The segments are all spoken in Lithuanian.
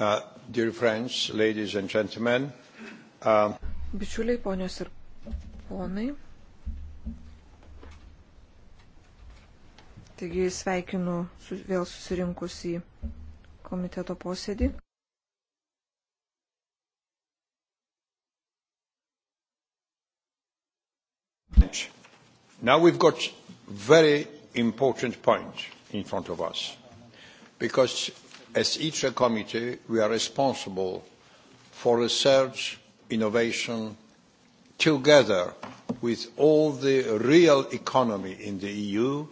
Uh, dear friends, ladies and gentlemen. Uh... Bičiuliai, ponios ir ponai. Taigi sveikinu su, vėl susirinkus į komiteto posėdį. Now we've got very important point in front of us because as each committee, we are responsible for research, innovation, together with all the real economy in the EU,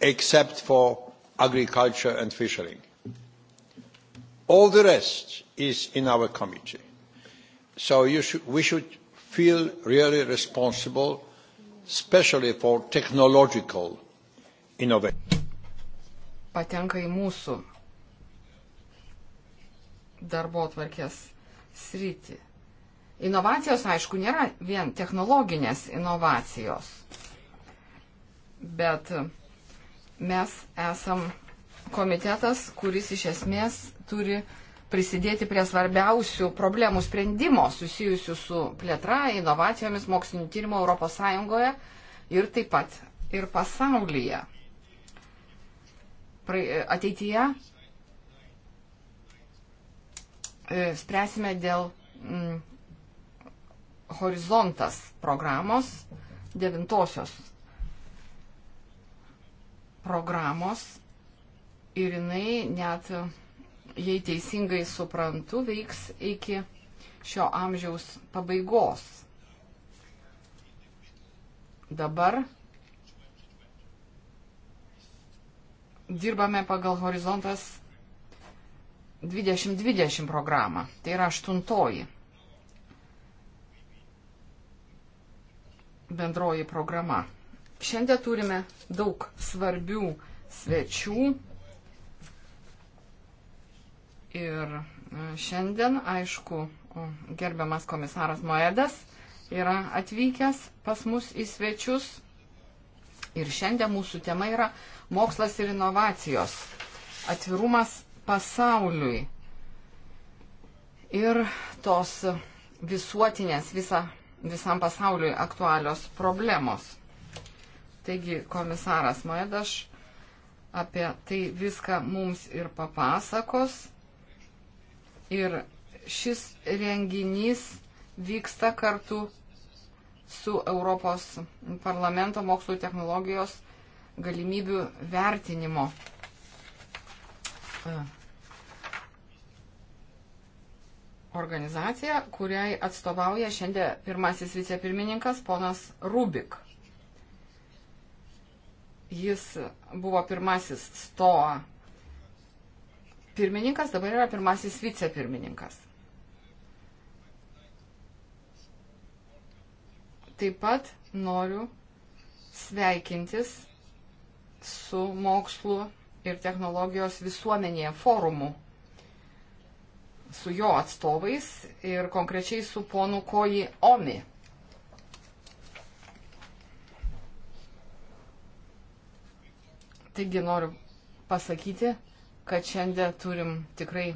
except for agriculture and fishing. All the rest is in our committee. So you sh we should feel really responsible, especially for technological innovation. Patenka į mūsų darbo atvarkės sritį. Inovacijos, aišku, nėra vien technologinės inovacijos, bet mes esam komitetas, kuris iš esmės turi prisidėti prie svarbiausių problemų sprendimo susijusių su plėtra, inovacijomis, mokslinio tyrimo ES ir taip pat ir pasaulyje. Ateityje E, spręsime dėl mm, horizontas programos, devintosios programos ir jinai net, jei teisingai suprantu, veiks iki šio amžiaus pabaigos. Dabar dirbame pagal horizontas 2020 programą. Tai yra aštuntoji bendroji programa. Šiandien turime daug svarbių svečių. Ir e, šiandien, aišku, gerbiamas komisaras Moedas yra atvykęs pas mus į svečius. Ir šiandien mūsų tema yra mokslas ir inovacijos. Atvirumas pasauliui. Ir tos visuotinės visa, visam pasauliui aktualios problemos. Taigi komisaras Maedaš apie tai viską mums ir papasakos. Ir šis renginys vyksta kartu su Europos parlamento mokslo technologijos galimybių vertinimo organizacija, kuriai atstovauja šiandien pirmasis vicepirmininkas ponas Rubik. Jis buvo pirmasis stoa pirmininkas, dabar yra pirmasis vicepirmininkas. Taip pat noriu sveikintis su mokslu ir technologijos visuomenėje forumu su jo atstovais ir konkrečiai su ponu Koji Omi. Taigi noriu pasakyti, kad šiandien turim tikrai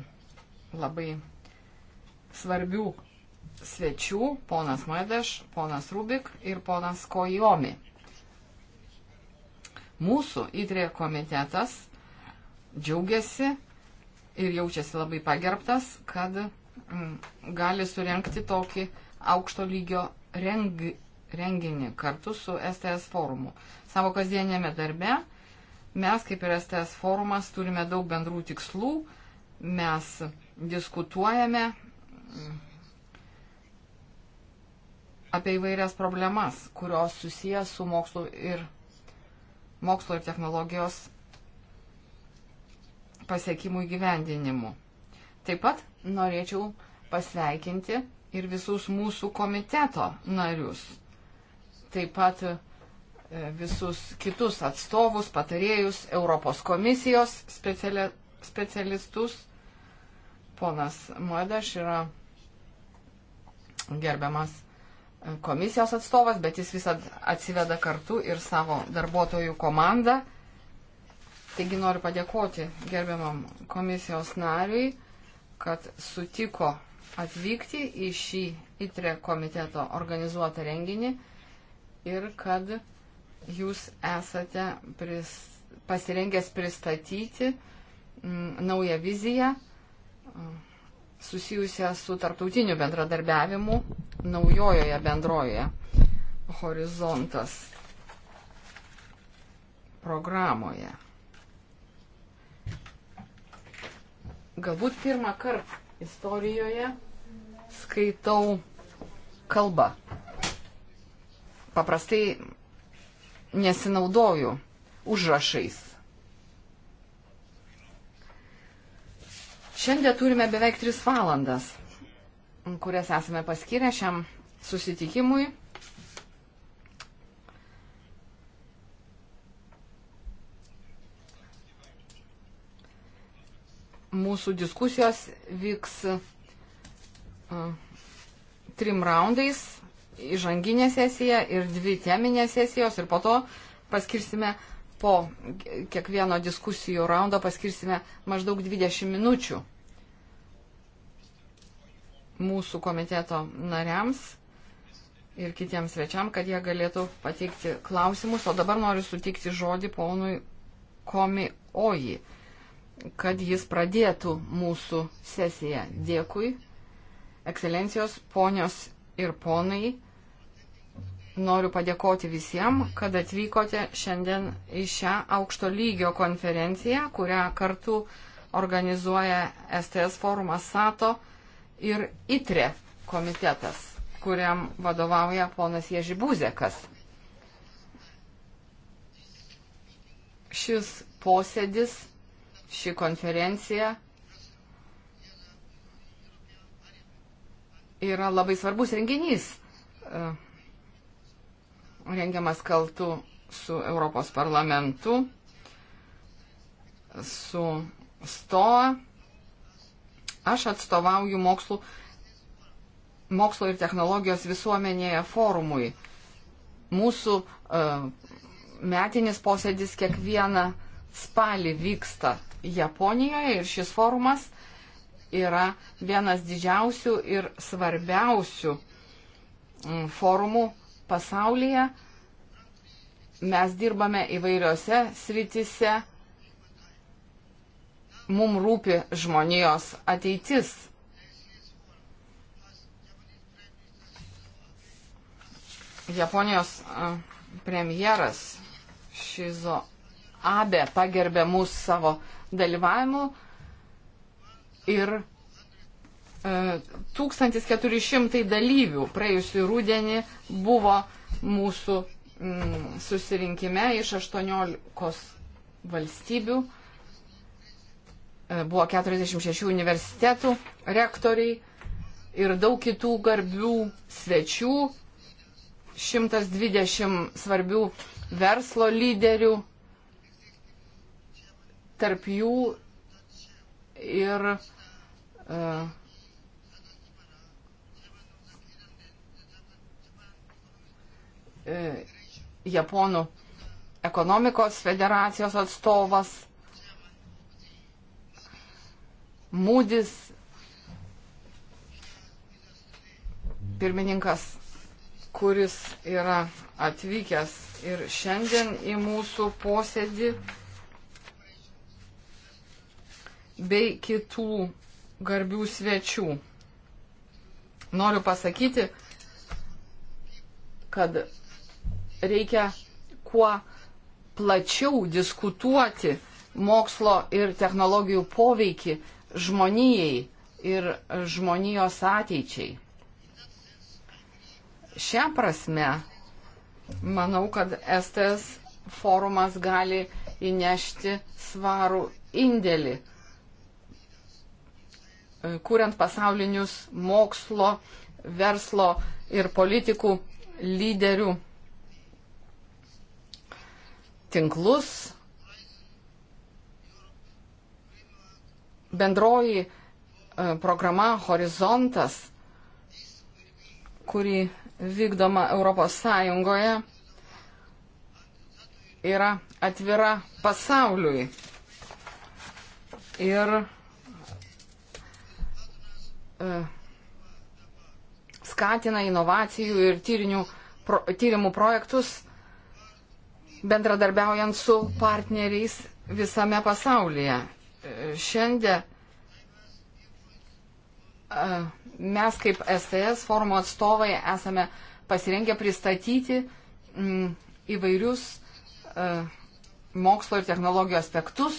labai svarbių svečių, ponas Madeš, ponas Rubik ir ponas Kojomi. Mūsų įtrė e komitetas džiaugiasi ir jaučiasi labai pagerbtas, kad mm, gali surenkti tokį aukšto lygio reng, renginį kartu su STS forumu. Savo kasdienėme darbe mes, kaip ir STS forumas, turime daug bendrų tikslų, mes diskutuojame mm, apie įvairias problemas, kurios susijęs su mokslo ir, mokslo ir technologijos pasiekimų įgyvendinimu. Taip pat norėčiau pasveikinti ir visus mūsų komiteto narius. Taip pat e, visus kitus atstovus, patarėjus, Europos komisijos speciali, specialistus. Ponas Moedaš yra gerbiamas e, komisijos atstovas, bet jis visad atsiveda kartu ir savo darbuotojų komandą. Taigi noriu padėkoti gerbiamam komisijos nariui, kad sutiko atvykti į šį ITRE komiteto organizuotą renginį ir kad jūs esate pris, pasirengęs pristatyti m, mm, naują viziją mm, susijusią su tarptautiniu bendradarbiavimu naujojoje bendrojoje horizontas programoje. galbūt pirmą kartą istorijoje skaitau kalbą. Paprastai nesinaudoju užrašais. Šiandien turime beveik 3 valandas, kurias esame paskyrę šiam susitikimui. mūsų diskusijos vyks trim raundais - įžanginė sesija ir dvi teminės sesijos ir po to paskirsime po kiekvieno diskusijų raundo paskirsime maždaug 20 minučių mūsų komiteto nariams ir kitiems svečiam, kad jie galėtų pateikti klausimus. O dabar noriu sutikti žodį ponui Komi Oji kad jis pradėtų mūsų sesiją. Dėkui, ekscelencijos, ponios ir ponai. Noriu padėkoti visiems, kad atvykote šiandien į šią aukšto lygio konferenciją, kurią kartu organizuoja STS forumas SATO ir ITRE komitetas, kuriam vadovauja ponas Ježibūzekas. Šis posėdis šį konferenciją yra labai svarbus renginys e, rengiamas kaltu su Europos parlamentu, su STOA. Aš atstovauju mokslo, mokslo ir technologijos visuomenėje forumui. Mūsų uh, metinis posėdis kiekvieną spalį vyksta Japonijoje ir šis forumas yra vienas didžiausių ir svarbiausių mm, forumų pasaulyje. Mes dirbame įvairiose sritise. Mums rūpi žmonijos ateitis. Japonijos premjeras Šizo Abe pagerbė mūsų savo dalyvavimu ir e, 1400 dalyvių praėjusiu rūdienį buvo mūsų mm, susirinkime iš 18 valstybių. E, buvo 46 universitetų rektoriai ir daug kitų garbių svečių, 120 svarbių verslo lyderių tarp jų ir uh, Japonų ekonomikos federacijos atstovas Mūdis, pirmininkas, kuris yra atvykęs ir šiandien į mūsų posėdį bei kitų garbių svečių. Noriu pasakyti, kad reikia kuo plačiau diskutuoti mokslo ir technologijų poveikį žmonijai ir žmonijos ateičiai. Šią prasme, manau, kad STS forumas gali įnešti svarų indėlį E, kuriant pasaulinius mokslo, verslo ir politikų lyderių tinklus. Bendroji e, programa Horizontas, kuri vykdoma Europos Sąjungoje, yra atvira pasauliui. Ir E, skatina inovacijų ir tyrinių, pro, tyrimų projektus, bendradarbiaujant su partneriais visame pasaulyje. E, šiandien e, mes kaip STS forumo atstovai esame pasirengę pristatyti mm, įvairius mokslo ir technologijų aspektus,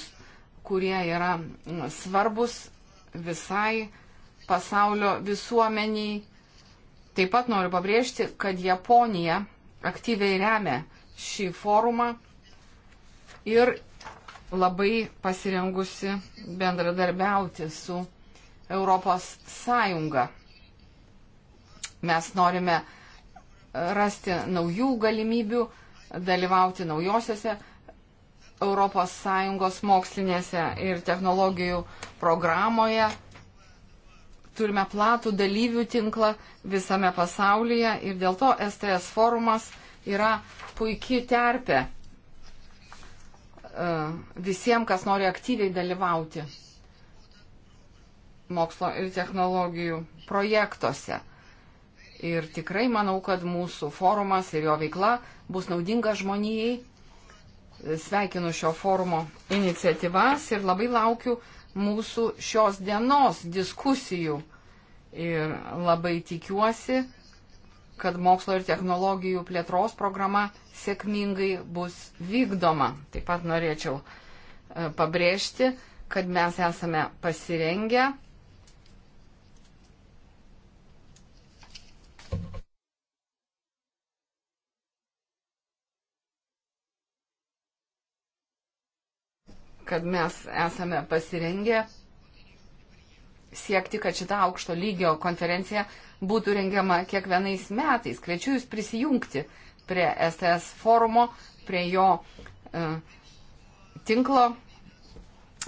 kurie yra mm, svarbus visai pasaulio visuomeniai. Taip pat noriu pabrėžti, kad Japonija aktyviai remia šį forumą ir labai pasirengusi bendradarbiauti su Europos Sąjunga. Mes norime rasti naujų galimybių dalyvauti naujosiuose Europos Sąjungos mokslinėse ir technologijų programoje turime platų dalyvių tinklą visame pasaulyje ir dėl to STS forumas yra puikiai terpė e, visiems, kas nori aktyviai dalyvauti mokslo ir technologijų projektuose. Ir tikrai manau, kad mūsų forumas ir jo veikla bus naudinga žmonijai. Sveikinu šio forumo iniciatyvas ir labai laukiu mūsų šios dienos diskusijų Ir labai tikiuosi, kad mokslo ir technologijų plėtros programa sėkmingai bus vykdoma. Taip pat norėčiau e, pabrėžti, kad mes esame pasirengę kad mes esame pasirengę siekti, kad šita aukšto lygio konferencija būtų rengiama kiekvienais metais. Kviečiu Jūs prisijungti prie STS forumo, prie jo e, tinklo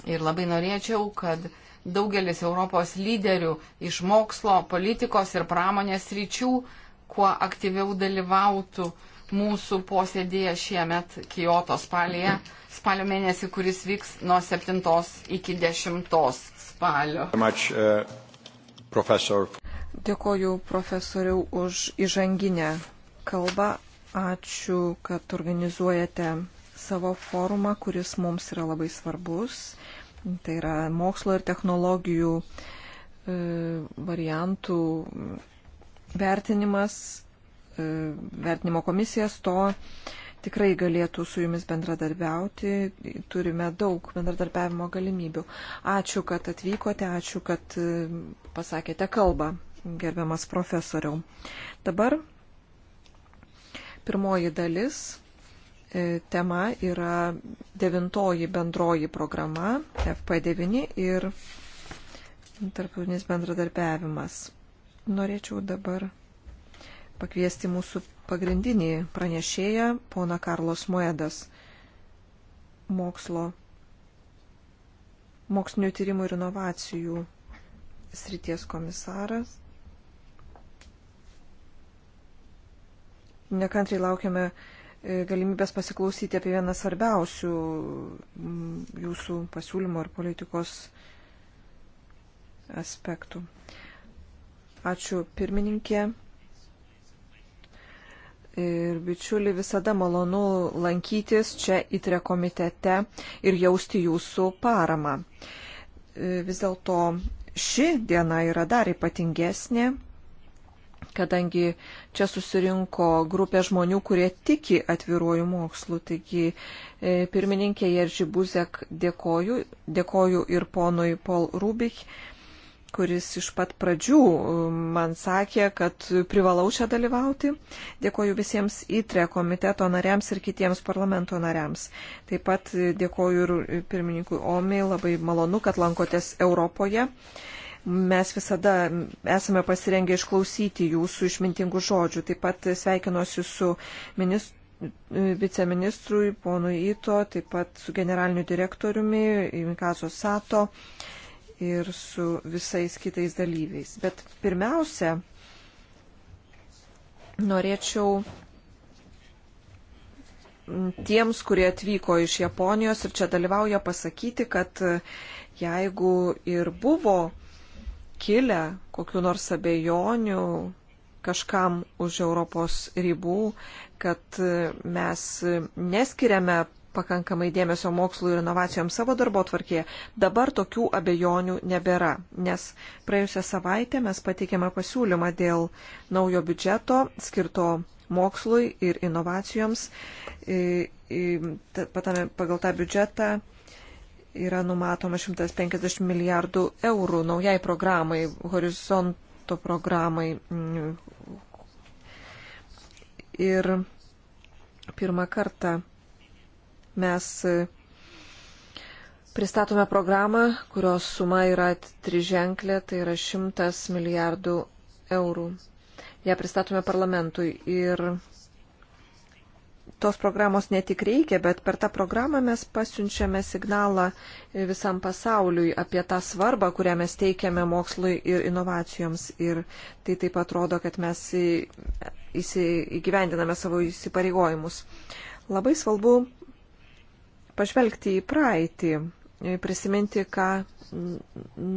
ir labai norėčiau, kad daugelis Europos lyderių iš mokslo, politikos ir pramonės ryčių kuo aktyviau dalyvautų mūsų posėdėje šiemet Kijoto spalėje, spalio mėnesį, kuris vyks nuo 7 iki 10 spalio. Much, uh, professor. Dėkoju profesoriau už įžanginę kalbą. Ačiū, kad organizuojate savo forumą, kuris mums yra labai svarbus. Tai yra mokslo ir technologijų e, variantų vertinimas. E, vertinimo komisijas to tikrai galėtų su jumis bendradarbiauti. Turime daug bendradarbiavimo galimybių. Ačiū, kad atvykote, ačiū, kad e, pasakėte kalbą, gerbiamas profesoriau. Dabar pirmoji dalis. E, tema yra devintoji bendroji programa FP9 ir tarptautinis bendradarbiavimas. Norėčiau dabar pakviesti mūsų pagrindinį pranešėją, pona Karlos Moedas, mokslo, mokslinio tyrimų ir inovacijų srities komisaras. Nekantriai laukiame e, galimybės pasiklausyti apie vieną svarbiausių jūsų pasiūlymų ar politikos aspektų. Ačiū pirmininkė ir bičiuli, visada malonu lankytis čia įtre komitete ir jausti jūsų paramą. E, vis dėlto ši diena yra dar ypatingesnė, kadangi čia susirinko grupė žmonių, kurie tiki atviruoju mokslu. Taigi e, pirmininkė Jeržy Buzek dėkoju, dėkoju ir ponui Paul Rubik kuris iš pat pradžių um, man sakė, kad privalau čia dalyvauti. Dėkoju visiems ITRE komiteto nariams ir kitiems parlamento nariams. Taip pat dėkoju ir pirmininkui Omiai, labai malonu, kad lankotės Europoje. Mes visada esame pasirengę išklausyti jūsų išmintingų žodžių. Taip pat sveikinuosi su ministru viceministrui, ponui Ito, taip pat su generaliniu direktoriumi Mikazo Sato. Uh, ir su visais kitais dalyviais. Bet pirmiausia, norėčiau tiems, kurie atvyko iš Japonijos ir čia dalyvauja, pasakyti, kad e, jeigu ir buvo kilę kokiu nors abejonių kažkam už Europos ribų, kad e, mes neskiriame pakankamai dėmesio mokslui ir inovacijoms savo darbo tvarkėje, dabar tokių abejonių nebėra, nes praėjusią savaitę mes pateikėme pasiūlymą dėl naujo biudžeto skirto mokslui ir inovacijoms. Pagal tą biudžetą yra numatoma 150 milijardų eurų naujai programai, horizonto programai. Mm. Ir pirmą kartą Mes e, pristatome programą, kurios suma yra triženklė, tai yra 100 milijardų eurų. Ja pristatome parlamentui ir tos programos ne tik reikia, bet per tą programą mes pasiunčiame signalą visam pasauliui apie tą svarbą, kurią mes teikiame mokslui ir inovacijoms. Ir tai taip pat rodo, kad mes įgyvendiname savo įsipareigojimus. Labai svarbu pažvelgti į praeitį, e, prisiminti, ką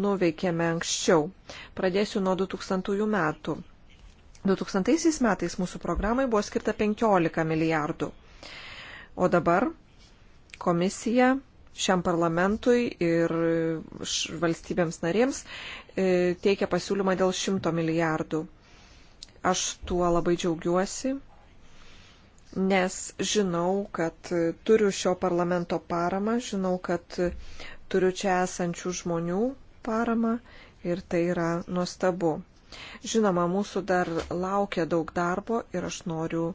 nuveikėme anksčiau. Pradėsiu nuo 2000 metų. 2000 metais mūsų programai buvo skirta 15 milijardų. O dabar komisija šiam parlamentui ir valstybėms narėms e, teikia pasiūlymą dėl 100 milijardų. Aš tuo labai džiaugiuosi nes žinau, kad turiu šio parlamento paramą, žinau, kad turiu čia esančių žmonių paramą ir tai yra nuostabu. Žinoma, mūsų dar laukia daug darbo ir aš noriu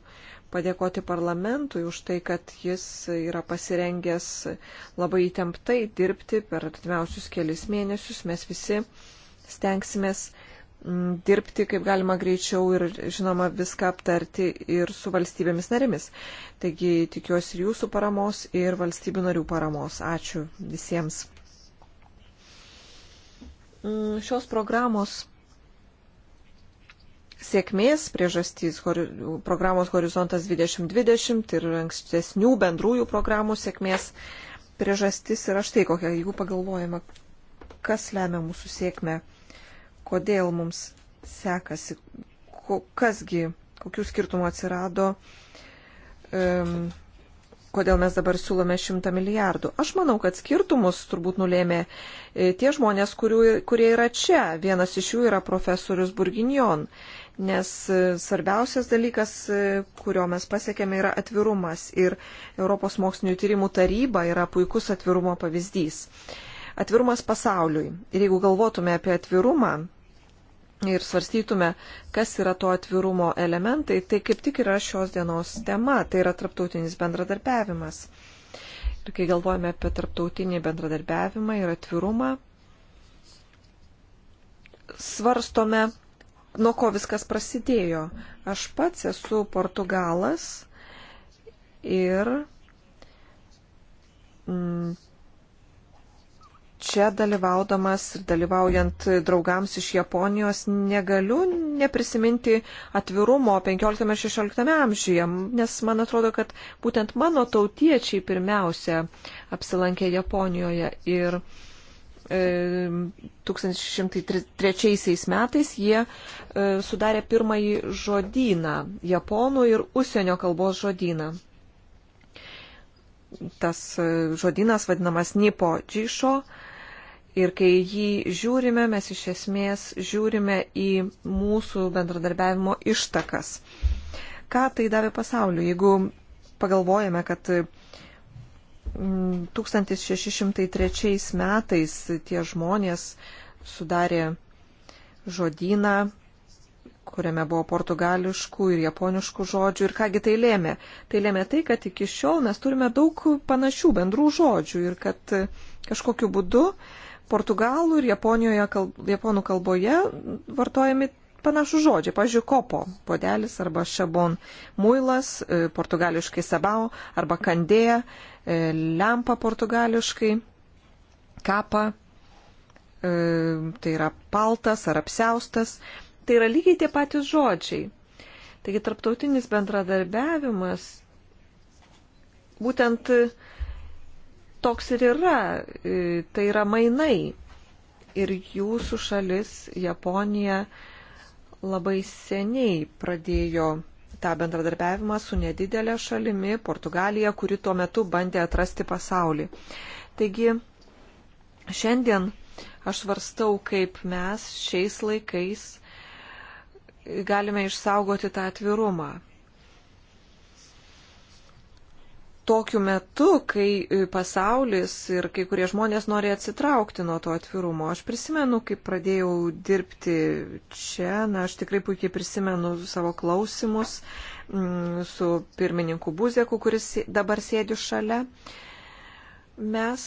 padėkoti parlamentui už tai, kad jis yra pasirengęs labai įtemptai dirbti per artimiausius kelius mėnesius. Mes visi stengsimės dirbti kaip galima greičiau ir, žinoma, viską aptarti ir su valstybėmis narėmis. Taigi tikiuosi ir jūsų paramos, ir valstybių narių paramos. Ačiū visiems. Šios programos sėkmės priežastys programos Horizontas 2020 ir ankstesnių bendrųjų programų sėkmės priežastis yra štai kokia, jeigu pagalvojame, kas lemia mūsų sėkmę kodėl mums sekasi, kasgi, kokių skirtumų atsirado, um, kodėl mes dabar siūlome 100 milijardų. Aš manau, kad skirtumus turbūt nulėmė e, tie žmonės, kurių, kurie yra čia. Vienas iš jų yra profesorius Burginjon, nes e, svarbiausias dalykas, e, kurio mes pasiekėme, yra atvirumas. Ir Europos mokslinio tyrimų taryba yra puikus atvirumo pavyzdys. Atvirumas pasauliui. Ir jeigu galvotume apie atvirumą, ir svarstytume, kas yra to atvirumo elementai, tai kaip tik yra šios dienos tema, tai yra traptautinis bendradarbiavimas. Ir kai galvojame apie traptautinį bendradarbiavimą ir atvirumą, svarstome, nuo ko viskas prasidėjo. Aš pats esu portugalas ir mm, čia dalyvaudamas ir dalyvaujant draugams iš Japonijos negaliu neprisiminti atvirumo 15-16 amžiuje, nes man atrodo, kad būtent mano tautiečiai pirmiausia apsilankė Japonijoje ir e, 1603 metais jie e, sudarė pirmąjį žodyną, japonų ir užsienio kalbos žodyną tas e, žodynas vadinamas Nipo Džišo, Ir kai jį žiūrime, mes iš esmės žiūrime į mūsų bendradarbiavimo ištakas. Ką tai davė pasauliu? Jeigu pagalvojame, kad 1603 mm, metais tie žmonės sudarė žodyną, kuriame buvo portugališkų ir japoniškų žodžių. Ir kągi tai lėmė? Tai lėmė tai, kad iki šiol mes turime daug panašių bendrų žodžių ir kad e, kažkokiu būdu uh, portugalų ir Japonijoje, kalb, japonų kalboje vartojami panašų žodžiai. Pavyzdžiui, kopo podelis arba šabon muilas, e, portugališkai sabao arba kandėja, e, lempa portugališkai, kapa, e, tai yra paltas ar apsiaustas. Tai yra lygiai tie patys žodžiai. Taigi tarptautinis bendradarbiavimas būtent toks ir yra. E, tai yra mainai. Ir jūsų šalis, Japonija, labai seniai pradėjo tą bendradarbiavimą su nedidelė šalimi Portugalija, kuri tuo metu bandė atrasti pasaulį. Taigi, šiandien aš varstau, kaip mes šiais laikais galime išsaugoti tą atvirumą. tokiu metu, kai e, pasaulis ir kai kurie žmonės nori atsitraukti nuo to atvirumo. Aš prisimenu, kai pradėjau dirbti čia, na, aš tikrai puikiai prisimenu savo klausimus m, mm, su pirmininku Buzeku, kuris dabar sėdi šalia. Mes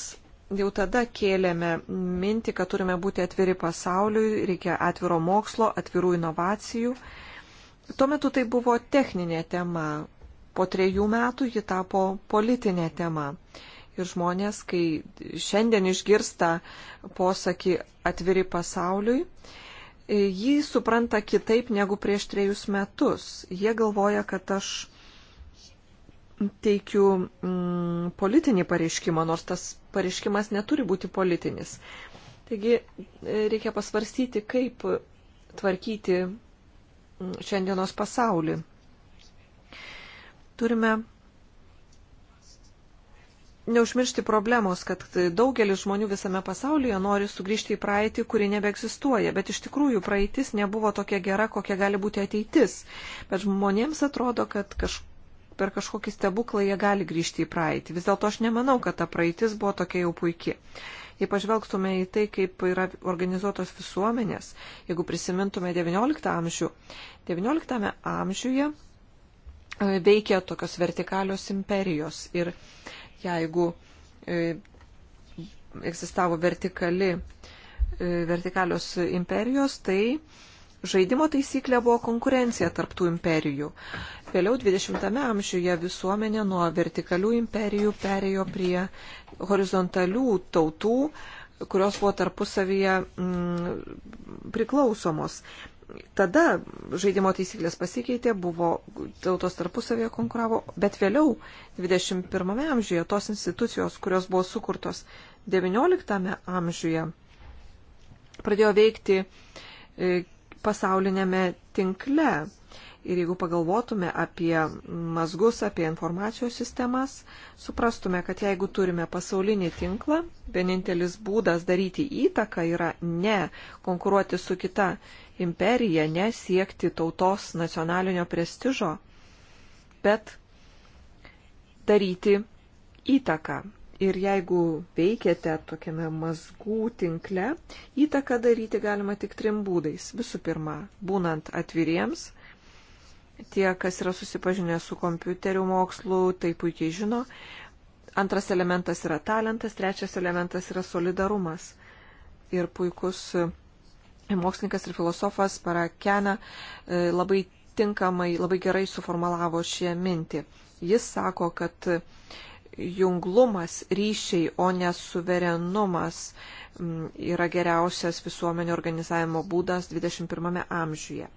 jau tada kėlėme mintį, kad turime būti atviri pasauliui, reikia atviro mokslo, atvirų inovacijų. Tuo metu tai buvo techninė tema, Po trejų metų ji tapo politinė tema. Ir žmonės, kai šiandien išgirsta posakį atviri pasauliui, e, jį supranta kitaip negu prieš trejus metus. Jie galvoja, kad aš teikiu mm, politinį pareiškimą, nors tas pareiškimas neturi būti politinis. Taigi e, reikia pasvarstyti, kaip tvarkyti mm, šiandienos pasaulį turime neužmiršti problemos, kad daugelis žmonių visame pasaulyje nori sugrįžti į praeitį, kuri nebeegzistuoja, bet iš tikrųjų praeitis nebuvo tokia gera, kokia gali būti ateitis. Bet žmonėms atrodo, kad kaž... per kažkokį stebuklą jie gali grįžti į praeitį. Vis dėlto aš nemanau, kad ta praeitis buvo tokia jau puikia. Jei pažvelgtume į tai, kaip yra organizuotos visuomenės, jeigu prisimintume XIX amžių, XIX amžiuje E, veikia tokios vertikalios imperijos. Ir jeigu e, egzistavo vertikali, e, vertikalios imperijos, tai žaidimo taisyklė buvo konkurencija tarptų imperijų. Vėliau 20-ame amžiuje visuomenė nuo vertikalių imperijų perėjo prie horizontalių tautų, kurios buvo tarpusavyje mm, priklausomos tada žaidimo taisyklės pasikeitė, buvo tautos tarpusavėje konkuravo, bet vėliau 21 amžiuje tos institucijos, kurios buvo sukurtos 19 amžiuje, pradėjo veikti e, pasaulinėme tinkle. Ir jeigu pagalvotume apie mazgus, apie informacijos sistemas, suprastume, kad jeigu turime pasaulinį tinklą, vienintelis būdas daryti įtaką yra ne konkuruoti su kita imperija, ne siekti tautos nacionalinio prestižo, bet daryti įtaką. Ir jeigu veikiate tokiame mazgų tinkle, įtaką daryti galima tik trim būdais. Visų pirma, būnant atviriems, Tie, kas yra susipažinę su kompiuterių mokslu, tai puikiai žino. Antras elementas yra talentas, trečias elementas yra solidarumas. Ir puikus mokslininkas ir filosofas Parakena e, labai tinkamai, labai gerai suformalavo šią mintį. Jis sako, kad junglumas, ryšiai, o ne suverenumas yra geriausias visuomenio organizavimo būdas 21 amžiuje.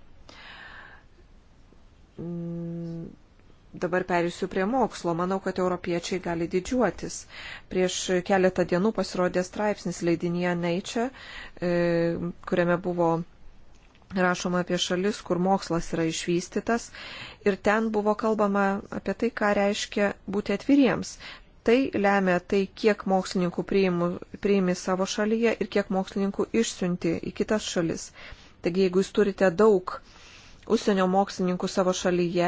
Mm, dabar perėsiu prie mokslo. Manau, kad europiečiai gali didžiuotis. Prieš keletą dienų pasirodė straipsnis leidinėje Nature, e, kuriame buvo rašoma apie šalis, kur mokslas yra išvystytas. Ir ten buvo kalbama apie tai, ką reiškia būti atviriems. Tai lemia tai, kiek mokslininkų priimu, priimi savo šalyje ir kiek mokslininkų išsiunti į kitas šalis. Taigi, jeigu jūs turite daug užsienio mokslininkų savo šalyje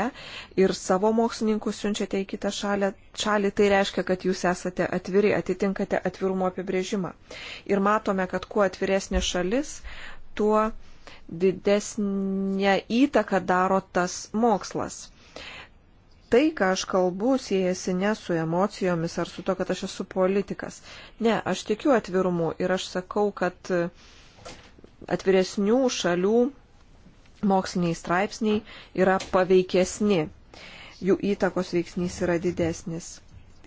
ir savo mokslininkų siunčiate į kitą šalį, šalį, tai reiškia, kad jūs esate atviri, atitinkate atvirumo apibrėžimą. Ir matome, kad kuo atviresnė šalis, tuo didesnė įtaka daro tas mokslas tai, ką aš kalbu, siejasi ne su emocijomis ar su to, kad aš esu politikas. Ne, aš tikiu atvirumu ir aš sakau, kad atviresnių šalių moksliniai straipsniai yra paveikesni, jų įtakos veiksnys yra didesnis.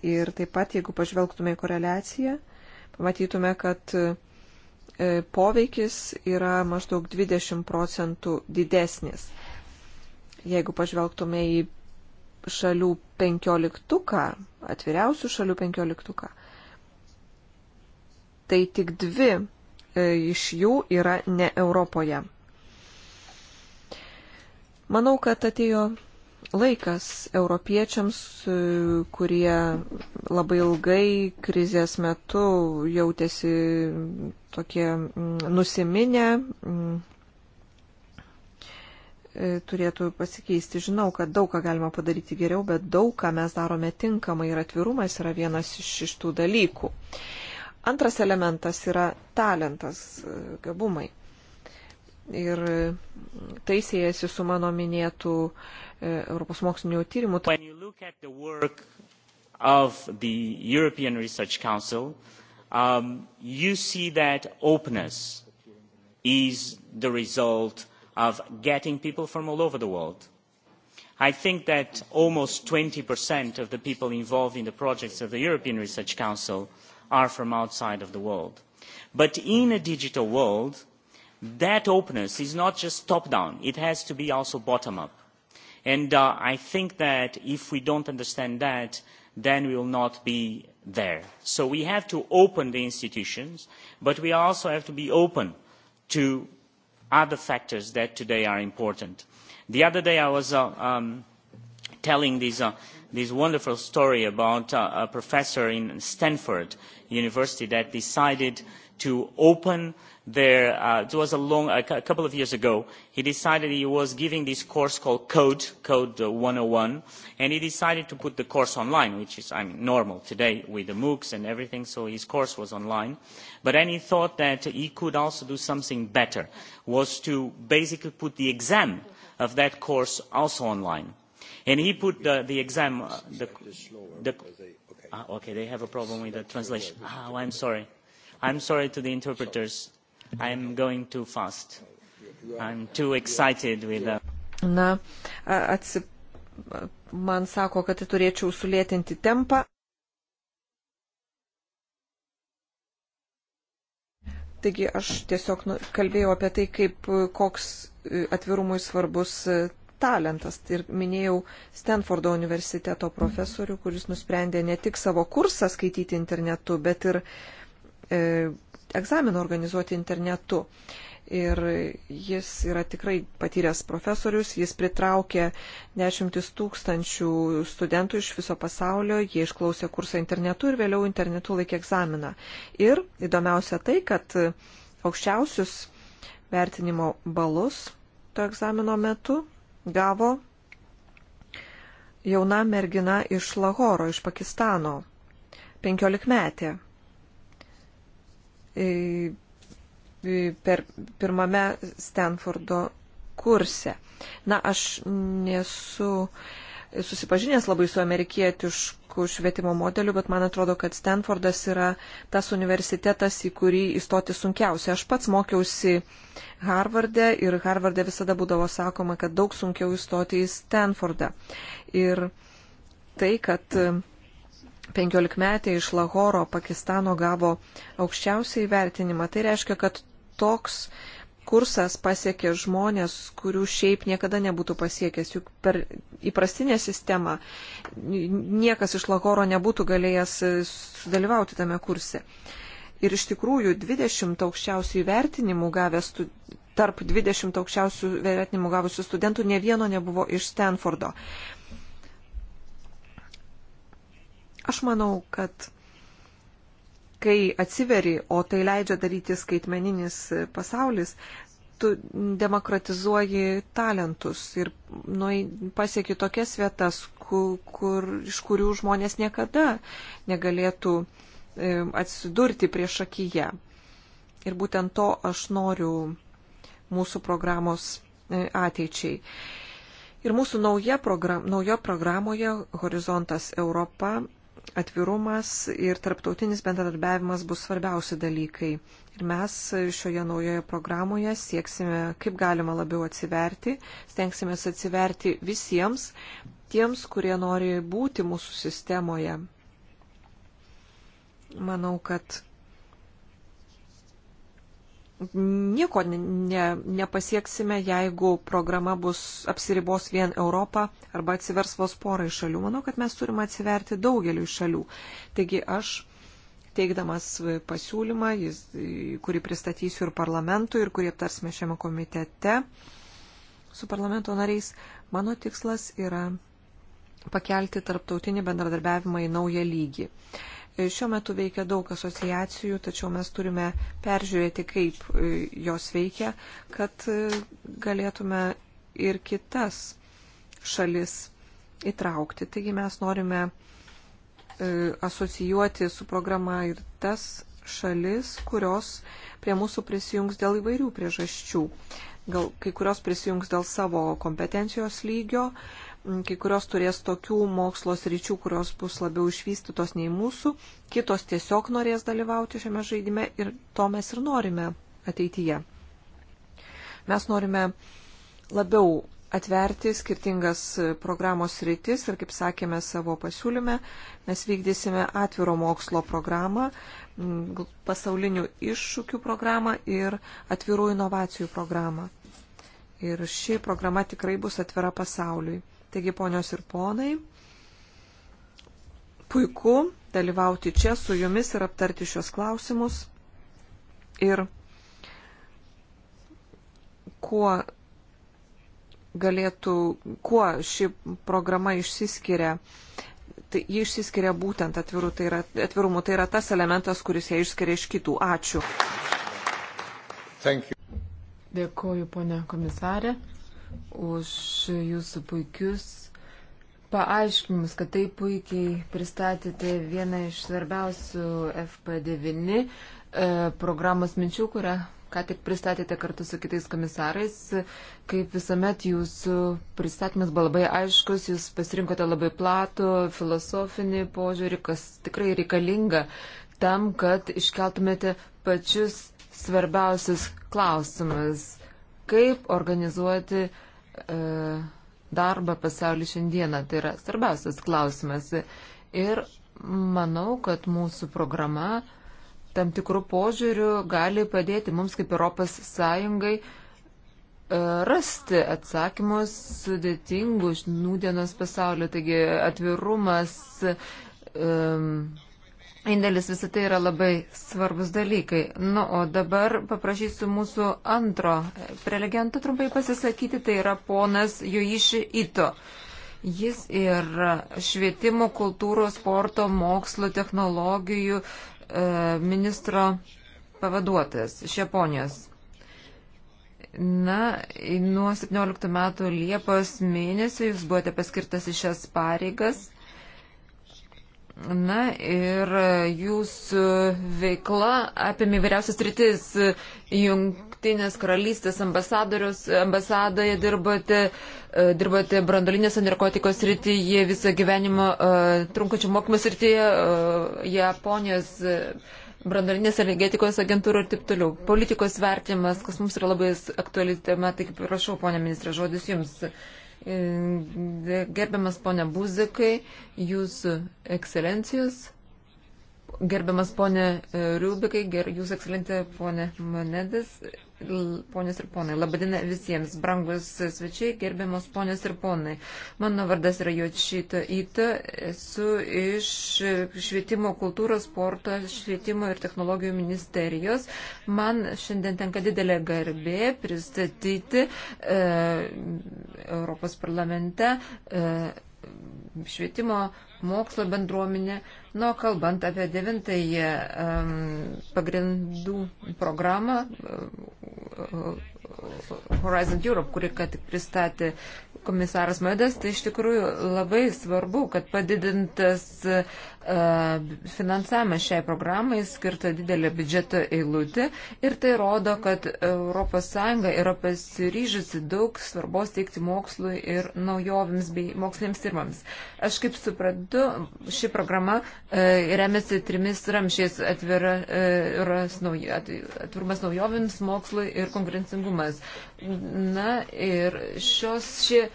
Ir taip pat, jeigu pažvelgtume į koreliaciją, pamatytume, kad e, poveikis yra maždaug 20 procentų didesnis. Jeigu pažvelgtume į šalių penkioliktuką, atviriausių šalių penkioliktuką, tai tik dvi e, iš jų yra ne Europoje. Manau, kad atėjo laikas europiečiams, e, kurie labai ilgai krizės metu jautėsi tokie mm, nusiminę, mm, e, turėtų pasikeisti. Žinau, kad daug ką galima padaryti geriau, bet daug ką mes darome tinkamai ir atvirumas yra vienas iš, iš tų dalykų. Antras elementas yra talentas, e, gabumai ir mm, tai siejasi su mano minėtų e, Europos mokslinio tyrimų. Council, um, you see that openness is the result of getting people from all over the world. I think that almost 20% of the people involved in the projects of the European Research Council are from outside of the world. But in a digital world, that openness is not just top down it has to be also bottom up and uh, i think that if we don't understand that then we will not be there so we have to open the institutions but we also have to be open to other factors that today are important the other day i was uh, um, telling this uh, this wonderful story about uh, a professor in stanford university that decided to open uh, there uh, there was a long a couple of years ago he decided he was giving this course called code code 101 and he decided to put the course online which is i mean normal today with the moocs and everything so his course was online but then he thought that he could also do something better was to basically put the exam of that course also online and he put the, the exam uh, the, the ah, okay they have a problem with the translation ah, oh, i'm sorry i'm sorry to the interpreters I'm going too fast. I'm too excited with that. Uh, Na, atsip... man sako, kad tai turėčiau sulėtinti tempą. Taigi aš tiesiog nu, kalbėjau apie tai, kaip koks e, atvirumui svarbus e, talentas. Ir minėjau Stanfordo universiteto profesorių, kuris nusprendė ne tik savo kursą skaityti internetu, bet ir e, egzaminą organizuoti internetu. Ir jis yra tikrai patyręs profesorius, jis pritraukė dešimtis tūkstančių studentų iš viso pasaulio, jie išklausė kursą internetu ir vėliau internetu laikė egzaminą. Ir įdomiausia tai, kad aukščiausius vertinimo balus to egzamino metu gavo jauna mergina iš Lahoro, iš Pakistano, penkiolikmetė. metė per pirmame Stanfordo kurse. Na, aš nesu susipažinęs labai su amerikietišku švietimo modeliu, bet man atrodo, kad Stanfordas yra tas universitetas, į kurį įstoti sunkiausia. Aš pats mokiausi Harvarde ir Harvarde visada būdavo sakoma, kad daug sunkiau įstoti į Stanfordą. Ir tai, kad 15-metė iš Lahoro, Pakistano gavo aukščiausiai vertinimą. Tai reiškia, kad toks kursas pasiekė žmonės, kurių šiaip niekada nebūtų pasiekęs. Juk per įprastinę sistemą niekas iš Lahoro nebūtų galėjęs e, sudalyvauti tame kurse. Ir iš tikrųjų 20 aukščiausių įvertinimų gavęs tarp 20 aukščiausių vertinimų gavusių studentų ne vieno nebuvo iš Stanfordo. Aš manau, kad kai atsiveri, o tai leidžia daryti skaitmeninis pasaulis, tu demokratizuoji talentus ir nu, pasieki tokias vietas, kur, kur, iš kurių žmonės niekada negalėtų e, atsidurti prieš akiją. Ir būtent to aš noriu mūsų programos e, ateičiai. Ir mūsų nauja program, naujo programoje Horizontas Europa atvirumas ir tarptautinis bendradarbiavimas bus svarbiausi dalykai. Ir mes šioje naujoje programoje sieksime, kaip galima labiau atsiverti, stengsime atsiverti visiems tiems, kurie nori būti mūsų sistemoje. Manau, kad nieko ne, nepasieksime, jeigu programa bus apsiribos vien Europą arba atsivers vos porai šalių. Manau, kad mes turime atsiverti daugeliu šalių. Taigi aš, teikdamas pasiūlymą, jis, kurį pristatysiu ir parlamentui, ir kurį aptarsime šiame komitete su parlamento nariais, mano tikslas yra pakelti tarptautinį bendradarbiavimą į naują lygį. Uh, Šiuo metu veikia daug asociacijų, tačiau mes turime peržiūrėti, kaip e, jos veikia, kad e, galėtume ir kitas šalis įtraukti. Taigi mes norime e, asocijuoti su programa ir tas šalis, kurios prie mūsų prisijungs dėl įvairių priežasčių. Gal kai kurios prisijungs dėl savo kompetencijos lygio, kai kurios turės tokių mokslo sričių, kurios bus labiau išvystytos nei mūsų, kitos tiesiog norės dalyvauti šiame žaidime ir to mes ir norime ateityje. Mes norime labiau atverti skirtingas programos sritis ir, kaip sakėme savo pasiūlyme, mes vykdysime atviro mokslo programą, pasaulinių iššūkių programą ir atvirų inovacijų programą. Ir ši programa tikrai bus atvira pasauliui. Taigi, ponios ir ponai, puiku dalyvauti čia su jumis ir aptarti šios klausimus. Ir kuo galėtų, kuo ši programa išsiskiria tai ji išsiskiria būtent atviru, tai yra, atvirumu. Tai yra tas elementas, kuris ją išskiria iš kitų. Ačiū. Dėkuoju, ponė komisarė už jūsų puikius paaiškinimus, kad taip puikiai pristatėte vieną iš svarbiausių FP9 e, programos minčių, kurią ką tik pristatėte kartu su kitais komisarais. Kaip visuomet jūsų pristatymas buvo labai aiškus, jūs pasirinkote labai platų filosofinį požiūrį, kas tikrai reikalinga tam, kad iškeltumėte pačius svarbiausius klausimus kaip organizuoti e, darbą pasaulį šiandieną. Tai yra svarbiausias klausimas. Ir manau, kad mūsų programa tam tikrų požiūrių gali padėti mums kaip Europos Sąjungai e, rasti atsakymus sudėtingus nūdienos pasaulio, taigi atvirumas, um, indėlis visą tai yra labai svarbus dalykai. Nu, o dabar paprašysiu mūsų antro prelegento trumpai pasisakyti, tai yra ponas Joiši Ito. Jis yra švietimo, kultūros, sporto, mokslo, technologijų e, ministro pavaduotas iš Japonijos. Na, nuo 17 metų Liepos mėnesio jūs buvote paskirtas į šias pareigas. Na ir e, jūsų e, veikla apėmė vyriausias rytis. Jungtinės karalystės ambasadorius, ambasadoje dirbate, dirbate brandolinės narkotikos rytyje, visą gyvenimą e, trunkačių mokymų srityje, Japonijos brandolinės energetikos agentūrų ir taip toliau. Politikos vertimas, kas mums yra labai aktuali tema, tai prašau, ponė ministrė, žodis jums. Uh, E, gerbiamas ponė Buzikai, jūsų ekscelencijos, gerbiamas ponė e, Rubikai, ger, jūsų ekscelentė ponė Manedis, Ponios ir ponai, labadiena visiems, brangus svečiai, gerbiamos ponios ir ponai. Mano vardas yra Jočita Ita, esu iš švietimo kultūros, sporto, švietimo ir technologijų ministerijos. Man šiandien tenka didelė garbė pristatyti e, Europos parlamente e, švietimo mokslo bendruomenė. Nuo kalbant apie devintąją um, pagrindų programą um, Horizon Europe, kuri ką tik pristatė komisaras Medas, tai iš tikrųjų labai svarbu, kad padidintas uh, E, finansavimas šiai programai skirta didelė biudžeto eilutė ir tai rodo, kad ES yra pasiryžusi daug svarbos teikti mokslui ir naujovėms bei moksliniams tyrimams. Aš kaip suprantu, ši programa e, remiasi trimis ramšiais atvira, e, atvirumas naujovėms, mokslui ir konkurencingumas. Na ir šios šie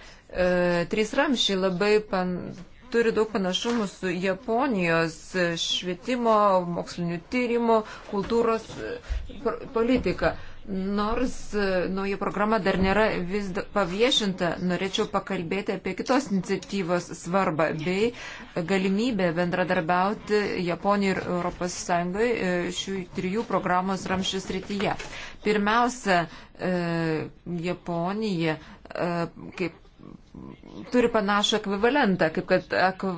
trys ramšiai labai pan turi daug panašumų su Japonijos švietimo, mokslinių tyrimų, kultūros e, politika. Nors e, nauja programa dar nėra vis paviešinta, norėčiau pakalbėti apie kitos iniciatyvos svarbą bei galimybę bendradarbiauti Japonijoje ir ES e, šių trijų programos ramščių srityje. Pirmiausia, Japonija kaip turi panašų ekvivalentą, kaip kad ekv...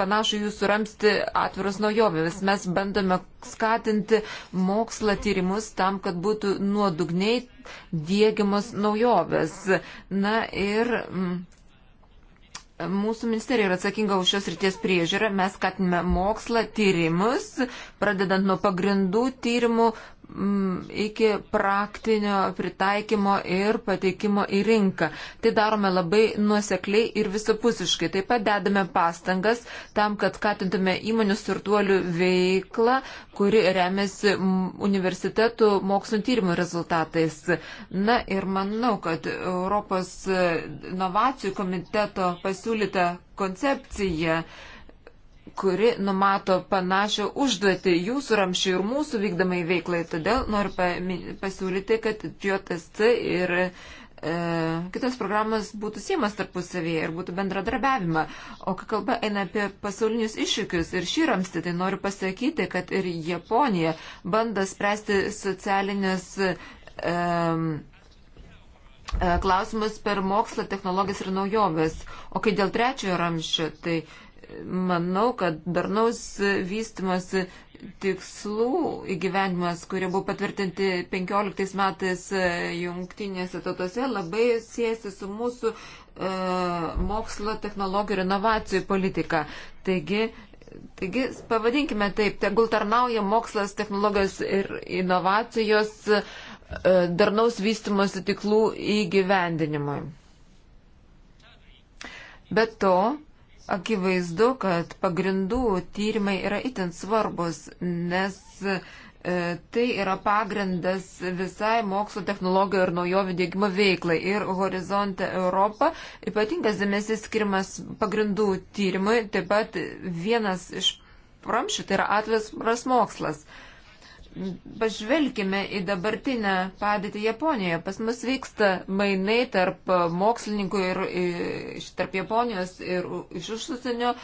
panašų jūsų ramsti atviras naujovėmis. Mes bandome skatinti mokslą tyrimus tam, kad būtų nuodugniai dėgiamas naujovės. Na ir. Mm, Mūsų ministerija yra atsakinga už šios ryties priežiūrą. Mes skatiname mokslą, tyrimus, pradedant nuo pagrindų tyrimų, Mm, iki praktinio pritaikymo ir pateikimo į rinką. Tai darome labai nuosekliai ir visapusiškai. Taip pat dedame pastangas tam, kad skatintume įmonių startuolių veiklą, kuri remiasi mm, universitetų mokslo tyrimų rezultatais. Na ir manau, kad Europos e, inovacijų komiteto pasiūlyta koncepcija uh, kuri numato panašią užduotį jūsų ramšių ir mūsų vykdomai veiklai. Todėl noriu pasiūlyti, kad JTSC ir e, kitos programos būtų siemas tarpusavėje ir būtų bendradarbiavimą. O kai kalba eina apie pasaulinius iššūkius ir šį ramstį, tai noriu pasakyti, kad ir Japonija bando spręsti socialinius. E, e klausimus per mokslą, technologijas ir naujoves. O kai dėl trečiojo ramščio, tai manau, kad darnaus vystimosi tikslų įgyvenimas, kurie buvo patvirtinti 15 metais e, jungtinėse tautose, labai siejasi su mūsų e, mokslo, technologijų ir inovacijų politika. Taigi, taigi, pavadinkime taip, tegul tarnauja mokslas, technologijos ir inovacijos e, darnaus vystimosi tiklų įgyvendinimui. Be to, Akivaizdu, kad pagrindų tyrimai yra itin svarbus, nes e, tai yra pagrindas visai mokslo technologijų ir naujovių dėgymo veiklai. Ir horizonte Europą ypatingas dėmesys skirimas pagrindų tyrimui, taip pat vienas iš pramšių tai yra atviras mokslas. E, Pažvelkime į dabartinę padėtį Japonijoje. Pas mus vyksta mainai tarp mokslininkų ir iš tarp Japonijos ir iš užsienio.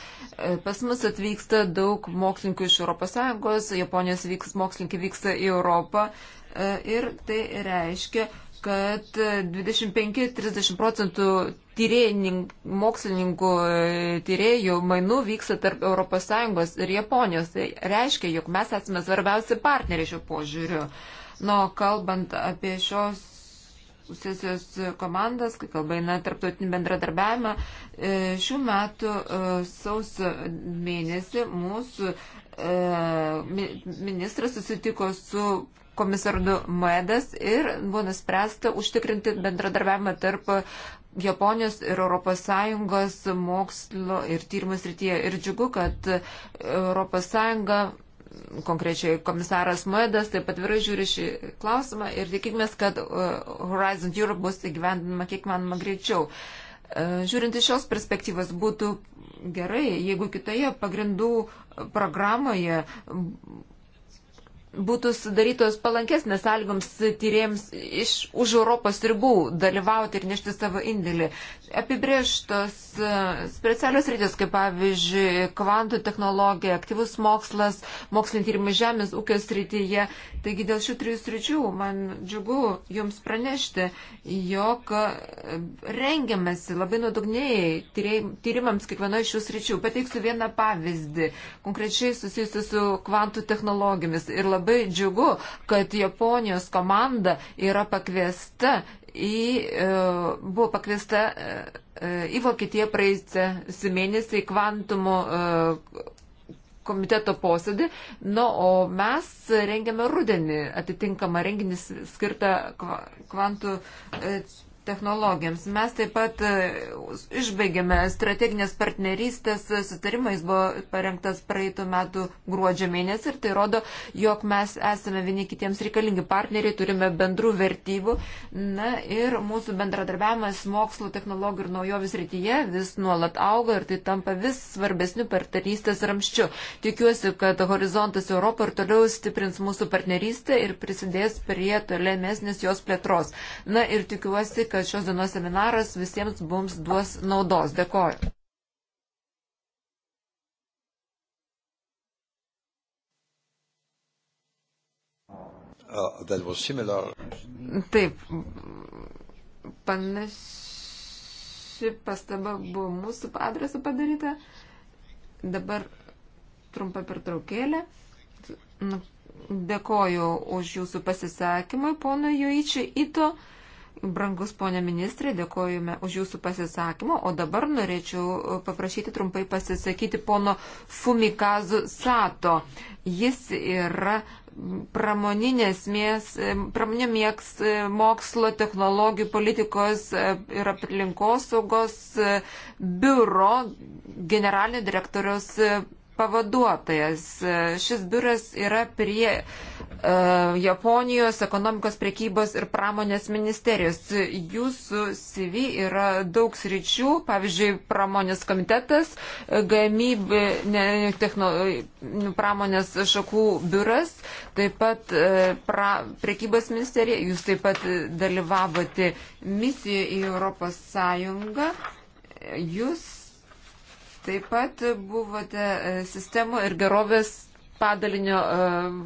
E, pas mus atvyksta daug mokslininkų iš ES, Japonijos vyks, mokslininkai vyksta į Europą. E, ir tai reiškia, kad 25-30 procentų mokslininkų e, tyriejų mainų vyksta tarp ES ir Japonijos. Tai reiškia, jog mes esame svarbiausi partneriai šiuo požiūriu. Nu, kalbant apie šios sesijos komandas, kai kalba eina tarptautinį bendradarbiavimą, e, šių metų e, sausio mėnesį mūsų ministras susitiko su komisardu Moedas ir buvo nuspręsta užtikrinti bendradarbiavimą tarp Japonijos ir ES mokslo ir tyrimų srityje. Ir džiugu, kad ES konkrečiai komisaras Moedas taip pat virai žiūri šį klausimą ir tikimės, kad e, Horizon Europe bus įgyvendinama kiek manoma greičiau. E, žiūrint iš šios perspektyvos būtų gerai, jeigu kitoje pagrindų programoje būtų sudarytos palankesnės sąlygoms tyriems iš už Europos ribų dalyvauti ir nešti savo indėlį. Apibrieštos e, specialios rytis, kaip pavyzdžiui, kvantų technologija, aktyvus mokslas, moksliniai tyrimai žemės ūkio srityje. Taigi dėl šių trijų sričių man džiugu jums pranešti, jog e, rengiamasi labai nuodugniai tyrimams kiekvienoje iš šių sričių. Pateiksiu vieną pavyzdį, konkrečiai susijusiu su kvantų technologijomis. Ir labai labai džiugu, kad Japonijos komanda yra pakviesta į, e, buvo pakviesta e, e, į Vokietiją praeitą mėnesį į kvantumo komiteto posėdį. Nu, o mes rengiame rudenį atitinkamą renginį skirtą kvantų technologijoms. Mes taip pat e, išbaigėme strateginės partnerystės sutarimais, buvo parengtas praeitų metų gruodžio mėnesį ir tai rodo, jog mes esame vieni kitiems reikalingi partneriai, turime bendrų vertybių. Na ir mūsų bendradarbiavimas mokslo, technologijų ir naujovis rytyje vis nuolat auga ir tai tampa vis svarbesniu partnerystės ramščiu. Tikiuosi, kad horizontas Europą ir toliau stiprins mūsų partnerystę ir prisidės prie tolimesnės jos plėtros. Na ir tikiuosi, kad kad šios dienos seminaras visiems mums duos naudos. Dėkoju. Uh, ah, similar... Taip, panaši pastaba buvo mūsų adresu padaryta. Dabar trumpa pertraukėlė. Nu, dėkoju už jūsų pasisakymą, pono Joičiai Ito. Brangus ponė ministrė, dėkojame už jūsų pasisakymą, o dabar norėčiau e, paprašyti trumpai pasisakyti pono Fumikazu Sato. Jis yra pramoninės mės, e, pramoninė mėgs e, mokslo, technologijų, politikos ir aplinkosaugos biuro generalinio direktoriaus pavaduotojas. Šis biuras yra prie uh, Japonijos ekonomikos priekybos ir pramonės ministerijos. Jūsų CV yra daug sričių, pavyzdžiui, pramonės komitetas, gamybė, ne, techno, pramonės šakų biuras, taip pat uh, pra, priekybos ministerija. Jūs taip pat dalyvavote misijoje į Europos Sąjungą. Jūs Taip pat buvote e, sistemų ir gerovės padalinio e,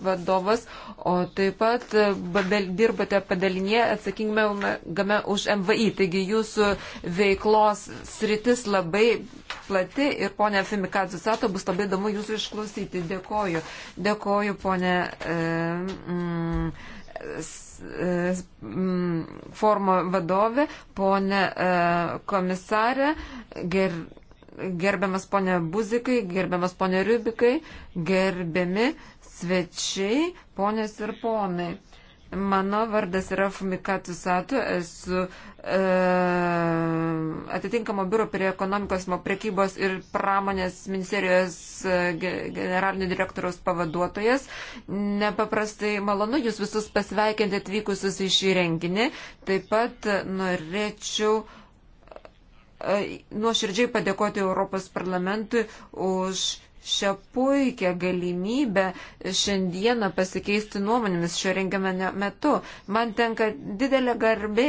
vadovas, o taip pat e, dirbate padalinėje atsakingame už MVI. Taigi jūsų veiklos sritis labai plati ir ponia Fimikadzu Sato bus labai įdomu jūsų išklausyti. Dėkoju. Dėkoju, ponia. Mm, mm, formo vadovė, ponė komisarė, ger, gerbiamas ponė Buzikai, gerbiamas ponė Rubikai, gerbiami svečiai, ponės ir ponai. Mano vardas yra Fumikatu Satu, esu e, atitinkamo biuro prie ekonomikos, priekybos ir pramonės ministerijos e, generalinio direktoriaus pavaduotojas. Nepaprastai malonu jūs visus pasveikinti atvykusius į šį renginį. Taip pat norėčiau e, E, nuoširdžiai padėkoti Europos parlamentui už šią puikią galimybę šiandieną pasikeisti nuomonėmis šio rengiamame metu. Man tenka didelė garbė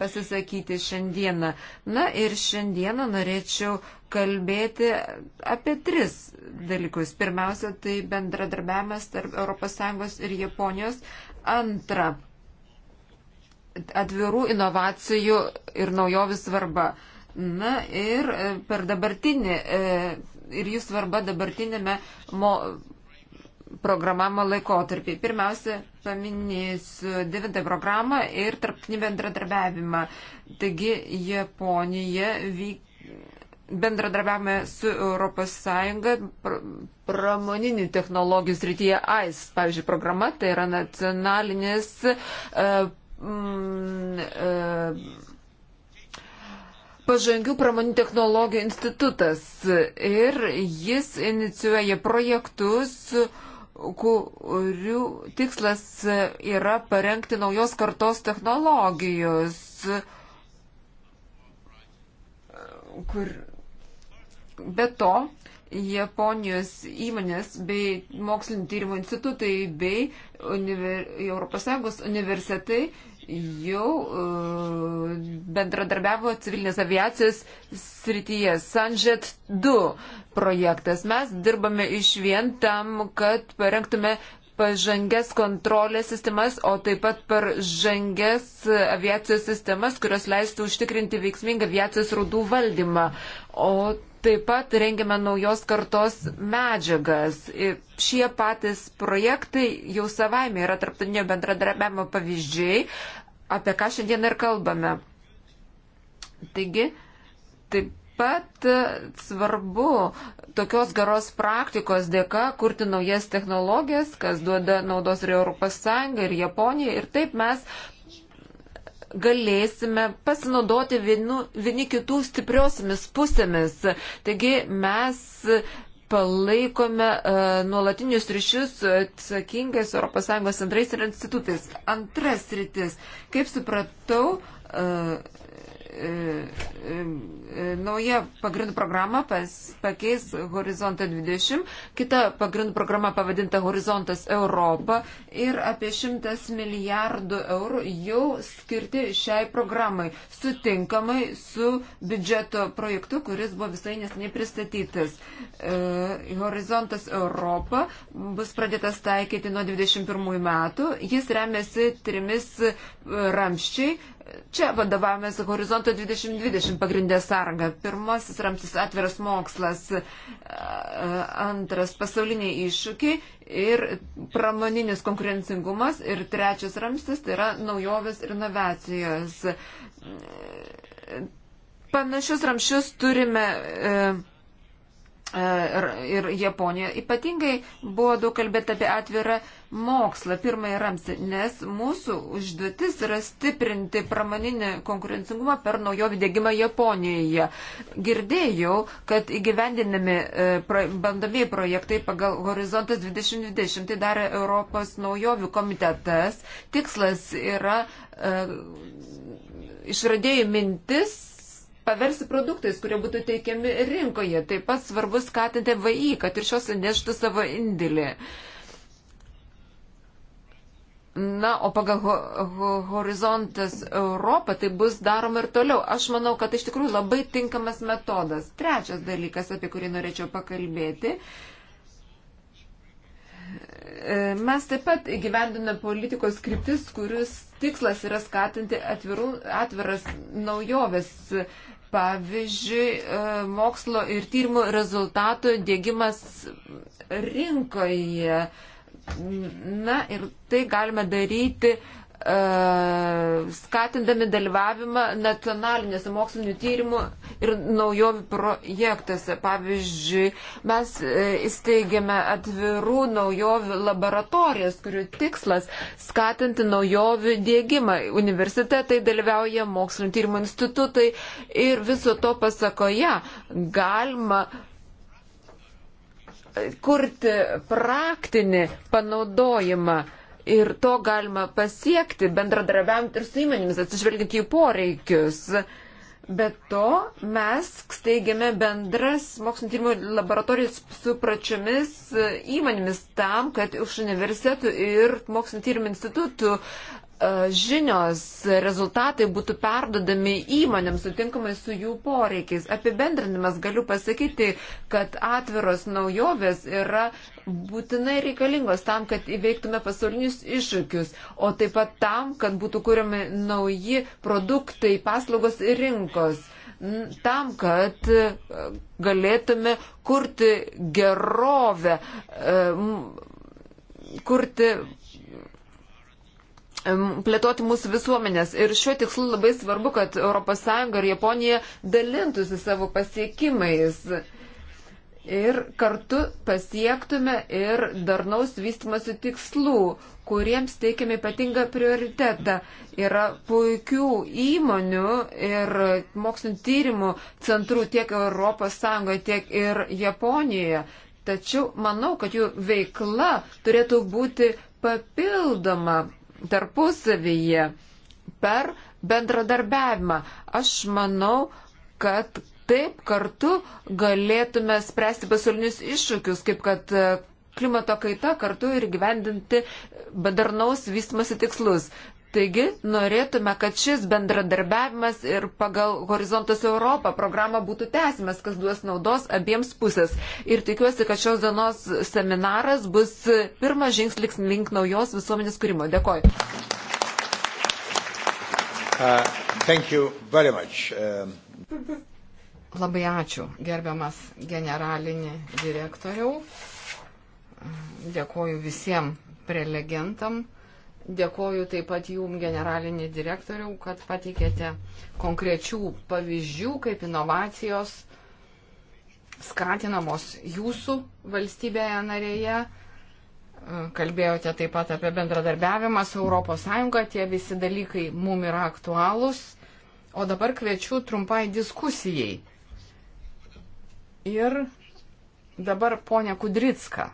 pasisakyti šiandieną. Na ir šiandieną norėčiau kalbėti apie tris dalykus. Pirmiausia, tai bendradarbiavimas tarp ES ir Japonijos. Antra, atvirų inovacijų ir naujovių svarba. Na ir e, per dabartinį, e, ir jų svarba dabartinėme mo, programavimo laikotarpį. Pirmiausia, paminėsiu devintą programą ir tarptinį bendradarbiavimą. Taigi Japonija vyk bendradarbiavime su ES pramoninių technologijų srityje AIS, pavyzdžiui, programa, tai yra nacionalinis uh, mm, uh, pažangių pramonių technologijų institutas ir jis inicijuoja projektus, kurių tikslas yra parengti naujos kartos technologijos, kur be to Japonijos įmonės bei mokslinio tyrimo institutai bei univer... ES universitetai jau e, bendradarbiavo civilinės aviacijos srityje. Sanžet 2 projektas. Mes dirbame iš vien tam, kad parengtume pažangės kontrolės sistemas, o taip pat pažangės aviacijos sistemas, kurios leistų užtikrinti veiksmingą aviacijos raudų valdymą. O Taip pat rengiame naujos kartos medžiagas. Šie patys projektai jau savaime yra tarptautinio bendradarbiavimo pavyzdžiai, apie ką šiandien ir kalbame. Taigi, taip pat e, svarbu tokios geros praktikos dėka kurti naujas technologijas, kas duoda naudos ir Europos Sąjungai, ir Japonijai. Ir taip mes galėsime pasinaudoti vienu, vieni kitų stipriosiamis pusėmis. Taigi mes palaikome uh, nuolatinius ryšius atsakingais ES antrais ir institutais. Antras rytis. Kaip supratau, uh, uh, nauja pagrindų programa pas, pakeis Horizontą 20, kita pagrindų programa pavadinta Horizontas Europa ir apie 100 milijardų eurų jau skirti šiai programai, sutinkamai su biudžeto projektu, kuris buvo visai nesnei pristatytas. E, Horizontas Europa bus pradėtas taikyti nuo 21 metų, jis remiasi trimis ramščiai. Čia vadovavomės Horizonto 2020 20 pagrindę sąrangą. Pirmasis ramsis atviras mokslas, e, antras pasauliniai iššūkiai ir pramoninis konkurencingumas ir trečias ramsis tai yra naujovės ir inovacijos. Panašius ramšius turime. E, e, ir, ir Japonija. Ypatingai buvo daug kalbėta apie atvirą mokslą, pirmąjį ramsį, nes mūsų užduotis yra stiprinti pramoninį konkurencingumą per naujovių dėgymą Japonijoje. Girdėjau, kad įgyvendinami e, pro, bandomieji projektai pagal Horizontas 2020 tai darė Europos naujovių komitetas. Tikslas yra e, išradėjai mintis paversti produktais, kurie būtų teikiami rinkoje. Taip pat svarbu skatinti VI, kad ir šios neštų savo indėlį. Uh, Na, o pagal ho ho horizontas Europą tai bus daroma ir toliau. Aš manau, kad tai iš tikrųjų labai tinkamas metodas. Trečias dalykas, apie kurį norėčiau pakalbėti. E, mes taip pat įgyvendiname politikos kryptis, kuris tikslas yra skatinti atvirų, atviras naujoves Pavyzdžiui, e, mokslo ir tyrimų rezultatų dėgymas rinkoje. Na ir tai galime daryti e, skatindami dalyvavimą nacionalinėse mokslinių tyrimų ir naujovių projektuose. Pavyzdžiui, mes e, įsteigėme atvirų naujovių laboratorijas, kurių tikslas skatinti naujovių dėgymą. Universitetai dalyvauja, mokslinių tyrimų institutai ir viso to pasakoje galima uh, kurti praktinį panaudojimą ir to galima pasiekti bendradarbiaujant ir su įmonėmis, atsižvelgiant jų poreikius. Be to, mes steigiame bendras mokslinio tyrimų laboratorijas su pračiomis įmonėmis tam, kad iš universitetų ir mokslinio tyrimų institutų E, žinios, rezultatai būtų perdodami įmonėms sutinkamai su jų poreikiais. Apibendrinimas galiu pasakyti, kad atviros naujovės yra būtinai reikalingos tam, kad įveiktume pasaulinius iššūkius, o taip pat tam, kad būtų kūriami nauji produktai, paslaugos ir rinkos. Tam, kad e, galėtume kurti gerovę, e, kurti plėtoti mūsų visuomenės. Ir šiuo tikslu labai svarbu, kad ES ir Japonija dalintųsi savo pasiekimais. Ir kartu pasiektume ir darnaus vystimasi tikslų, kuriems teikiame ypatingą prioritetą. Yra puikių įmonių ir mokslinio tyrimų centrų tiek ES, tiek ir Japonijoje. Tačiau manau, kad jų veikla turėtų būti papildoma tarpusavyje per bendradarbiavimą. Aš manau, kad taip kartu galėtume spręsti pasaulinius iššūkius, kaip kad e, klimato kaita kartu ir gyvendinti bedarnaus vystimosi tikslus. Taigi norėtume, kad šis bendradarbiavimas ir pagal Horizontas Europą programą būtų tęsimas, kas duos naudos abiems pusės. Ir tikiuosi, kad šios dienos seminaras bus pirmas žingsnis link naujos visuomenės kūrimo. Dėkoju. Uh, um... Labai ačiū, gerbiamas generalinį direktoriau. Dėkoju visiems prelegentam. Dėkoju taip pat jum, generalinį direktoriau, kad pateikėte konkrečių pavyzdžių, kaip inovacijos skatinamos jūsų valstybėje narėje. Kalbėjote taip pat apie bendradarbiavimą su ES, tie visi dalykai mum yra aktualūs. O dabar kviečiu trumpai diskusijai. Ir dabar ponia Kudricka,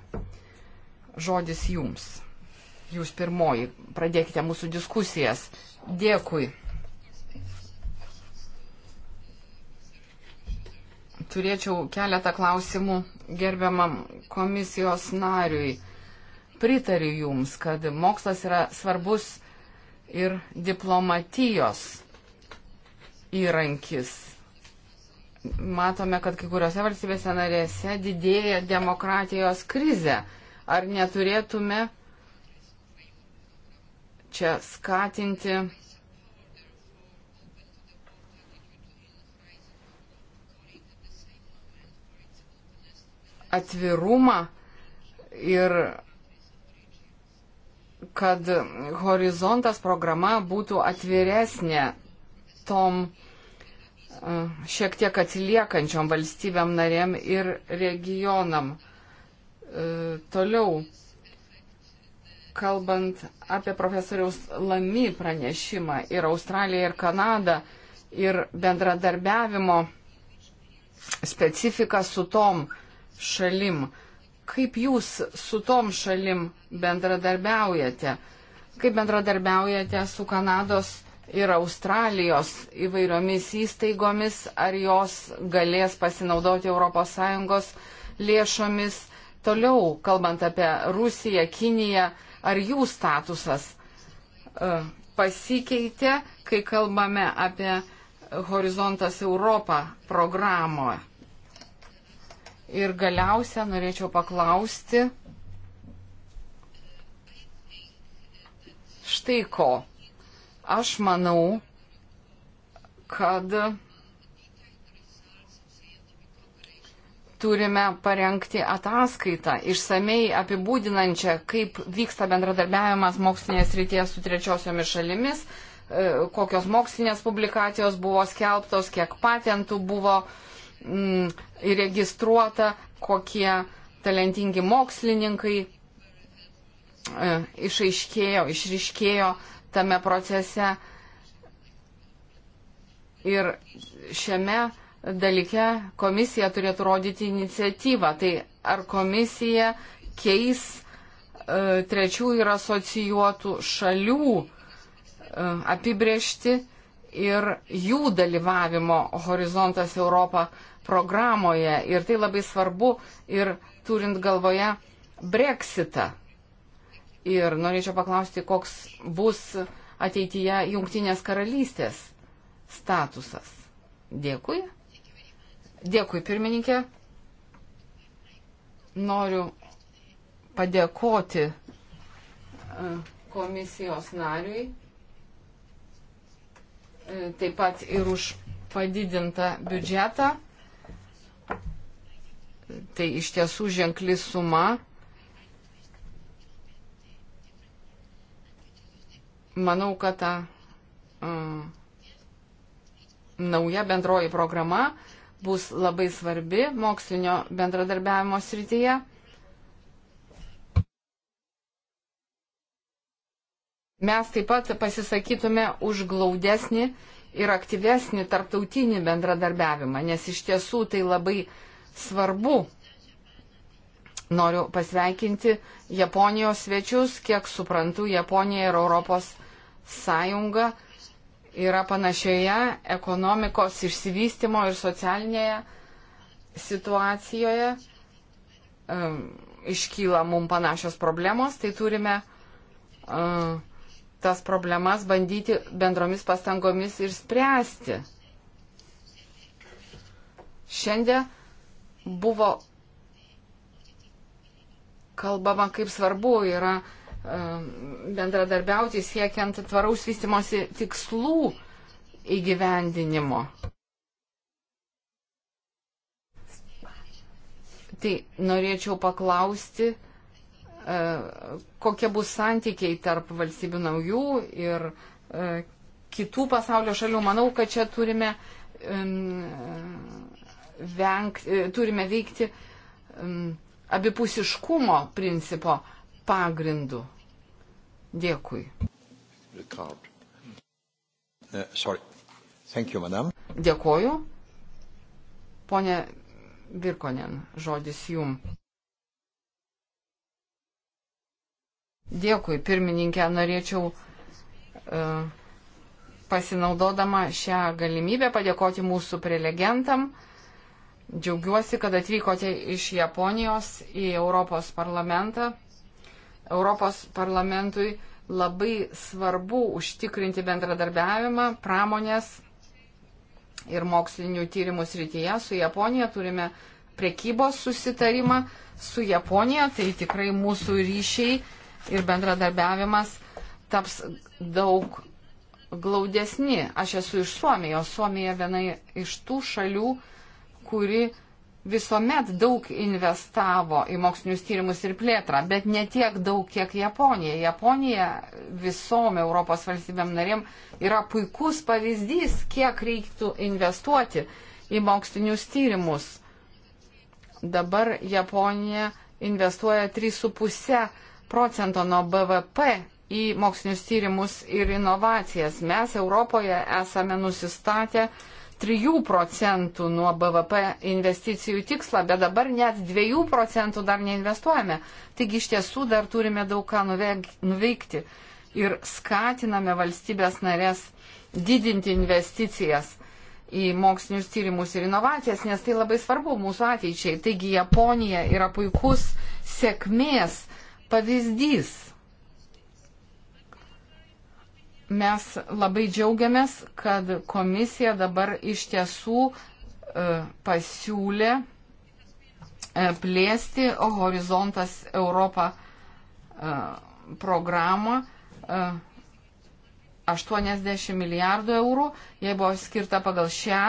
žodis jums jūs pirmoji pradėkite mūsų diskusijas. Dėkui. Turėčiau keletą klausimų gerbiamam komisijos nariui. Pritariu Jums, kad mokslas yra svarbus ir diplomatijos įrankis. Matome, kad kai kuriuose valstybėse narėse didėja demokratijos krize. Ar neturėtume uh, čia skatinti. atvirumą ir kad horizontas programa būtų atviresnė tom e, šiek tiek atsiliekančiom valstybėm narėm ir regionam. E, toliau kalbant apie profesoriaus Lamy pranešimą ir Australiją, ir Kanadą, ir bendradarbiavimo specifiką su tom šalim. Kaip jūs su tom šalim bendradarbiaujate? Kaip bendradarbiaujate su Kanados ir Australijos įvairiomis įstaigomis? Ar jos galės pasinaudoti ES lėšomis? Toliau, kalbant apie Rusiją, Kiniją, ar jų statusas e, pasikeitė, kai kalbame apie Horizontas Europą programą. Ir galiausia norėčiau paklausti štai ko. Aš manau, kad turime parengti ataskaitą išsamei apibūdinančią, kaip vyksta bendradarbiavimas mokslinės ryties su trečiosiomis šalimis, e, kokios mokslinės publikacijos buvo skelbtos, kiek patentų buvo mm, įregistruota, kokie talentingi mokslininkai e, išaiškėjo, išriškėjo tame procese. Ir šiame dalyke komisija turėtų rodyti iniciatyvą. Tai ar komisija keis e, trečių ir asocijuotų šalių e, apibriešti ir jų dalyvavimo Horizontas Europą programoje. Ir tai labai svarbu ir turint galvoje Brexitą. Ir norėčiau paklausti, koks bus ateityje Junktinės karalystės statusas. Dėkui. Dėkui, pirmininkė. Noriu padėkoti e, komisijos nariui, e, taip pat ir už padidintą biudžetą. Tai iš tiesų ženkli suma. Manau, kad ta uh, nauja bendroji programa uh, bus labai svarbi mokslinio bendradarbiavimo srityje. Mes taip pat pasisakytume už glaudesnį ir aktyvesnį tarptautinį bendradarbiavimą, nes iš tiesų tai labai svarbu. Noriu pasveikinti Japonijos svečius, kiek suprantu, Japonija ir Europos Sąjunga yra panašioje ekonomikos išsivystimo ir socialinėje situacijoje. Um, iškyla mums panašios problemos, tai turime uh, tas problemas bandyti bendromis pastangomis ir spręsti. Šiandien buvo kalbama, kaip svarbu yra uh, Um, bendradarbiauti siekiant tvaraus vystimosi tikslų įgyvendinimo. Tai norėčiau paklausti, uh, kokie bus santykiai tarp valstybių naujų ir uh, kitų pasaulio šalių. Manau, kad čia turime, um, vengti, uh, turime veikti um, abipusiškumo principo pagrindu. Dėkui. Uh, you, Dėkoju. Pone Virkonen, žodis jum. Dėkui, pirmininkė, norėčiau uh, pasinaudodama šią galimybę padėkoti mūsų prelegentam. Džiaugiuosi, kad atvykote iš Japonijos į Europos parlamentą. Europos parlamentui labai svarbu užtikrinti bendradarbiavimą pramonės ir mokslinių tyrimų srityje. Su Japonija turime prekybos susitarimą su Japonija, tai tikrai mūsų ryšiai ir bendradarbiavimas taps daug glaudesni. Aš esu iš Suomijos. Suomija viena iš tų šalių, kuri visuomet daug investavo į mokslinius tyrimus ir plėtrą, bet ne tiek daug, kiek Japonija. Japonija visom Europos valstybėm narėm yra puikus pavyzdys, kiek reiktų investuoti į mokslinius tyrimus. Dabar Japonija investuoja 3,5 procento nuo BVP į mokslinius tyrimus ir inovacijas. Mes Europoje esame nusistatę 3 procentų nuo BVP investicijų tikslą, bet dabar net 2 procentų dar neinvestuojame. Taigi iš tiesų dar turime daug ką nuveikti ir skatiname valstybės narės didinti investicijas į mokslinius tyrimus ir inovacijas, nes tai labai svarbu mūsų ateičiai. Taigi Japonija yra puikus sėkmės pavyzdys. Mes labai džiaugiamės, kad komisija dabar iš tiesų e, pasiūlė e, plėsti Horizontas Europą e, programą 80 milijardų eurų. Jie buvo skirta pagal šią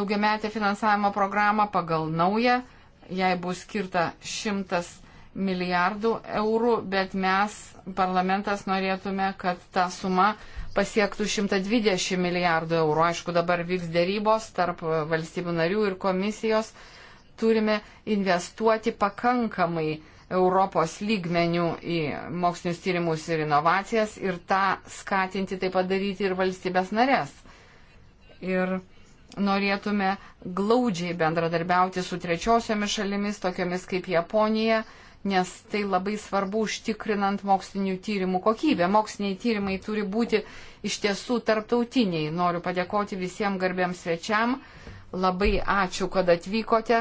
daugiametę finansavimo programą, pagal naują. Jai bus skirta 100 milijardų milijardų eurų, bet mes, parlamentas, norėtume, kad ta suma pasiektų 120 milijardų eurų. Aišku, dabar vyks dėrybos tarp valstybių narių ir komisijos. Turime investuoti pakankamai Europos lygmenių į mokslinius tyrimus ir inovacijas ir tą skatinti taip padaryti ir valstybės narės. Ir norėtume glaudžiai bendradarbiauti su trečiosiomis šalimis, tokiamis kaip Japonija, nes tai labai svarbu užtikrinant mokslinių tyrimų kokybę. Moksliniai tyrimai turi būti iš tiesų tarptautiniai. Noriu padėkoti visiems garbėms svečiam. Labai ačiū, kad atvykote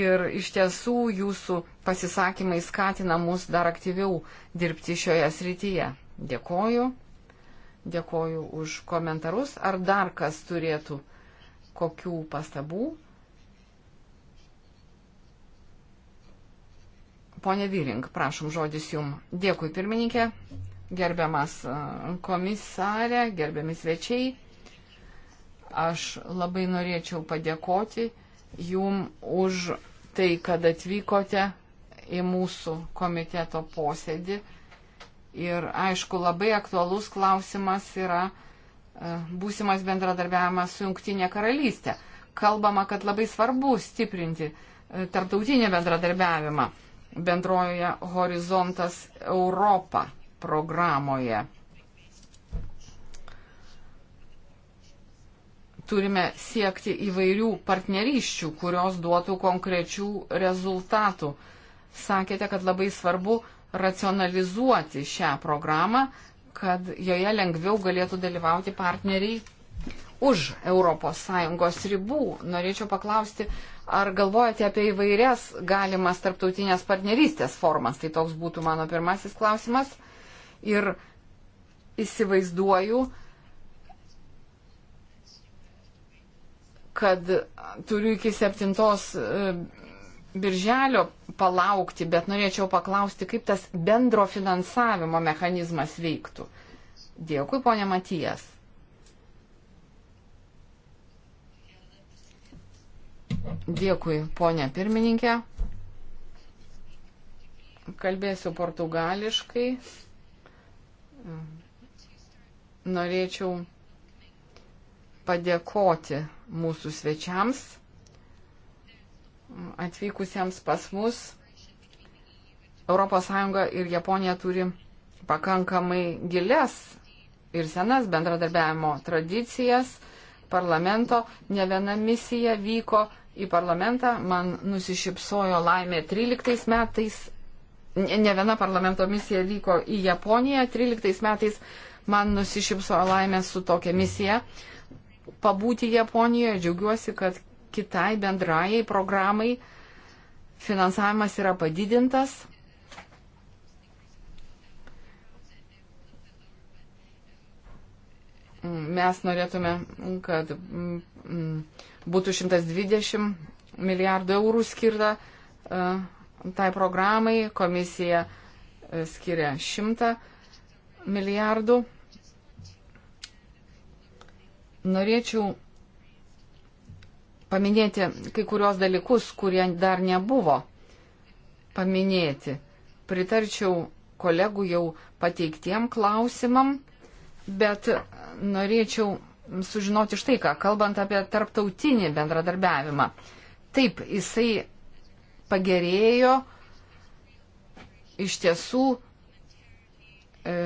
ir iš tiesų jūsų pasisakymai skatina mus dar aktyviau dirbti šioje srityje. Dėkoju. Dėkoju už komentarus. Ar dar kas turėtų kokių pastabų? Pone Vyrink, prašom žodis jum. Dėkui, pirmininkė, gerbiamas e, komisarė, gerbiami svečiai. Aš labai norėčiau padėkoti jum už tai, kad atvykote į mūsų komiteto posėdį. Ir aišku, labai aktualus klausimas yra e, būsimas bendradarbiavimas su Junktinė karalystė. Kalbama, kad labai svarbu stiprinti e, tarptautinį bendradarbiavimą bendrojoje Horizontas Europa programoje. Turime siekti įvairių partnerysčių, kurios duotų konkrečių rezultatų. Sakėte, kad labai svarbu racionalizuoti šią programą, kad joje lengviau galėtų dalyvauti partneriai už ES ribų. Norėčiau paklausti, Ar galvojate apie įvairias galimas tarptautinės partnerystės formas? Tai toks būtų mano pirmasis klausimas. Ir įsivaizduoju, kad turiu iki 7 e, birželio palaukti, bet norėčiau paklausti, kaip tas bendro finansavimo mechanizmas veiktų. Dėkui, ponė Matijas. Dėkui, ponė pirmininkė. Kalbėsiu portugališkai. Norėčiau padėkoti mūsų svečiams atvykusiems pas mus. ES ir Japonija turi pakankamai gilias ir senas bendradarbiavimo tradicijas. Parlamento ne viena misija vyko į parlamentą, man nusišypsojo laimė 13 metais, ne viena parlamento misija vyko į Japoniją, 13 metais man nusišypsojo laimė su tokia misija pabūti Japonijoje, džiaugiuosi, kad kitai bendrajai programai finansavimas yra padidintas. Mes norėtume, kad Mm, būtų 120 milijardų eurų skirta e, tai programai, komisija e, skiria 100 milijardų. Norėčiau paminėti kai kurios dalykus, kurie dar nebuvo paminėti. Pritarčiau kolegų jau pateiktiem klausimam, bet norėčiau sužinoti štai ką, kalbant apie tarptautinį bendradarbiavimą. Taip, jisai pagerėjo, iš tiesų e,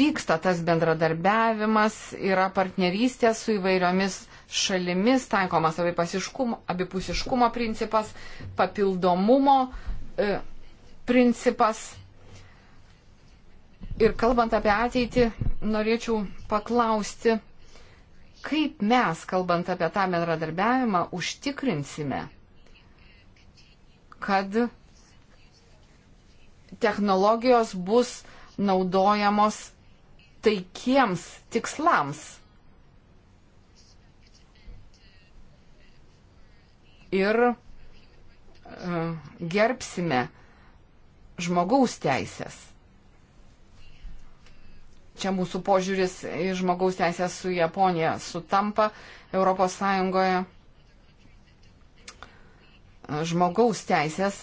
vyksta tas bendradarbiavimas, yra partnerystė su įvairiomis šalimis, taikomas abipusiškumo principas, papildomumo e, principas. Ir kalbant apie ateitį, norėčiau paklausti, kaip mes, kalbant apie tą bendradarbiavimą, užtikrinsime, kad technologijos bus naudojamos taikiems tikslams. Ir e, gerbsime žmogaus teisės čia mūsų požiūris į žmogaus teisės su Japonija sutampa Europos Sąjungoje. E, žmogaus teisės e,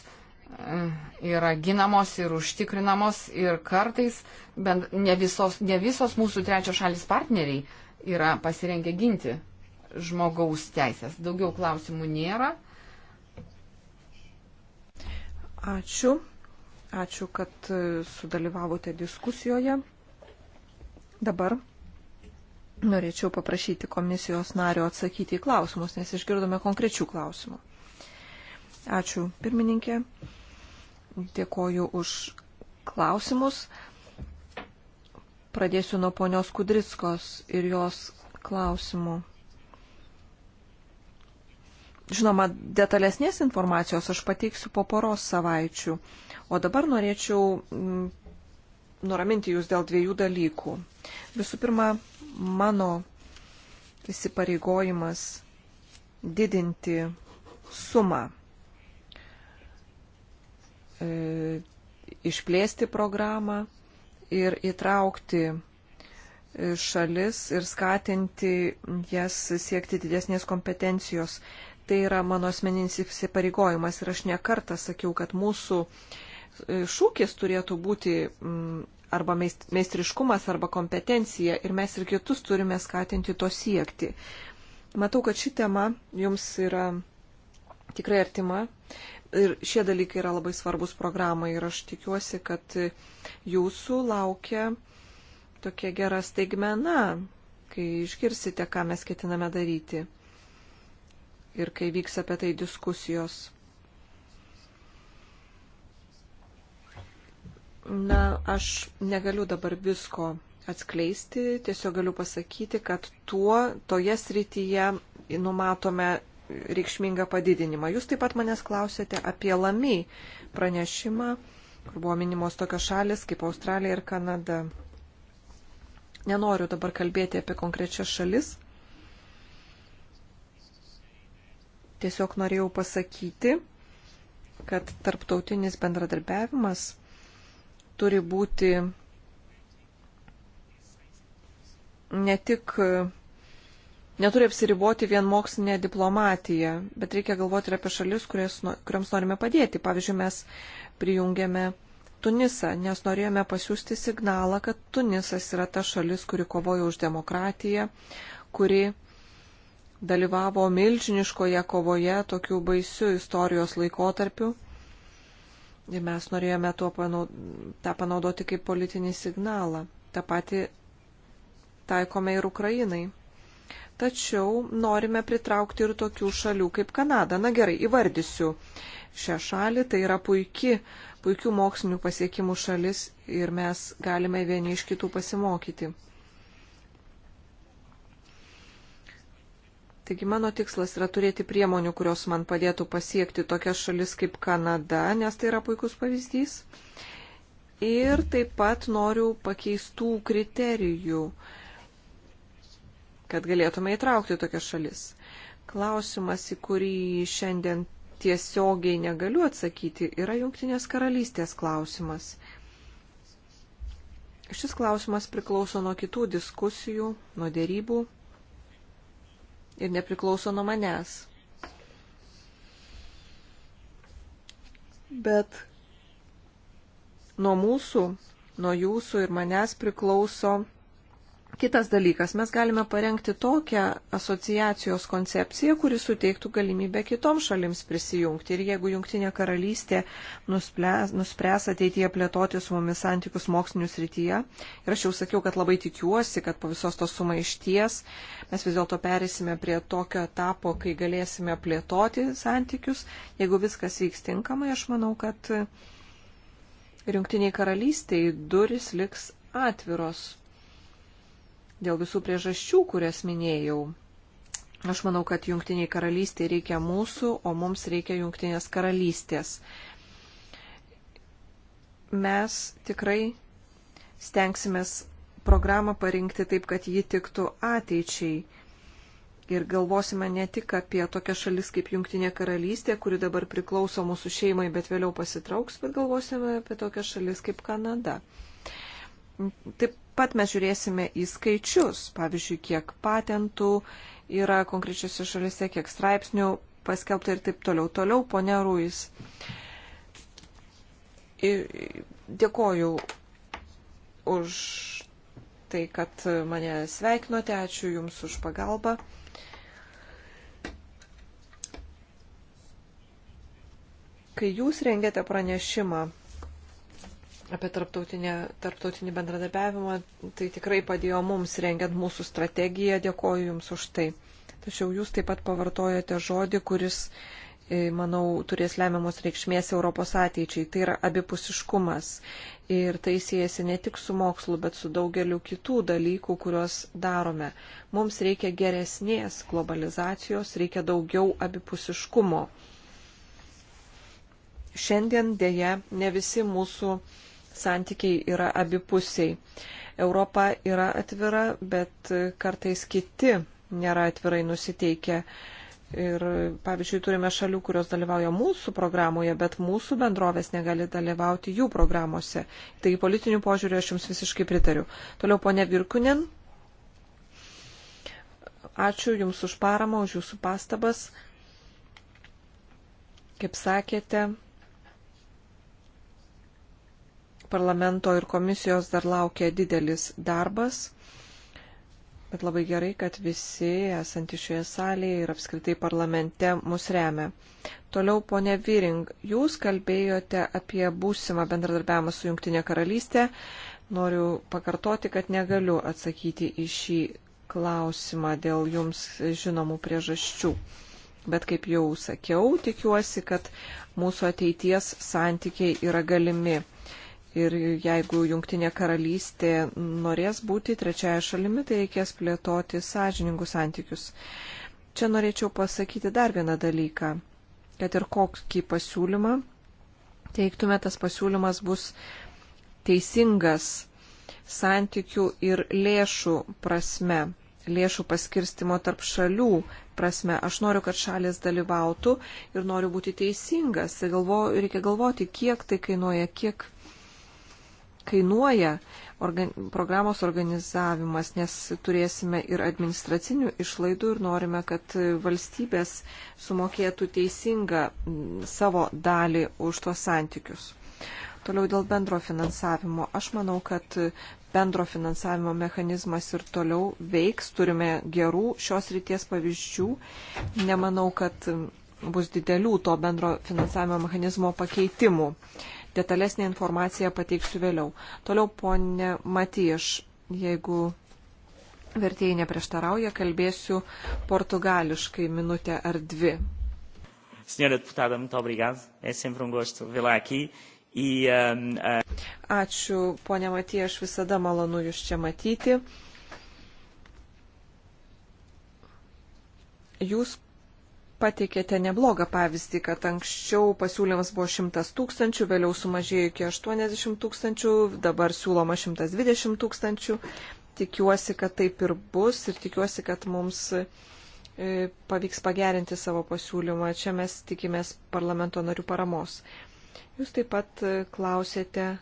yra ginamos ir užtikrinamos ir kartais bent ne visos, ne visos mūsų trečios šalis partneriai yra pasirengę ginti žmogaus teisės. Daugiau klausimų nėra. Ačiū. Ačiū, kad e, sudalyvavote diskusijoje. Dabar norėčiau paprašyti komisijos nario atsakyti į klausimus, nes išgirdome konkrečių klausimų. Ačiū, pirmininkė. Dėkoju už klausimus. Pradėsiu nuo ponios Kudrickos ir jos klausimų. Žinoma, detalesnės informacijos aš pateiksiu po poros savaičių, o dabar norėčiau mm, nuraminti jūs dėl dviejų dalykų. Visų pirma, mano įsipareigojimas didinti sumą, e, išplėsti programą ir įtraukti šalis ir skatinti jas siekti didesnės kompetencijos. Tai yra mano asmeninis įsipareigojimas ir aš nekartą sakiau, kad mūsų šūkis turėtų būti mm, arba meistriškumas arba kompetencija ir mes ir kitus turime skatinti to siekti. Matau, kad ši tema jums yra tikrai artima ir šie dalykai yra labai svarbus programai ir aš tikiuosi, kad jūsų laukia tokia gera staigmena, kai išgirsite, ką mes ketiname daryti ir kai vyks apie tai diskusijos. Na, aš negaliu dabar visko atskleisti, tiesiog galiu pasakyti, kad tuo, toje srityje numatome reikšmingą padidinimą. Jūs taip pat manęs klausėte apie lami pranešimą, kur buvo minimos tokios šalis kaip Australija ir Kanada. Nenoriu dabar kalbėti apie konkrečias šalis. Tiesiog norėjau pasakyti, kad tarptautinis bendradarbiavimas turi būti ne tik, neturi apsiriboti vien mokslinė diplomatija, bet reikia galvoti ir apie šalis, kurias, kuriams norime padėti. Pavyzdžiui, mes prijungėme Tunisą, nes norėjome pasiūsti signalą, kad Tunisas yra ta šalis, kuri kovoja už demokratiją, kuri dalyvavo milžiniškoje kovoje tokiu baisiu istorijos laikotarpiu. Mes norėjome panau, tą panaudoti kaip politinį signalą. Ta pati taikome ir Ukrainai. Tačiau norime pritraukti ir tokių šalių kaip Kanada. Na gerai, įvardysiu šią šalį. Tai yra puiki, puikių mokslinių pasiekimų šalis ir mes galime vieni iš kitų pasimokyti. Taigi mano tikslas yra turėti priemonių, kurios man padėtų pasiekti tokias šalis kaip Kanada, nes tai yra puikus pavyzdys. Ir taip pat noriu pakeistų kriterijų, kad galėtume įtraukti tokias šalis. Klausimas, į kurį šiandien tiesiogiai negaliu atsakyti, yra Junktinės karalystės klausimas. Šis klausimas priklauso nuo kitų diskusijų, nuo dėrybų ir nepriklauso nuo manęs. Bet nuo mūsų, nuo jūsų ir manęs priklauso Kitas dalykas, mes galime parengti tokią asociacijos koncepciją, kuri suteiktų galimybę kitoms šalims prisijungti. Ir jeigu Junktinė karalystė nuspręs, nuspręs ateityje plėtoti su mumis santykius mokslinių srityje, ir aš jau sakiau, kad labai tikiuosi, kad po visos tos sumaišties mes vis dėlto perėsime prie tokio etapo, kai galėsime plėtoti santykius, jeigu viskas vyks tinkamai, aš manau, kad Junktiniai karalystiai duris liks atviros dėl visų priežasčių, kurias minėjau. Aš manau, kad jungtiniai karalystiai reikia mūsų, o mums reikia jungtinės karalystės. Mes tikrai stengsimės programą parinkti taip, kad ji tiktų ateičiai. Ir galvosime ne tik apie tokią šalis kaip Junktinė karalystė, kuri dabar priklauso mūsų šeimai, bet vėliau pasitrauks, bet galvosime apie tokią šalis kaip Kanada. Taip pat mes žiūrėsime į skaičius, pavyzdžiui, kiek patentų yra konkrečiose šalise, kiek straipsnių paskelbta ir taip toliau. Toliau, ponia Ruiz, dėkoju už tai, kad mane sveikinote, ačiū Jums už pagalbą. Kai Jūs rengėte pranešimą, apie tarptautinį bendradarbiavimą. Tai tikrai padėjo mums rengiant mūsų strategiją. Dėkoju Jums už tai. Tačiau Jūs taip pat pavartojate žodį, kuris, e, manau, turės lemiamos reikšmės Europos ateičiai. Tai yra abipusiškumas. Ir tai siejasi ne tik su mokslu, bet su daugeliu kitų dalykų, kuriuos darome. Mums reikia geresnės globalizacijos, reikia daugiau abipusiškumo. Šiandien dėja ne visi mūsų santykiai yra abipusiai. Europa yra atvira, bet kartais kiti nėra atvirai nusiteikę. Ir pavyzdžiui, turime šalių, kurios dalyvauja mūsų programoje, bet mūsų bendrovės negali dalyvauti jų programuose. Taigi politinių požiūrių aš jums visiškai pritariu. Toliau ponė Virkunen. Ačiū Jums už paramą, už Jūsų pastabas. Kaip sakėte, parlamento ir komisijos dar laukia didelis darbas, bet labai gerai, kad visi esanti šioje salėje ir apskritai parlamente mus remia. Toliau, ponė Vyring, jūs kalbėjote apie būsimą bendradarbiavimą su Junktinė karalystė. Noriu pakartoti, kad negaliu atsakyti į šį klausimą dėl jums žinomų priežasčių. Bet kaip jau sakiau, tikiuosi, kad mūsų ateities santykiai yra galimi. Ir jeigu Junktinė karalystė norės būti trečiaja šalimi, tai reikės plėtoti sąžiningus santykius. Čia norėčiau pasakyti dar vieną dalyką, kad ir kokį pasiūlymą teiktume, tas pasiūlymas bus teisingas santykių ir lėšų prasme, lėšų paskirstimo tarp šalių prasme. Aš noriu, kad šalis dalyvautų ir noriu būti teisingas. Tai galvo, reikia galvoti, kiek tai kainuoja, kiek kainuoja organ, programos organizavimas, nes turėsime ir administracinių išlaidų ir norime, kad valstybės sumokėtų teisingą savo dalį už tuos santykius. Toliau dėl bendro finansavimo. Aš manau, kad bendro finansavimo mechanizmas ir toliau veiks. Turime gerų šios ryties pavyzdžių. Nemanau, kad bus didelių to bendro finansavimo mechanizmo pakeitimų. Uh, Detalesnė informacija pateiksiu vėliau. Toliau, ponė Matyš, jeigu vertėjai neprieštarauja, kalbėsiu portugališkai minutę ar dvi. Senhora deputada, muito obrigado. É sempre um gosto vê-la aqui. E, um, uh... Ačiū, ponia Matija, aš visada malonu jūs čia matyti. Jūs pateikėte neblogą pavyzdį, kad anksčiau pasiūlymas buvo 100 tūkstančių, vėliau sumažėjo iki 80 tūkstančių, dabar siūloma 120 tūkstančių. Tikiuosi, kad taip ir bus ir tikiuosi, kad mums e, pavyks pagerinti savo pasiūlymą. Čia mes tikimės parlamento narių paramos. Jūs taip pat e, klausėte e,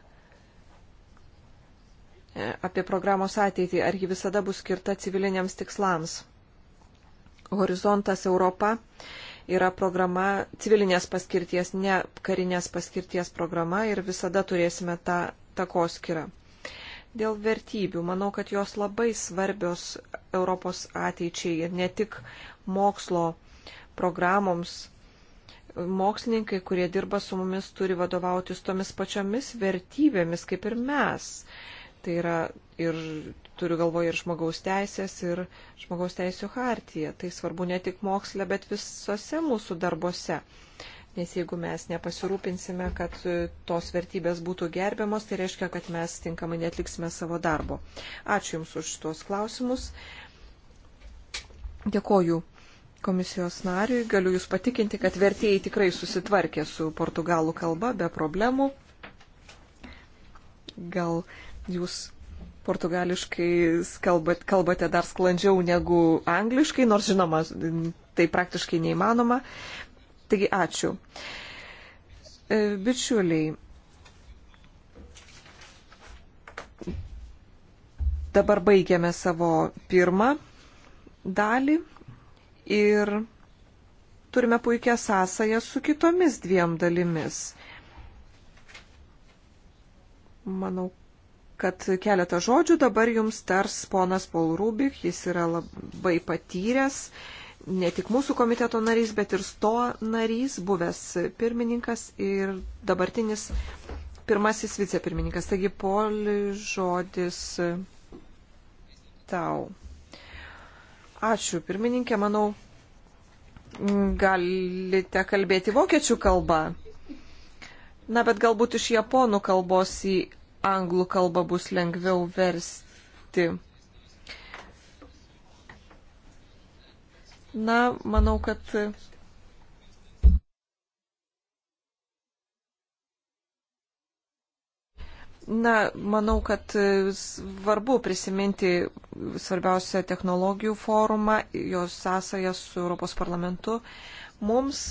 apie programos ateitį, ar ji visada bus skirta civiliniams tikslams. Horizontas Europa yra programa civilinės paskirties, ne karinės paskirties programa ir visada turėsime tą takoskirą. Dėl vertybių, manau, kad jos labai svarbios Europos ateičiai ir ne tik mokslo programoms. Mokslininkai, kurie dirba su mumis, turi vadovautis tomis pačiomis vertybėmis kaip ir mes. Tai yra ir turiu galvoje ir žmogaus teisės, ir žmogaus teisų hartiją. Tai svarbu ne tik moksle, bet visose mūsų darbose. Nes jeigu mes nepasirūpinsime, kad tos vertybės būtų gerbiamos, tai reiškia, kad mes tinkamai netliksime savo darbo. Ačiū Jums už tuos klausimus. Dėkoju komisijos nariui. Galiu Jūs patikinti, kad vertėjai tikrai susitvarkė su portugalų kalba be problemų. Gal Jūs portugališkai kalbat, kalbate dar sklandžiau negu angliškai, nors žinoma, tai praktiškai neįmanoma. Taigi ačiū. E, bičiuliai, dabar baigiame savo pirmą dalį ir turime puikią sąsają su kitomis dviem dalimis. Manau, kad keletą žodžių dabar jums tars ponas Paul Rubik, jis yra labai patyręs, ne tik mūsų komiteto narys, bet ir sto narys, buvęs pirmininkas ir dabartinis pirmasis vicepirmininkas. Taigi, Poli, žodis tau. Ačiū, pirmininkė, manau, galite kalbėti vokiečių kalbą. Na, bet galbūt iš japonų kalbos į anglų kalbą bus lengviau versti. Na, manau, kad Na, manau, kad svarbu prisiminti svarbiausią technologijų forumą, jos sąsają su Europos parlamentu. Mums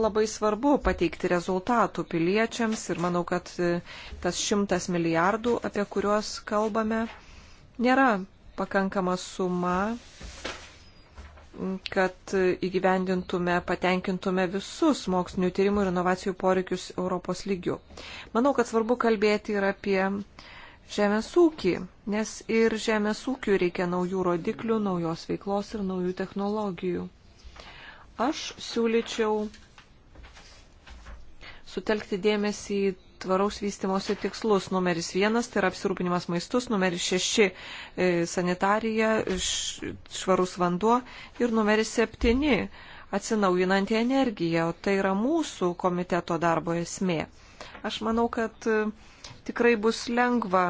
labai svarbu pateikti rezultatų piliečiams ir manau, kad e, tas šimtas milijardų, apie kuriuos kalbame, nėra pakankama suma, kad e, įgyvendintume, patenkintume visus mokslinių tyrimų ir inovacijų poreikius Europos lygių. Manau, kad svarbu kalbėti ir apie žemės ūkį, nes ir žemės ūkiui reikia naujų rodiklių, naujos veiklos ir naujų technologijų. Aš siūlyčiau sutelkti dėmesį į tvaraus vystimosi tikslus. Numeris vienas tai yra apsirūpinimas maistus, numeris šeši e, sanitarija, švarus vanduo ir numeris septyni atsinaujinanti energija. O tai yra mūsų komiteto darbo esmė. Aš manau, kad e, tikrai bus lengva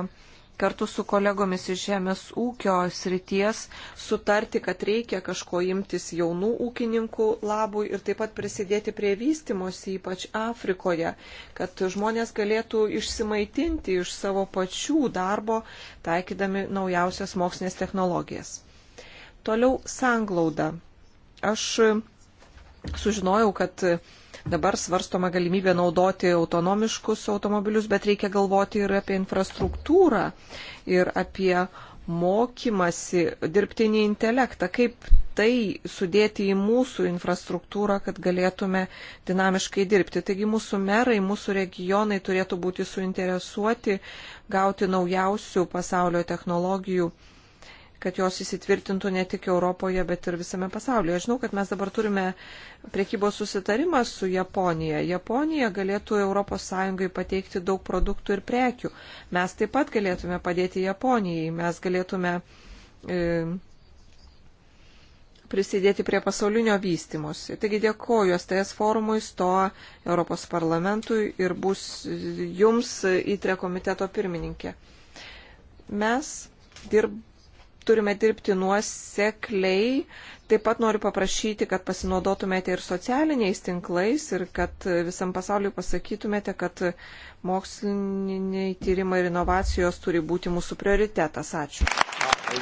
kartu su kolegomis iš žemės ūkio srities sutarti, kad reikia kažko imtis jaunų ūkininkų labui ir taip pat prisidėti prie vystimosi, ypač Afrikoje, kad žmonės galėtų išsimaitinti iš savo pačių darbo, taikydami naujausias mokslinės technologijas. Toliau sanglauda. Aš sužinojau, kad Dabar svarstoma galimybė naudoti autonomiškus automobilius, bet reikia galvoti ir apie infrastruktūrą, ir apie mokymasi, dirbtinį intelektą, kaip tai sudėti į mūsų infrastruktūrą, kad galėtume dinamiškai dirbti. Taigi mūsų merai, mūsų regionai turėtų būti suinteresuoti gauti naujausių pasaulio technologijų kad jos įsitvirtintų ne tik Europoje, bet ir visame pasaulyje. Aš žinau, kad mes dabar turime priekybos susitarimą su Japonija. Japonija galėtų ES pateikti daug produktų ir prekių. Mes taip pat galėtume padėti Japonijai. Mes galėtume e, prisidėti prie pasaulinio vystimosi. Taigi dėkoju STS forumui, STO, Europos parlamentui ir bus jums įtre komiteto pirmininkė. Mes dirbame turime dirbti nuosekliai. Taip pat noriu paprašyti, kad pasinaudotumėte ir socialiniais tinklais ir kad visam pasauliu pasakytumėte, kad moksliniai tyrimai ir inovacijos turi būti mūsų prioritetas. Ačiū.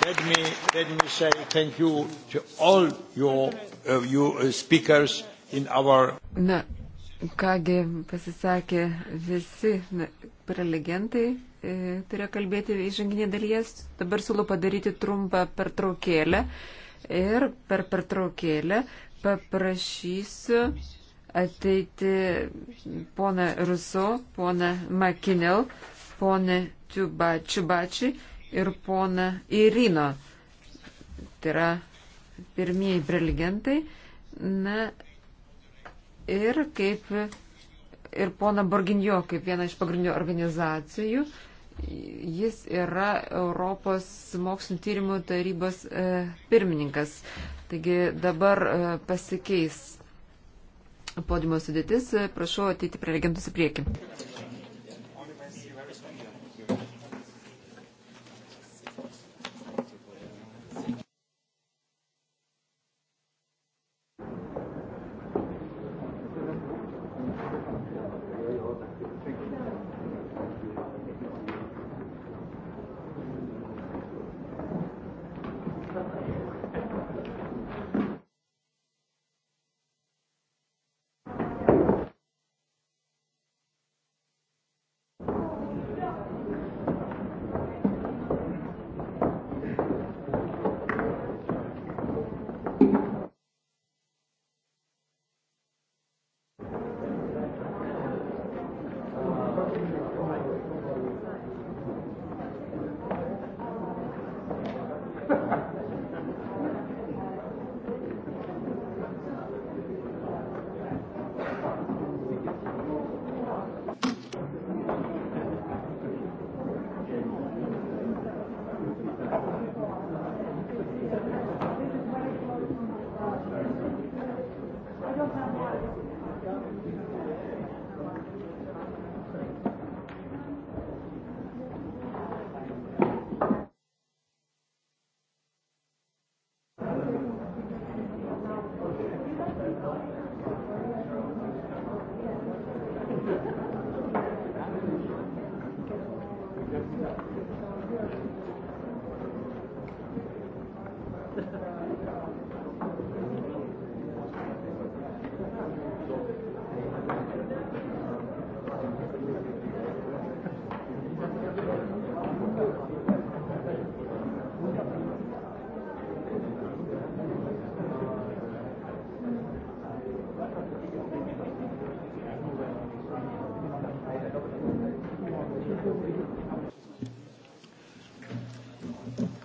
Let me, let me say thank you to all your, uh, you uh, speakers in our. Na, kągi pasisakė visi prelegentai. E, turėjo kalbėti įžanginė dalies. Dabar siūlau padaryti trumpą pertraukėlę ir per pertraukėlę paprašysiu ateiti poną Ruso, poną Makinel, poną Čiubačį ir poną Irino. Tai yra pirmieji prelegentai. Na ir kaip ir pona Borginjo kaip vieną iš pagrindinių organizacijų. Jis yra Europos mokslinio tyrimų tarybos e, pirmininkas. Taigi dabar e, pasikeis podimo sudėtis. Prašau ateiti prie regentus į priekį.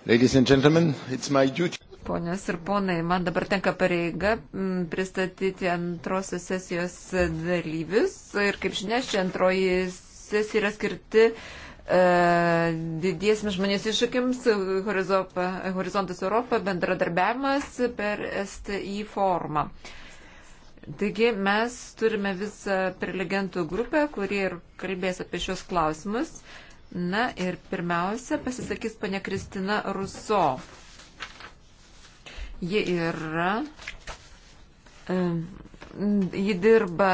Ladies and gentlemen, it's my duty. Ponios ir ponai, man dabar tenka pareiga mm, pristatyti antrosios sesijos dalyvius. Ir kaip žinia, ši antroji sesija yra skirti e, didiesiams žmonės iššūkiams Horizontas Europa bendradarbiavimas per STI formą. Taigi mes turime visą prelegentų grupę, kurie ir kalbės apie šios klausimus. E, Na ir pirmiausia, pasisakys ponia Kristina Ruso. Ji yra. Ji dirba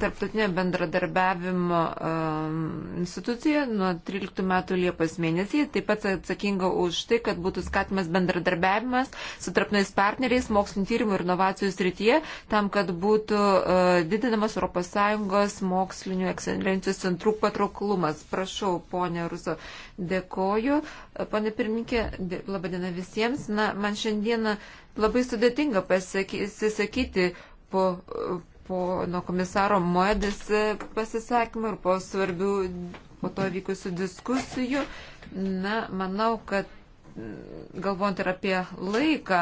tarptautinio bendradarbiavimo um, institucija nuo 13 metų Liepos mėnesį, taip pat atsakinga už tai, kad būtų skatimas bendradarbiavimas su tarptautiniais partneriais mokslinio tyrimų ir inovacijų srityje, tam, kad būtų uh, didinamas ES mokslinio ekscelencijos centrų patrauklumas. Prašau, ponė Ruso, dėkoju. Pane pirminkė, labadiena visiems. Na, man šiandieną labai sudėtinga pasisakyti po pono komisaro Moedas pasisakymų ir po svarbių po to vykusių diskusijų. Na, manau, kad mm, galvojant ir apie laiką,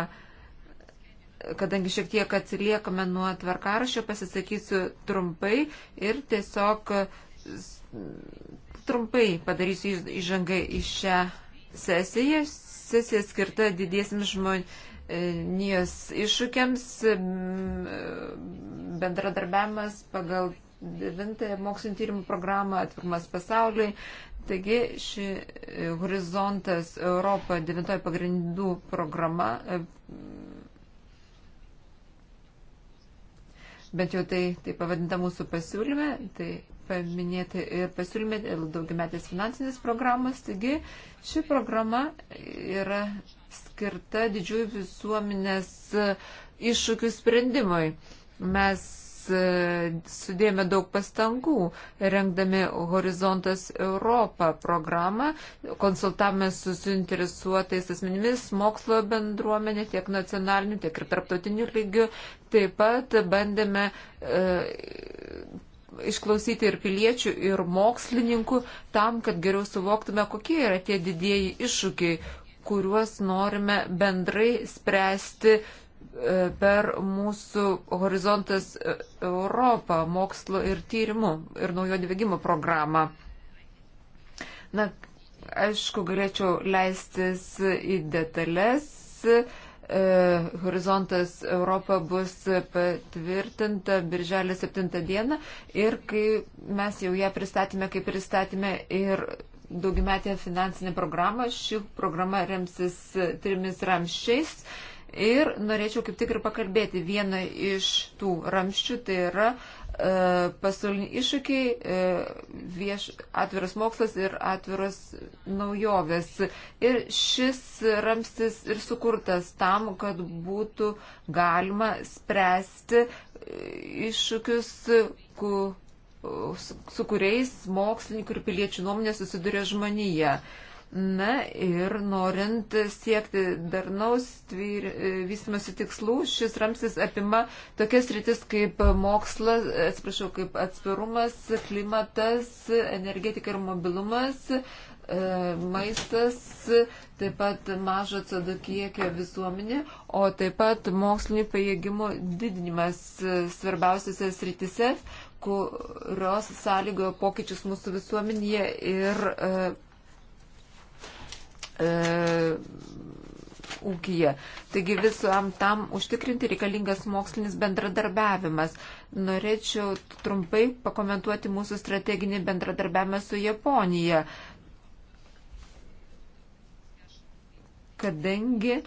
kadangi šiek tiek atsiliekame nuo tvarkarašio, pasisakysiu trumpai ir tiesiog mm, trumpai padarysiu įžangą į šią sesiją. Sesija skirta didiesiams žmonėms Nijos iššūkiams bendradarbiavimas pagal 9 mokslinio tyrimų programą atvirumas pasauliui. Taigi ši e, horizontas Europa 9 pagrindų programa, e, bent jau tai, tai pavadinta mūsų pasiūlyme, tai paminėti ir pasiūlymė dėl daugiametės finansinės programos. Taigi ši programa yra skirta didžiųjų visuomenės iššūkių sprendimui. Mes e, sudėjome daug pastangų, rengdami Horizontas Europą programą, konsultavome su suinteresuotais asmenimis, mokslo bendruomenė tiek nacionaliniu, tiek ir tarptautiniu lygiu. Taip pat bandėme e, išklausyti ir piliečių, ir mokslininkų, tam, kad geriau suvoktume, kokie yra tie didieji iššūkiai, kuriuos norime bendrai spręsti e, per mūsų horizontas e, Europą mokslo ir tyrimų ir naujo dvigimo programą. Na, aišku, galėčiau leistis į detalės E, horizontas Europa bus patvirtinta birželio 7 dieną ir kai mes jau ją pristatėme, kaip pristatėme ir daugimetę finansinę programą, ši programa remsis trimis ramščiais. Ir norėčiau kaip tik ir pakalbėti vieną iš tų ramščių, tai yra uh, E, pasauliniai iššūkiai, e, vieš, atviras mokslas ir atviras naujovės. Ir šis ramstis ir sukurtas tam, kad būtų galima spręsti e, iššūkius, ku, su, su kuriais mokslininkų ir piliečių nuomonė susiduria žmonija. Uh, Na ir norint siekti darnaus vystimosi tikslų, šis ramsis apima tokias rytis kaip mokslas, atsiprašau, kaip atsparumas, klimatas, energetika ir mobilumas, e, maistas, taip pat mažo CO2 kiekio visuomenė, o taip pat mokslinio pajėgimo didinimas svarbiausiose sritise, kurios sąlygojo pokyčius mūsų visuomenėje ir e, e, ūkija. Taigi visam tam užtikrinti reikalingas mokslinis bendradarbiavimas. Norėčiau trumpai pakomentuoti mūsų strateginį bendradarbiavimą su Japonija. Kadangi e,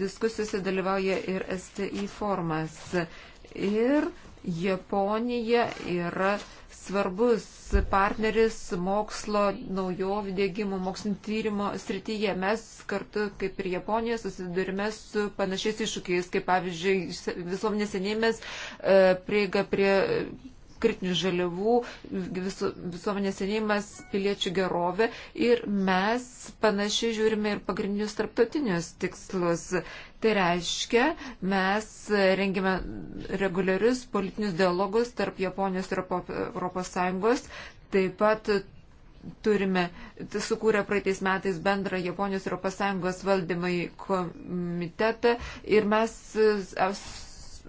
diskusijose dalyvauja ir STI formas. Ir Japonija yra e, svarbus partneris mokslo naujovių dėgymų, mokslinio tyrimo srityje. Mes kartu, kaip ir Japonija, susidurime su panašiais iššūkiais, kaip pavyzdžiui, visuomenės senėjimas, e, prieiga prie kritinių žaliavų, visu, visuomenės senėjimas, piliečių gerovė ir mes panašiai žiūrime ir pagrindinius tarptautinius tikslus. Tai reiškia, mes rengime reguliarius politinius dialogus tarp Japonijos ir Europos Sąjungos, taip pat turime, tai sukūrė praeitais metais bendrą Japonijos ir ES valdymai komitetą ir mes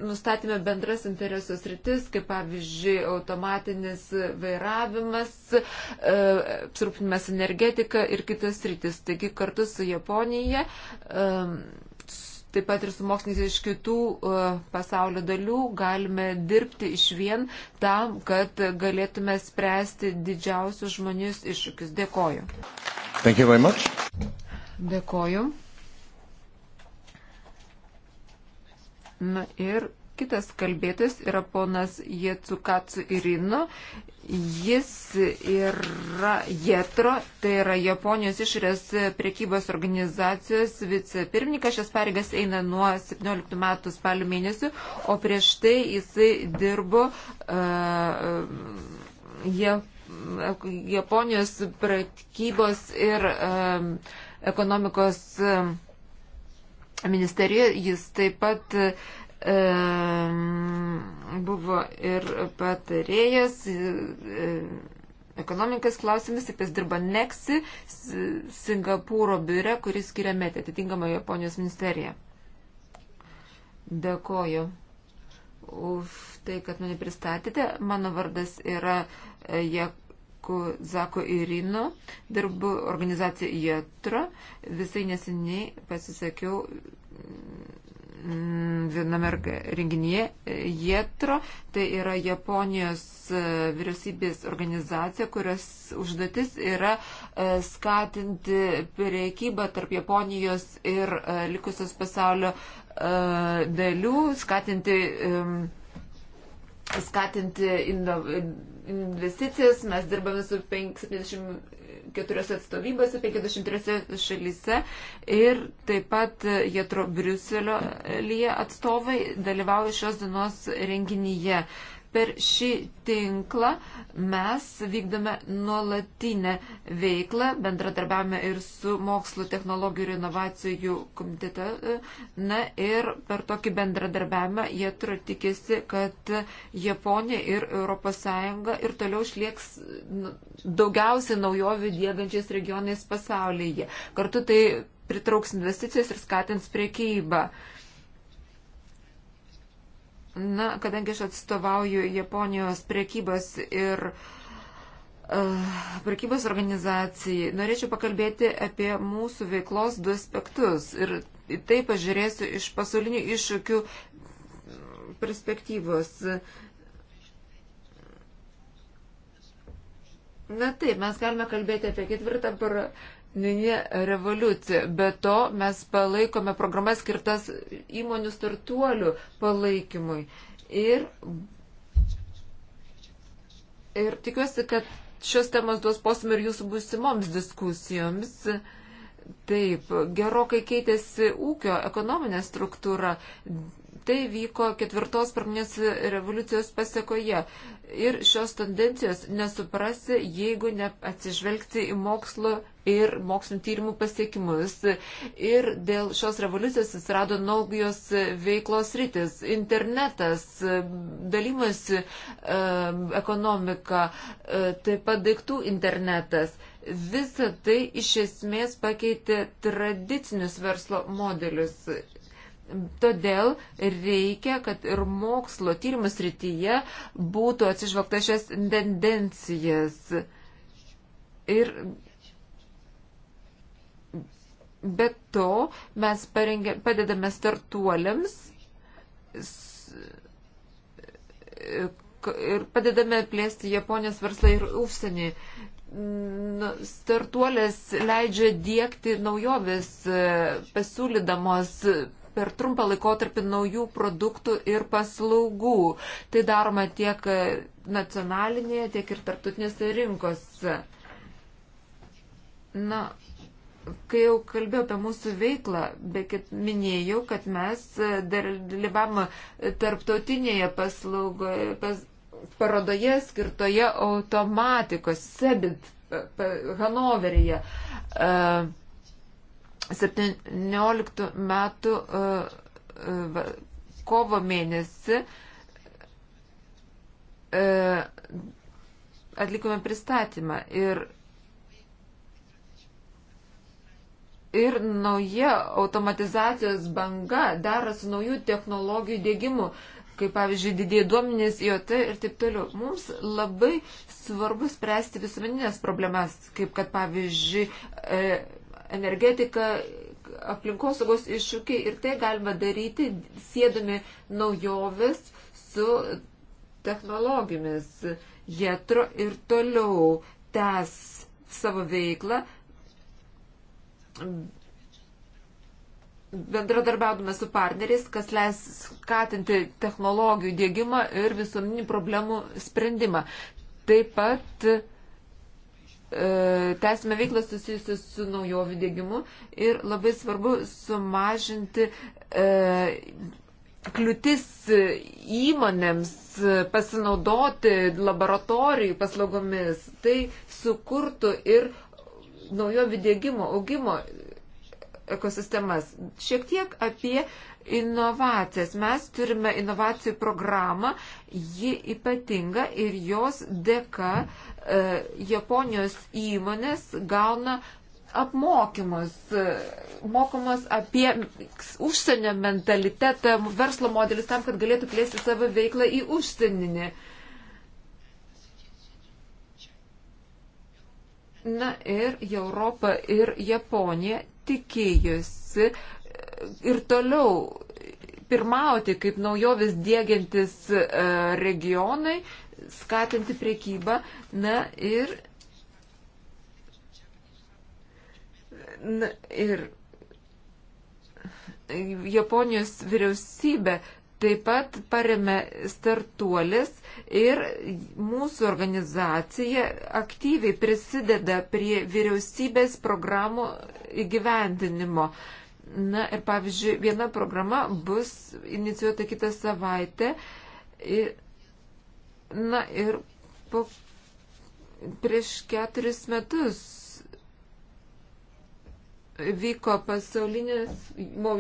nustatėme bendras interesų sritis, kaip pavyzdžiui, automatinis vairavimas, e, apsirūpinimas energetika ir kitas sritis. Taigi kartu su Japonija, e, taip pat ir su moksliniais iš kitų e, pasaulio dalių galime dirbti iš vien tam, kad galėtume spręsti didžiausius žmonius iššūkius. Dėkoju. Dėkoju. Na ir kitas kalbėtas yra ponas Jetsukatsu Irino. Jis yra Jetro, tai yra Japonijos išorės priekybos organizacijos vicepirmininkas. Šias pareigas eina nuo 17 metų spalio mėnesių, o prieš tai jisai dirbo uh, Je, Japonijos priekybos ir uh, ekonomikos. Uh, ministeriją. Jis taip pat e, buvo ir patarėjas. E, e ekonomikas klausimas, jis dirba Neksi, Singapūro biure, kuris skiria metę atitinkamą Japonijos ministeriją. Dėkoju už tai, kad mane pristatėte. Mano vardas yra e, Japonijos Zako Irino, darbu organizacija JETRA. Visai neseniai pasisakiau mm, viename renginyje e, JETRA, tai yra Japonijos e, vyriausybės organizacija, kurios užduotis yra e, skatinti priekybą tarp Japonijos ir likusios pasaulio dalių, skatinti skatinti investicijas. Mes dirbame su 74 atstovybėse, 53 šalyse ir taip pat Jetro Briuselio atstovai dalyvauja šios dienos renginyje. Uh, Per šį tinklą mes vykdome nuolatinę veiklą, bendradarbiavame ir su mokslo technologijų ir inovacijų komitete. Na ir per tokį bendradarbiavimą jie turi tikėsi, kad Japonija ir ES ir toliau išlieks daugiausiai naujovių dėgančiais regionais pasaulyje. Kartu tai pritrauks investicijas ir skatins priekybą. Uh, Na, kadangi aš atstovauju Japonijos priekybos ir uh, e, priekybos organizacijai, norėčiau pakalbėti apie mūsų veiklos du aspektus ir tai pažiūrėsiu iš pasaulinių iššūkių perspektyvos. Na taip, mes galime kalbėti apie ketvirtą skaitmeninė revoliucija. Be to mes palaikome programas skirtas įmonių startuolių palaikymui. Ir, ir tikiuosi, kad šios temos duos posmį ir jūsų būsimoms diskusijoms. Taip, gerokai keitėsi ūkio ekonominė struktūra. Tai vyko ketvirtos pramonės revoliucijos pasiekoje. Ir šios tendencijos nesuprasi, jeigu neatsižvelgti į mokslo ir mokslinio tyrimų pasiekimus. Ir dėl šios revoliucijos atsirado naujos veiklos rytis - internetas, dalymasi e, ekonomika, e, taip pat daiktų internetas. Visa tai iš esmės pakeitė tradicinius verslo modelius Todėl reikia, kad ir mokslo tyrimų srityje būtų atsižvelgta šias tendencijas. Ir be to mes parengė, padedame startuoliams ir padedame plėsti Japonijos verslą ir užsienį. Nu, startuolės leidžia dėkti naujoves, pasiūlydamos per trumpą laikotarpį naujų produktų ir paslaugų. Tai daroma tiek nacionalinėje, tiek ir tarptautinėse rinkose. Na, kai jau kalbėjau apie mūsų veiklą, bet minėjau, kad mes dalyvavome tarptautinėje paslaugoje, pas, parodoje skirtoje automatikos, sebit Hanoveryje. Uh, 17 metų e, e, kovo mėnesį e, atlikome pristatymą ir, ir nauja automatizacijos banga dera su naujų technologijų dėgymu, kaip pavyzdžiui didėjai duomenys, IOT ir taip toliau. Mums labai svarbu spręsti visuomeninės problemas, kaip kad pavyzdžiui energetika, aplinkosaugos iššūkiai ir tai galima daryti sėdami naujovis su technologijomis. Jie tro, ir toliau tęs savo veiklą, bendradarbiaudame su partneriais, kas leis skatinti technologijų dėgymą ir visuomeninių problemų sprendimą. Taip pat E, tęsime veiklą susijusią su naujovių dėgymu ir labai svarbu sumažinti e, kliūtis įmonėms pasinaudoti laboratorijų paslaugomis. Tai sukurtų ir naujovių dėgymo, augimo ekosistemas. Šiek tiek apie inovacijas. Mes turime inovacijų programą, ji ypatinga ir jos dėka e, Japonijos įmonės gauna apmokymus, e, mokomas apie užsienio mentalitetą, verslo modelis tam, kad galėtų plėsti savo veiklą į užsieninį. Na ir Europa ir Japonija tikėjusi, ir toliau pirmauti kaip naujovis dėgiantis e, regionai, skatinti priekybą. Na ir. Na, ir Japonijos vyriausybė taip pat paremė startuolis ir mūsų organizacija aktyviai prisideda prie vyriausybės programų įgyvendinimo. Uh, Na ir pavyzdžiui, viena programa bus inicijuota kitą savaitę. Ir, na ir po, prieš keturis metus vyko pasaulinės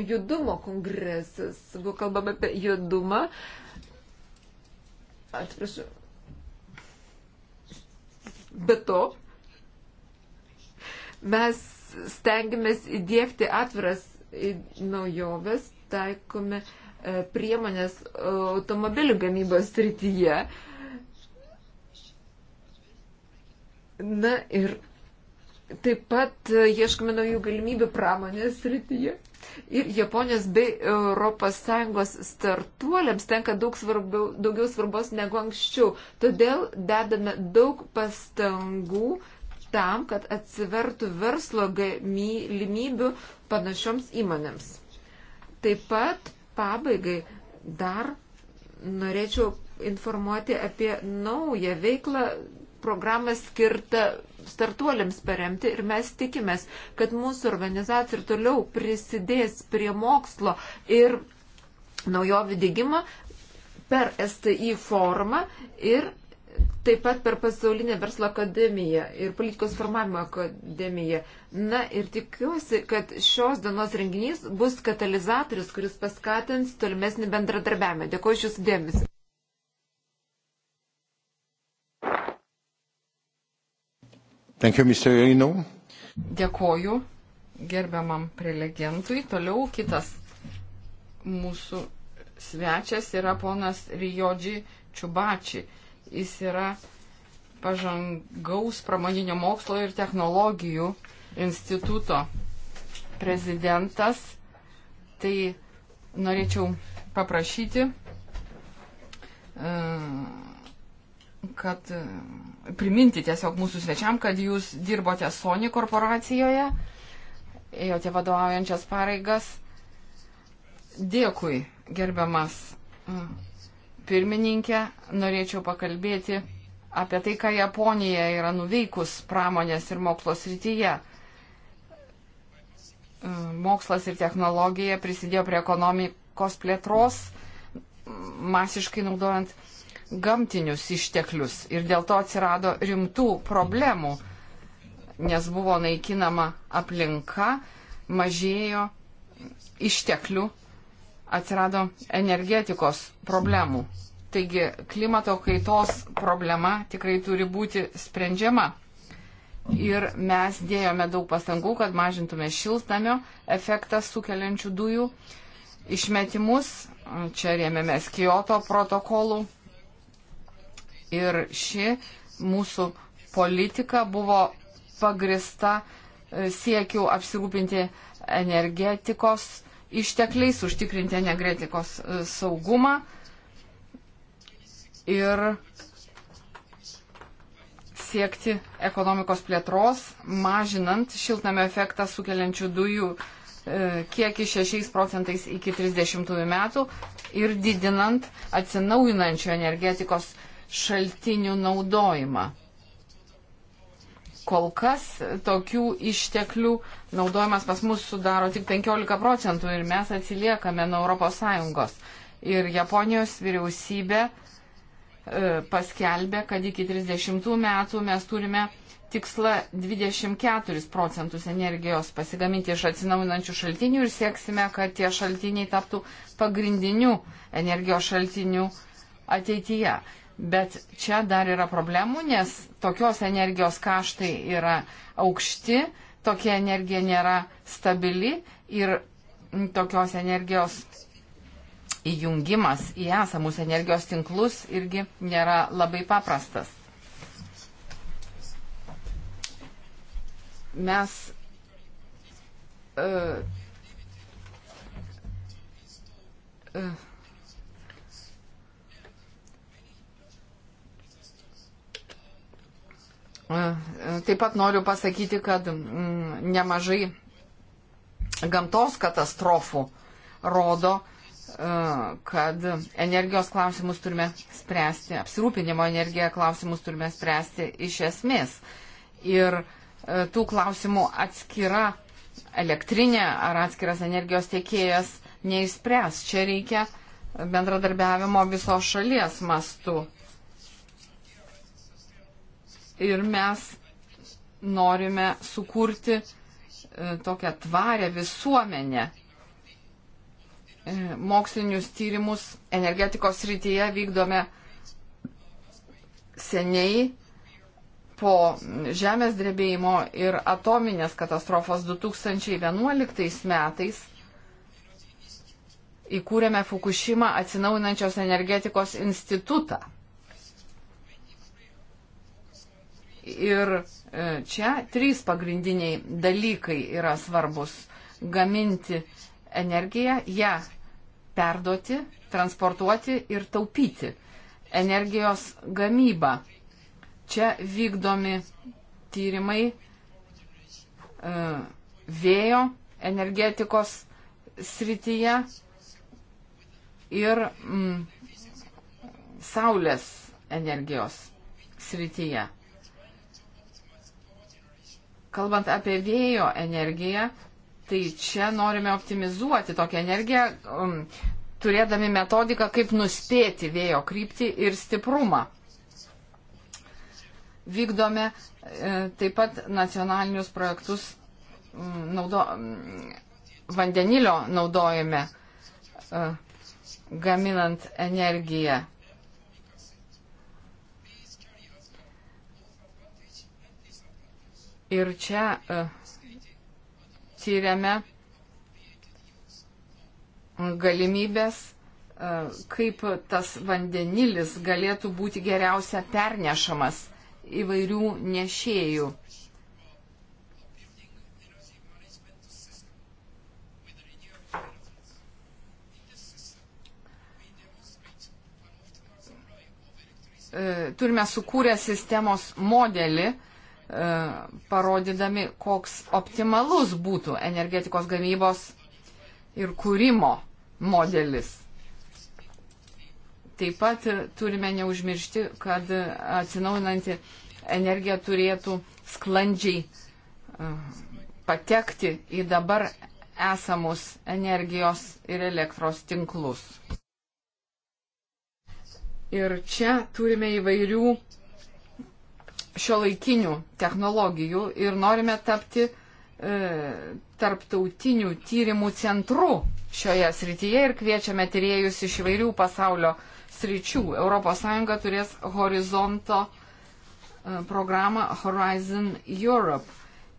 judumo kongresas. Buvo kalbama apie judumą. Atsiprašau. Be to, mes stengiamės įdėkti atviras naujoves taikome e, priemonės automobilių gamybos srityje. Na ir taip pat e, ieškome naujų galimybių pramonės srityje. Ir Japonijos bei ES startuoliams tenka daug svarbiau, daugiau svarbos negu anksčiau. Todėl dedame daug pastangų uh, tam, kad atsivertų verslo galimybių panašioms įmonėms. Taip pat pabaigai dar norėčiau informuoti apie naują veiklą programą skirtą startuoliams paremti ir mes tikimės, kad mūsų organizacija ir toliau prisidės prie mokslo ir naujovių dėgymo per STI formą ir taip pat per pasaulinę verslo akademiją ir politikos formavimo akademiją. Na ir tikiuosi, kad šios dienos renginys bus katalizatorius, kuris paskatins tolimesnį bendradarbiavimą. Dėkuoju iš jūsų dėmesį. Thank you, Mr. Jaino. Dėkoju gerbiamam prelegentui. Toliau kitas mūsų svečias yra ponas Rijodži Čubači. Jis yra pažangaus pramoninio mokslo ir technologijų instituto prezidentas. Tai norėčiau paprašyti, e, kad e, priminti tiesiog mūsų svečiam, kad jūs dirbote Sony korporacijoje, ėjote vadovaujančias pareigas. Dėkui, gerbiamas e, pirmininkė, norėčiau pakalbėti apie tai, ką Japonija yra nuveikus pramonės ir mokslo srityje. Mokslas ir technologija prisidėjo prie ekonomikos plėtros, masiškai naudojant gamtinius išteklius. Ir dėl to atsirado rimtų problemų, nes buvo naikinama aplinka, mažėjo išteklių atsirado energetikos problemų. Taigi klimato kaitos problema tikrai turi būti sprendžiama. Ir mes dėjome daug pastangų, kad mažintume šiltnamio efektą sukeliančių dujų išmetimus. Čia rėmėmės Kyoto protokolų. Ir ši mūsų politika buvo pagrista siekiu apsirūpinti energetikos ištekliais, užtikrinti energetikos e, saugumą ir siekti ekonomikos plėtros, mažinant šiltnamio efektą sukeliančių dujų e, kiekį 6 procentais iki 30 metų ir didinant atsinaujinančių energetikos šaltinių naudojimą. Kol kas tokių išteklių naudojimas pas mus sudaro tik 15 procentų ir mes atsiliekame nuo ES. Ir Japonijos vyriausybė e, paskelbė, kad iki 30 metų mes turime tikslą 24 procentus energijos pasigaminti iš atsinaujinančių šaltinių ir sieksime, kad tie šaltiniai taptų pagrindiniu energijos šaltiniu ateityje. Bet čia dar yra problemų, nes tokios energijos kaštai yra aukšti, tokia energija nėra stabili ir tokios energijos įjungimas į esamus energijos tinklus irgi nėra labai paprastas. Mes uh, uh, Taip pat noriu pasakyti, kad nemažai gamtos katastrofų rodo, kad energijos klausimus turime spręsti, apsirūpinimo energiją klausimus turime spręsti iš esmės. Ir tų klausimų atskira elektrinė ar atskiras energijos tiekėjas neišspręs. Čia reikia bendradarbiavimo visos šalies mastu ir mes norime sukurti e, tokią tvarę visuomenę. E, mokslinius tyrimus energetikos rytyje vykdome seniai po žemės drebėjimo ir atominės katastrofos 2011 metais įkūrėme Fukushima atsinaujinančios energetikos institutą. Ir e, čia trys pagrindiniai dalykai yra svarbus - gaminti energiją, ją perduoti, transportuoti ir taupyti. Energijos gamyba. Čia vykdomi tyrimai e, vėjo energetikos srityje ir mm, saulės energijos srityje kalbant apie vėjo energiją, tai čia norime optimizuoti tokią energiją, um, turėdami metodiką, kaip nuspėti vėjo kryptį ir stiprumą. Vykdome e, taip pat nacionalinius projektus m, mm, naudo, m, mm, vandenilio naudojime, e, gaminant energiją. Ir čia e, tyriame galimybės, e, kaip tas vandenilis galėtų būti geriausia pernešamas įvairių nešėjų. E, turime sukūrę sistemos modelį, E, parodydami, koks optimalus būtų energetikos gamybos ir kūrimo modelis. Taip pat turime neužmiršti, kad atsinaujinanti energija turėtų sklandžiai e, patekti į dabar esamus energijos ir elektros tinklus. Ir čia turime įvairių šio laikinių technologijų ir norime tapti e, tarptautinių tyrimų centru šioje srityje ir kviečiame tyriejus iš įvairių pasaulio sričių. ES turės horizonto e, programą Horizon Europe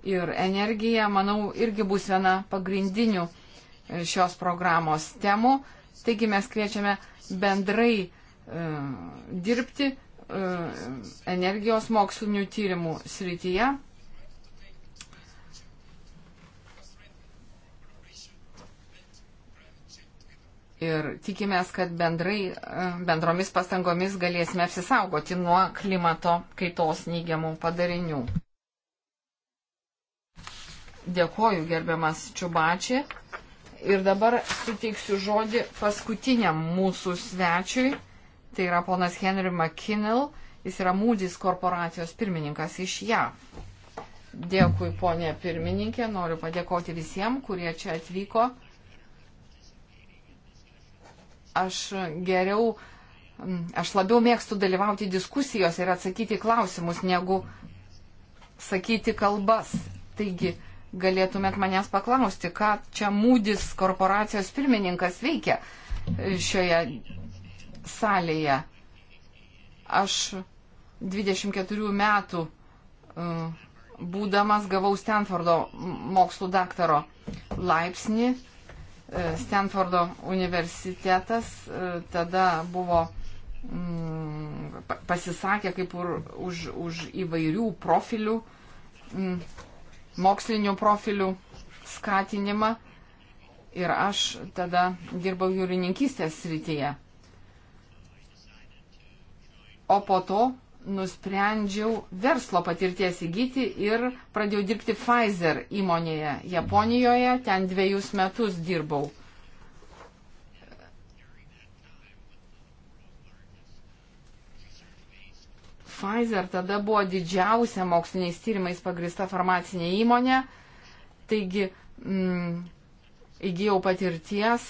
ir energija, manau, irgi bus viena pagrindinių e, šios programos temų. Taigi mes kviečiame bendrai e, dirbti E, energijos mokslinių tyrimų srityje. Ir tikimės, kad bendrai, e, bendromis pastangomis galėsime apsisaugoti nuo klimato kaitos neigiamų padarinių. Dėkoju, gerbiamas Čiubačiai. Ir dabar suteiksiu žodį paskutiniam mūsų svečiui, Tai yra ponas Henry McKinnell, jis yra Moody's korporacijos pirmininkas iš JAV. Dėkui, ponė pirmininkė, noriu padėkoti visiems, kurie čia atvyko. Aš geriau, aš labiau mėgstu dalyvauti diskusijos ir atsakyti klausimus, negu sakyti kalbas. Taigi, galėtumėt manęs paklausti, ką čia Mūdis korporacijos pirmininkas veikia šioje salėje. Aš 24 metų e, būdamas gavau Stanfordo mokslų daktaro laipsnį. E, Stanfordo universitetas e, tada buvo mm, pasisakė kaip už, už įvairių profilių, mm, mokslinių profilių skatinimą ir aš tada dirbau jūrininkystės srityje o po to nusprendžiau verslo patirties įgyti ir pradėjau dirbti Pfizer įmonėje Japonijoje, ten dviejus metus dirbau. Pfizer tada buvo didžiausia moksliniais tyrimais pagrista farmacinė įmonė, taigi mm, įgyjau patirties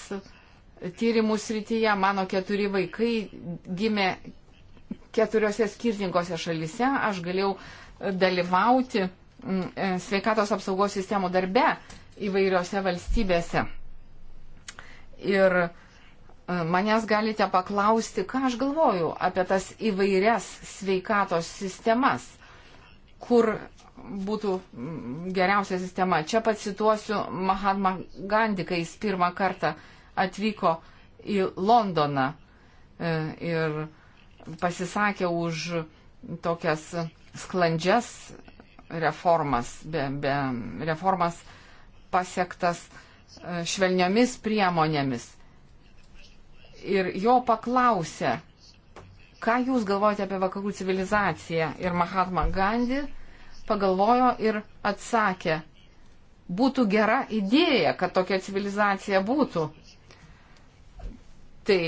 tyrimų srityje, mano keturi vaikai gimė keturiose skirtingose šalise aš galėjau e, dalyvauti e, sveikatos apsaugos sistemų darbe įvairiose valstybėse. Ir e, manęs galite paklausti, ką aš galvoju apie tas įvairias sveikatos sistemas, kur būtų geriausia sistema. Čia pats situosiu Mahatma Gandhi, kai jis pirmą kartą atvyko į Londoną. Ir pasisakė už tokias sklandžias reformas, be, be reformas pasiektas e, švelniomis priemonėmis. Ir jo paklausė, ką jūs galvojate apie vakarų civilizaciją. Ir Mahatma Gandhi pagalvojo ir atsakė, būtų gera idėja, kad tokia civilizacija būtų. Tai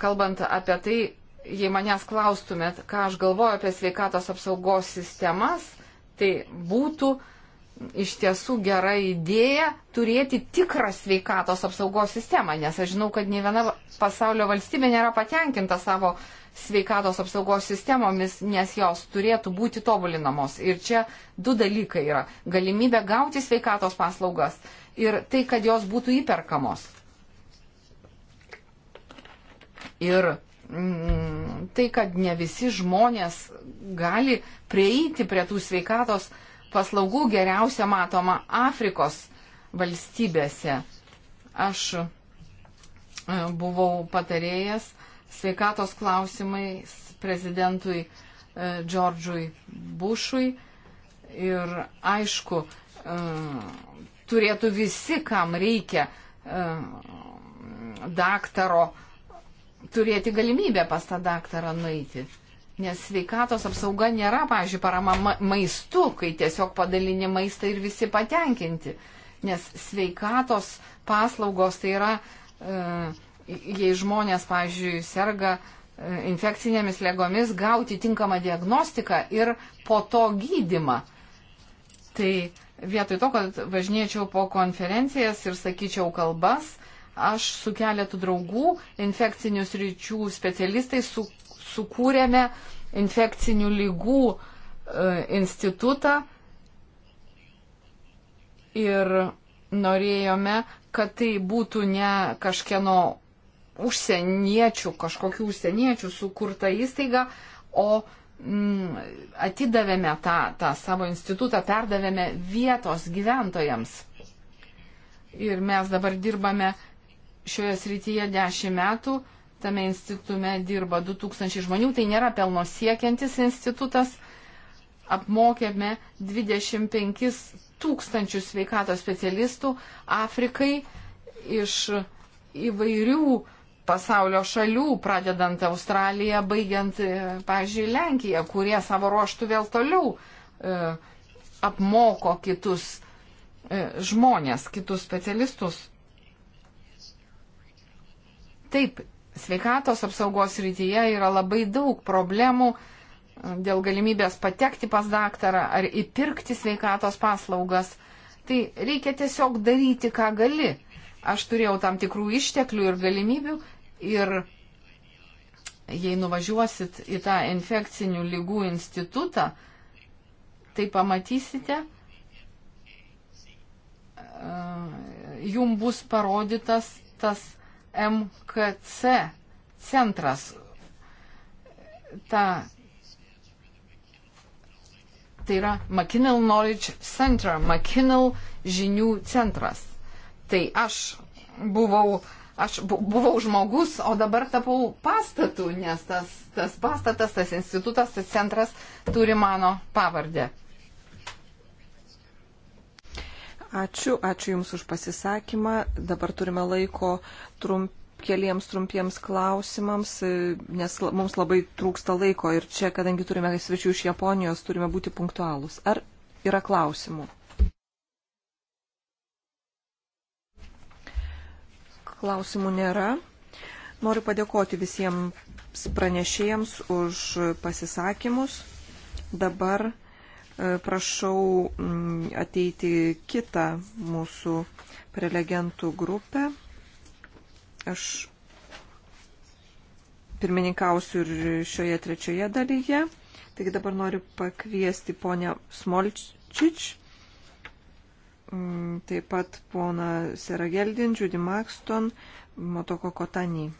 kalbant apie tai, jei manęs klaustumėt, ką aš galvoju apie sveikatos apsaugos sistemas, tai būtų iš tiesų gera idėja turėti tikrą sveikatos apsaugos sistemą, nes aš žinau, kad ne viena pasaulio valstybė nėra patenkinta savo sveikatos apsaugos sistemomis, nes jos turėtų būti tobulinamos. Ir čia du dalykai yra - galimybė gauti sveikatos paslaugas ir tai, kad jos būtų įperkamos. Ir Mm, tai, kad ne visi žmonės gali prieiti prie tų sveikatos paslaugų geriausia matoma Afrikos valstybėse. Aš e, buvau patarėjas sveikatos klausimais prezidentui e, Džordžui Bušui ir aišku, e, turėtų visi, kam reikia daktaro turėti galimybę pas tą daktarą nueiti. Nes sveikatos apsauga nėra, pažiūrėjau, parama ma maistu, kai tiesiog padalini maistą ir visi patenkinti. Nes sveikatos paslaugos tai yra, e, jei žmonės, pažiūrėjau, serga e, infekcinėmis legomis, gauti tinkamą diagnostiką ir po to gydimą. Tai vietoj to, kad važinėčiau po konferencijas ir sakyčiau kalbas, Aš su keletu draugų, infekcinių sričių specialistai, su, sukūrėme infekcinių lygų e, institutą ir norėjome, kad tai būtų ne kažkieno užsieniečių, kažkokių užsieniečių sukurta įstaiga, o mm, atidavėme tą, tą savo institutą, perdavėme vietos gyventojams. Ir mes dabar dirbame šioje srityje 10 metų, tame institume dirba 2000 žmonių, tai nėra pelno siekiantis institutas. Apmokėme 25 tūkstančius sveikatos specialistų Afrikai iš įvairių pasaulio šalių, pradedant Australiją, baigiant, e, pažiūrėjau, Lenkiją, kurie savo ruoštų vėl toliau e, apmoko kitus e, žmonės, kitus specialistus. Taip, sveikatos apsaugos rytyje yra labai daug problemų dėl galimybės patekti pas daktarą ar įpirkti sveikatos paslaugas. Tai reikia tiesiog daryti, ką gali. Aš turėjau tam tikrų išteklių ir galimybių ir jei nuvažiuosit į tą infekcinių lygų institutą, tai pamatysite, jum bus parodytas tas MKC centras. Ta, tai yra McKinnell Knowledge Center, McKinnell žinių centras. Tai aš buvau, aš buvau žmogus, o dabar tapau pastatu, nes tas, tas pastatas, tas institutas, tas centras turi mano pavardę. Ačiū, ačiū Jums už pasisakymą. Dabar turime laiko trump, keliems trumpiems klausimams, nes mums labai trūksta laiko ir čia, kadangi turime svečių iš Japonijos, turime būti punktualūs. Ar yra klausimų? Klausimų nėra. Noriu padėkoti visiems pranešėjams už pasisakymus. Dabar E, prašau mm, ateiti kitą mūsų prelegentų grupę. Aš pirmininkausiu ir šioje trečioje dalyje. Taigi dabar noriu pakviesti ponę Smolčič, mm, taip pat poną Serageldin, Džudį Makston, Motoko Kotanį.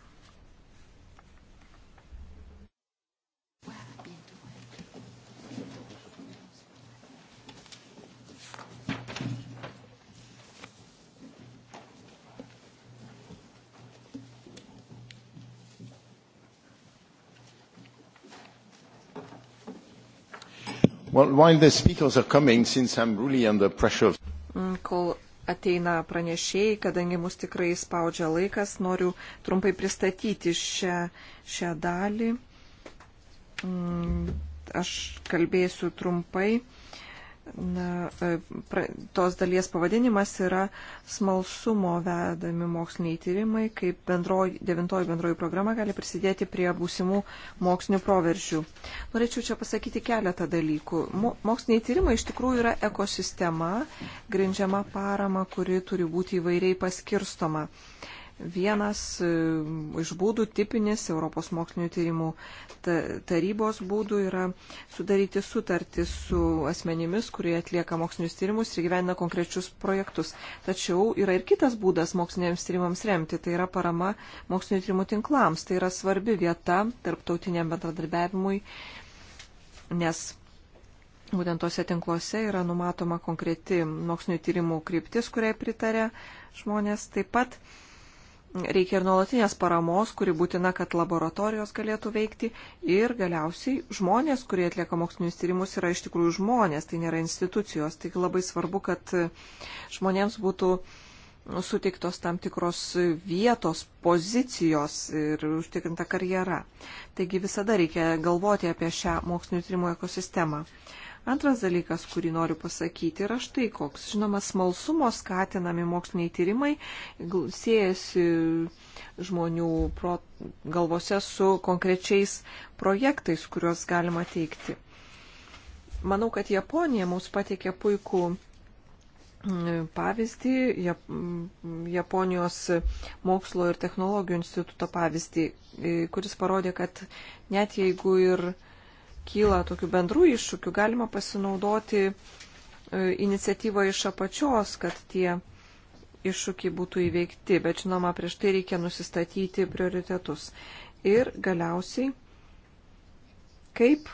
Well, while the speakers are coming, since I'm really under pressure. Mm, kol ateina pranešėjai, kadangi mus tikrai spaudžia laikas, noriu trumpai pristatyti šią, šią dalį. Mm, aš kalbėsiu trumpai. Na, e, pra, tos dalies pavadinimas yra smalsumo vedami moksliniai tyrimai, kaip bendroj, devintoji bendroji programa gali prisidėti prie būsimų mokslinių proveržių. Norėčiau čia pasakyti keletą dalykų. Mo, moksliniai tyrimai iš tikrųjų yra ekosistema, grindžiama parama, kuri turi būti įvairiai paskirstoma. Vienas e, iš būdų, tipinis Europos mokslinio tyrimų tarybos būdų yra sudaryti sutartį su asmenimis, kurie atlieka mokslinius tyrimus ir gyvena konkrečius projektus. Tačiau yra ir kitas būdas moksliniams tyrimams remti, tai yra parama mokslinio tyrimų tinklams. Tai yra svarbi vieta tarptautiniam bendradarbiavimui, nes Būtent tuose tinkluose yra numatoma konkreti mokslinio tyrimų kryptis, kuriai pritarė žmonės. Taip pat reikia ir nuolatinės paramos, kuri būtina, kad laboratorijos galėtų veikti ir galiausiai žmonės, kurie atlieka mokslinius tyrimus, yra iš tikrųjų žmonės, tai nėra institucijos. Taigi labai svarbu, kad žmonėms būtų suteiktos tam tikros vietos, pozicijos ir užtikrinta karjera. Taigi visada reikia galvoti apie šią mokslinių tyrimų ekosistemą. Antras dalykas, kurį noriu pasakyti, yra štai koks. Žinoma, smalsumo skatinami moksliniai tyrimai siejasi žmonių prot, galvose su konkrečiais projektais, kuriuos galima teikti. Manau, kad Japonija mums pateikė puikų mm, pavyzdį, mm, Japonijos mokslo ir technologijų instituto pavyzdį, kuris parodė, kad net jeigu ir kyla tokių bendrų iššūkių, galima pasinaudoti e, iniciatyvą iš apačios, kad tie iššūkiai būtų įveikti, bet žinoma, prieš tai reikia nusistatyti prioritetus. Ir galiausiai, kaip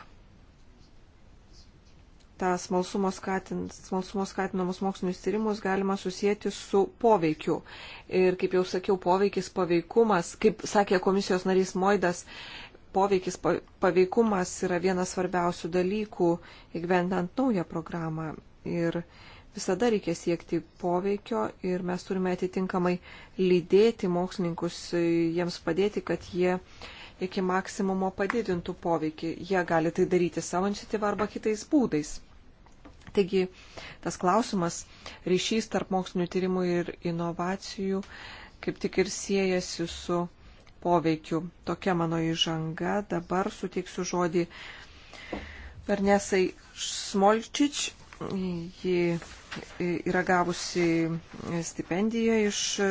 tą smalsumo, skatin, smalsumo skatinamus mokslinius tyrimus galima susijęti su poveikiu. Ir kaip jau sakiau, poveikis, paveikumas, kaip sakė komisijos narys Moidas, poveikis, paveikumas yra vienas svarbiausių dalykų įgyvendant naują programą. Ir visada reikia siekti poveikio ir mes turime atitinkamai lydėti mokslininkus, jiems padėti, kad jie iki maksimumo padidintų poveikį. Jie gali tai daryti savo iniciatyvą arba kitais būdais. Taigi tas klausimas ryšys tarp mokslinių tyrimų ir inovacijų kaip tik ir siejasi su poveikiu. Tokia mano įžanga. Dabar suteiksiu žodį Varnesai Smolčič. Ji yra gavusi stipendiją iš e,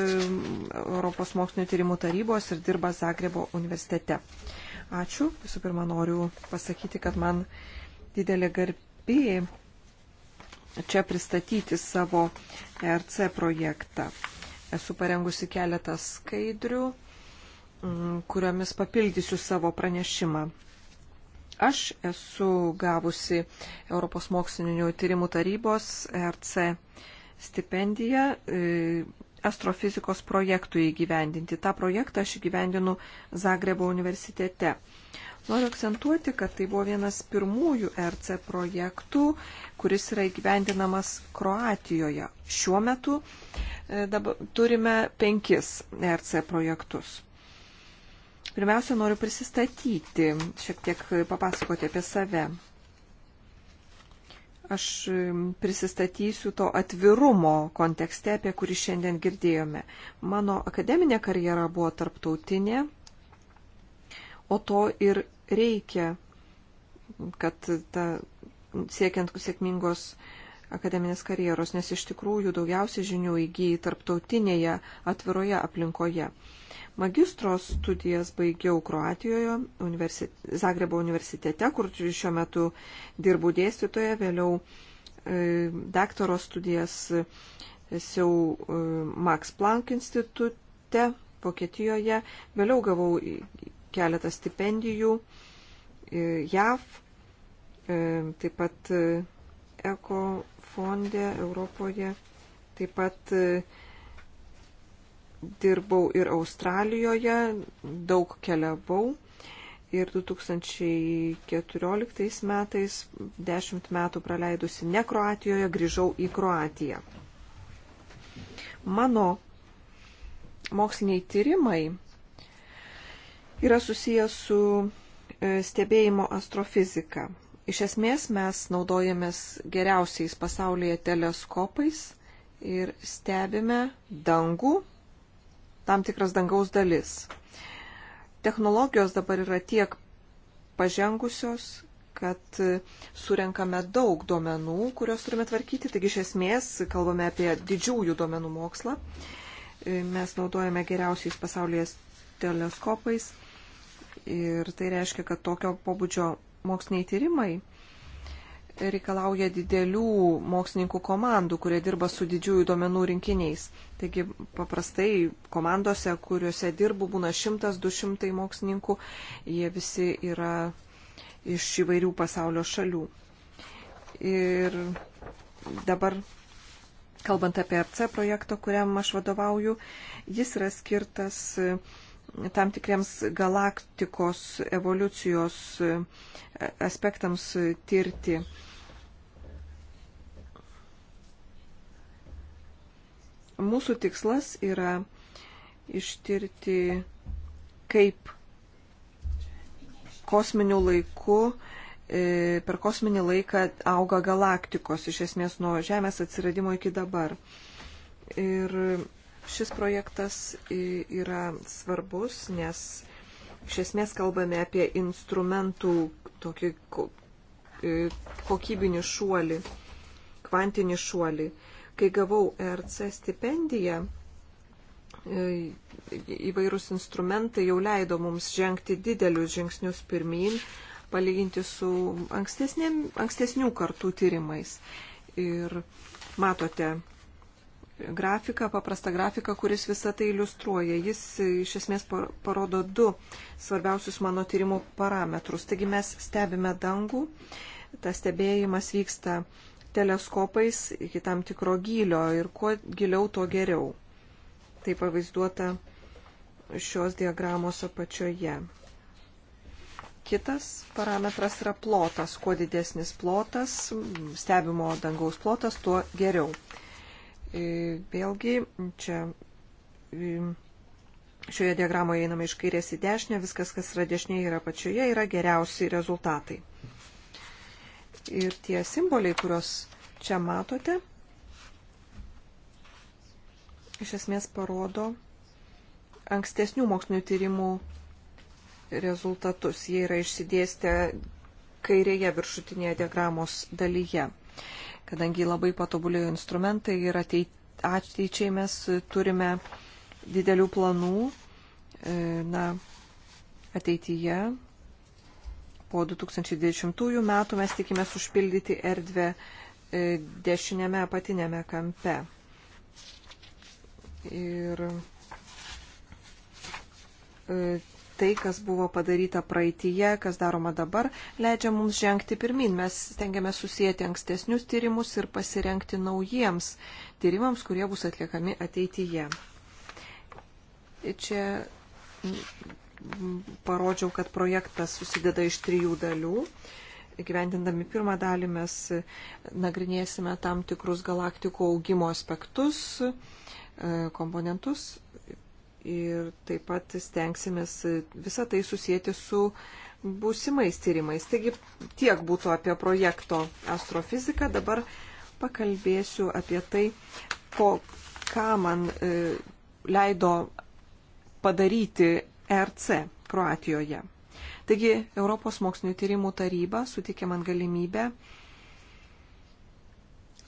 Europos mokslinio tyrimų tarybos ir dirba Zagrebo universitete. Ačiū. Visų pirma, noriu pasakyti, kad man didelė garbė čia pristatyti savo ERC projektą. Esu parengusi keletą skaidrių Mm, kuriomis papildysiu savo pranešimą. Aš esu gavusi Europos mokslininių tyrimų tarybos RC stipendiją e, astrofizikos projektui įgyvendinti. Ta projektą aš įgyvendinu Zagrebo universitete. Noriu akcentuoti, kad tai buvo vienas pirmųjų RC projektų, kuris yra įgyvendinamas Kroatijoje. Šiuo metu e, dabar turime penkis RC projektus. Pirmiausia, noriu prisistatyti, šiek tiek papasakoti apie save. Aš prisistatysiu to atvirumo kontekste, apie kurį šiandien girdėjome. Mano akademinė karjera buvo tarptautinė, o to ir reikia, kad ta, siekiant sėkmingos akademinės karjeros, nes iš tikrųjų daugiausiai žinių įgyji tarptautinėje atviroje aplinkoje. Magistro studijas baigiau Kroatijoje, universit Zagrebo universitete, kur šiuo metu dirbu dėstytoje, vėliau e, daktaro studijas jau e, Max Planck institute Vokietijoje, vėliau gavau keletą stipendijų e, JAV, e, taip pat e, Eko fonde Europoje, taip pat e, dirbau ir Australijoje, daug keliavau. Ir 2014 metais, dešimt metų praleidusi ne Kroatijoje, grįžau į Kroatiją. Mano moksliniai tyrimai yra susijęs su e, stebėjimo astrofizika. Iš esmės mes naudojamės geriausiais pasaulyje teleskopais ir stebime dangų, tam tikras dangaus dalis. Technologijos dabar yra tiek pažengusios, kad surenkame daug duomenų, kuriuos turime tvarkyti. Taigi iš esmės kalbame apie didžiųjų duomenų mokslą. Mes naudojame geriausiais pasaulyje teleskopais ir tai reiškia, kad tokio pobūdžio moksliniai tyrimai reikalauja didelių mokslininkų komandų, kurie dirba su didžiųjų duomenų rinkiniais. Taigi paprastai komandose, kuriuose dirbu, būna 100-200 mokslininkų, jie visi yra iš įvairių pasaulio šalių. Ir dabar, kalbant apie RC projektą, kuriam aš vadovauju, jis yra skirtas tam tikriems galaktikos evoliucijos e, aspektams tirti. Mūsų tikslas yra ištirti, kaip kosminiu laiku e, per kosminį laiką auga galaktikos, iš esmės nuo Žemės atsiradimo iki dabar. Ir Šis projektas yra svarbus, nes iš esmės kalbame apie instrumentų tokį kokybinį šuolį, kvantinį šuolį. Kai gavau ERC stipendiją, įvairūs instrumentai jau leido mums žengti didelius žingsnius pirmin, palyginti su ankstesnių kartų tyrimais. Ir matote grafiką, paprastą grafiką, kuris visą tai iliustruoja. Jis e, iš esmės parodo du svarbiausius mano tyrimų parametrus. Taigi mes stebime dangų, tas stebėjimas vyksta teleskopais iki tam tikro gylio ir kuo giliau, tuo geriau. Tai pavaizduota šios diagramos apačioje. Kitas parametras yra plotas. Kuo didesnis plotas, stebimo dangaus plotas, tuo geriau. E, vėlgi, čia e, šioje diagramoje einame iš kairės į dešinę, viskas, kas yra dešinėje ir apačioje, yra geriausi rezultatai. Ir tie simboliai, kuriuos čia matote, iš esmės parodo ankstesnių mokslinių tyrimų rezultatus. Jie yra išsidėstę kairėje viršutinėje diagramos dalyje kadangi labai patobulėjo instrumentai ir ateičiai mes turime didelių planų e, na, ateityje. Po 2020 metų mes tikimės užpildyti erdvę e, dešinėme apatinėme kampe. Ir e, tai, kas buvo padaryta praeitie, kas daroma dabar, leidžia mums žengti pirmin. Mes stengiamės susijęti ankstesnius tyrimus ir pasirenkti naujiems tyrimams, kurie bus atliekami ateityje. Čia parodžiau, kad projektas susideda iš trijų dalių. Gyvendindami pirmą dalį mes nagrinėsime tam tikrus galaktikų augimo aspektus, komponentus ir taip pat stengsimės visą tai susijęti su būsimais tyrimais. Taigi tiek būtų apie projekto astrofiziką. Dabar pakalbėsiu apie tai, ko, ką man e, leido padaryti RC Kroatijoje. Taigi Europos mokslinio tyrimų taryba sutikė man galimybę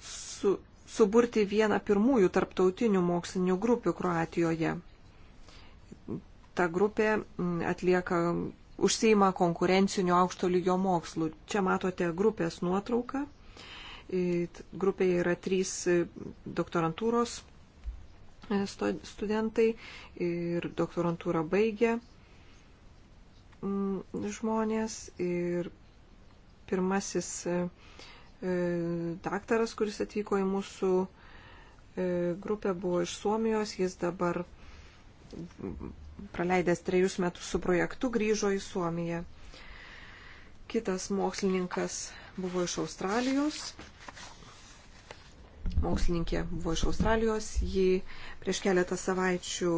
su, suburti vieną pirmųjų tarptautinių mokslinių grupių Kroatijoje ta grupė atlieka užseima konkurencinio aukšto lygio mokslų. Čia matote grupės nuotrauką. Grupėje yra trys e, doktorantūros e, studentai ir doktorantūrą baigė žmonės ir pirmasis e, daktaras, kuris atvyko į mūsų grupę, buvo iš Suomijos, jis dabar praleidęs trejus metus su projektu, grįžo į Suomiją. Kitas mokslininkas buvo iš Australijos. Mokslininkė buvo iš Australijos. Ji prieš keletą savaičių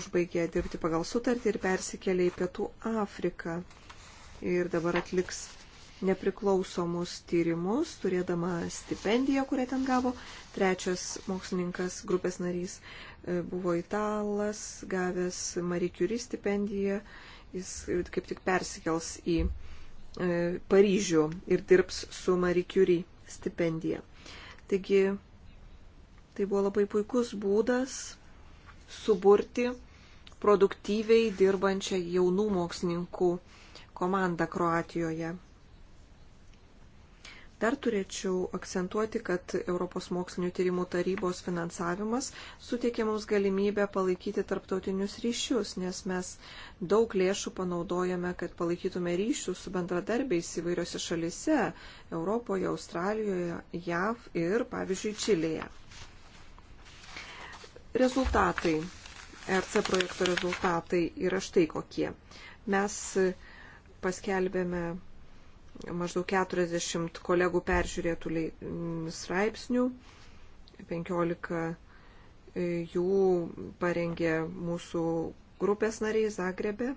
užbaigė dirbti pagal sutartį ir persikėlė į Pietų Afriką. Ir dabar atliks nepriklausomus tyrimus, turėdama stipendiją, kurią ten gavo. Trečias mokslininkas, grupės narys, E, buvo italas, gavęs Marie Curie stipendiją, jis kaip tik persikels į e, Paryžių ir dirbs su Marie Curie stipendija. Taigi tai buvo labai puikus būdas suburti produktyviai dirbančią jaunų mokslininkų komandą Kroatijoje. Dar turėčiau akcentuoti, kad Europos mokslinio tyrimų tarybos finansavimas suteikia mums galimybę palaikyti tarptautinius ryšius, nes mes daug lėšų panaudojame, kad palaikytume ryšius su bendradarbiais įvairiose šalise - Europoje, Australijoje, JAV ir, pavyzdžiui, Čilėje. Rezultatai, RC projekto rezultatai yra štai kokie. Mes paskelbėme maždaug 40 kolegų peržiūrėtų mm, straipsnių, 15 e, jų parengė mūsų grupės nariai Zagrebė.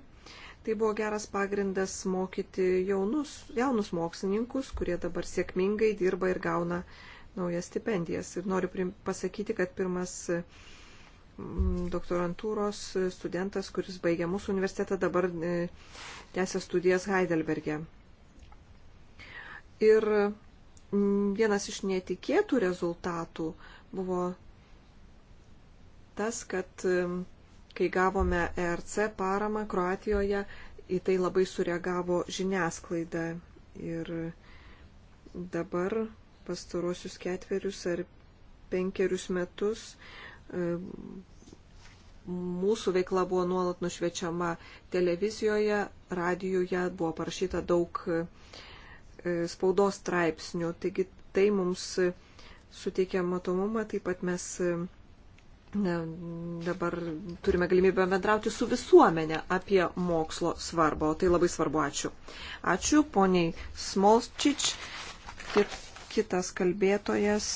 Tai buvo geras pagrindas mokyti jaunus, jaunus mokslininkus, kurie dabar sėkmingai dirba ir gauna naujas stipendijas. Ir noriu pasakyti, kad pirmas mm, doktorantūros studentas, kuris baigė mūsų universitetą, dabar e, tęsia studijas Heidelberge. E. Ir mm, vienas iš netikėtų rezultatų buvo tas, kad mm, kai gavome ERC paramą Kroatijoje, į tai labai sureagavo žiniasklaida. Ir dabar pastarosius ketverius ar penkerius metus mm, mūsų veikla buvo nuolat nušvečiama televizijoje, radijoje, buvo parašyta daug E, spaudos straipsnių. Taigi tai mums suteikia matomumą, taip pat mes e, ne, dabar turime galimybę bendrauti su visuomenė apie mokslo svarbą, o tai labai svarbu. Ačiū. Ačiū poniai Smolčič. Kit, kitas kalbėtojas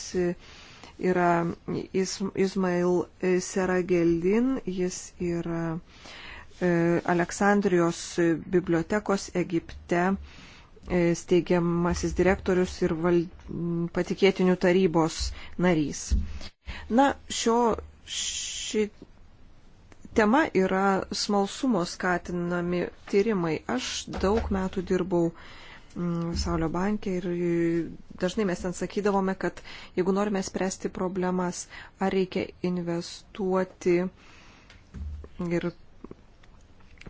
yra Izmail Serageldin, jis yra e, Aleksandrijos bibliotekos Egipte E, steigiamasis direktorius ir val... patikėtinių tarybos narys. Na, šio, ši tema yra smalsumo skatinami tyrimai. Aš daug metų dirbau mm, Saulio bankė ir dažnai mes ten sakydavome, kad jeigu norime spręsti problemas, ar reikia investuoti ir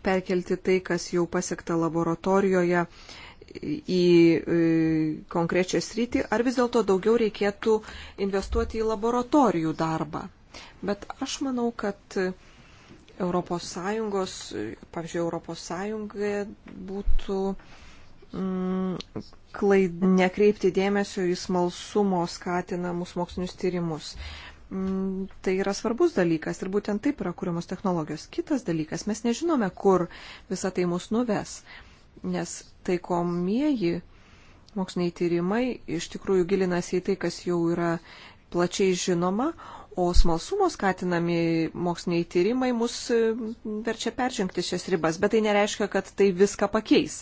perkelti tai, kas jau pasiekta laboratorijoje, uh, į konkrečią sritį, ar vis dėlto daugiau reikėtų investuoti į laboratorijų darbą. Bet aš manau, kad ES, pavyzdžiui, ES būtų mm, klaid, nekreipti dėmesio į smalsumo skatinamus mokslinius tyrimus. Mm, tai yra svarbus dalykas ir būtent taip yra kuriamos technologijos. Kitas dalykas, mes nežinome, kur visa tai mus nuves. Mm, nes taikomieji moksliniai tyrimai iš tikrųjų gilinasi į tai, kas jau yra plačiai žinoma, o smalsumo skatinami moksliniai tyrimai mus verčia peržengti šias ribas, bet tai nereiškia, kad tai viską pakeis.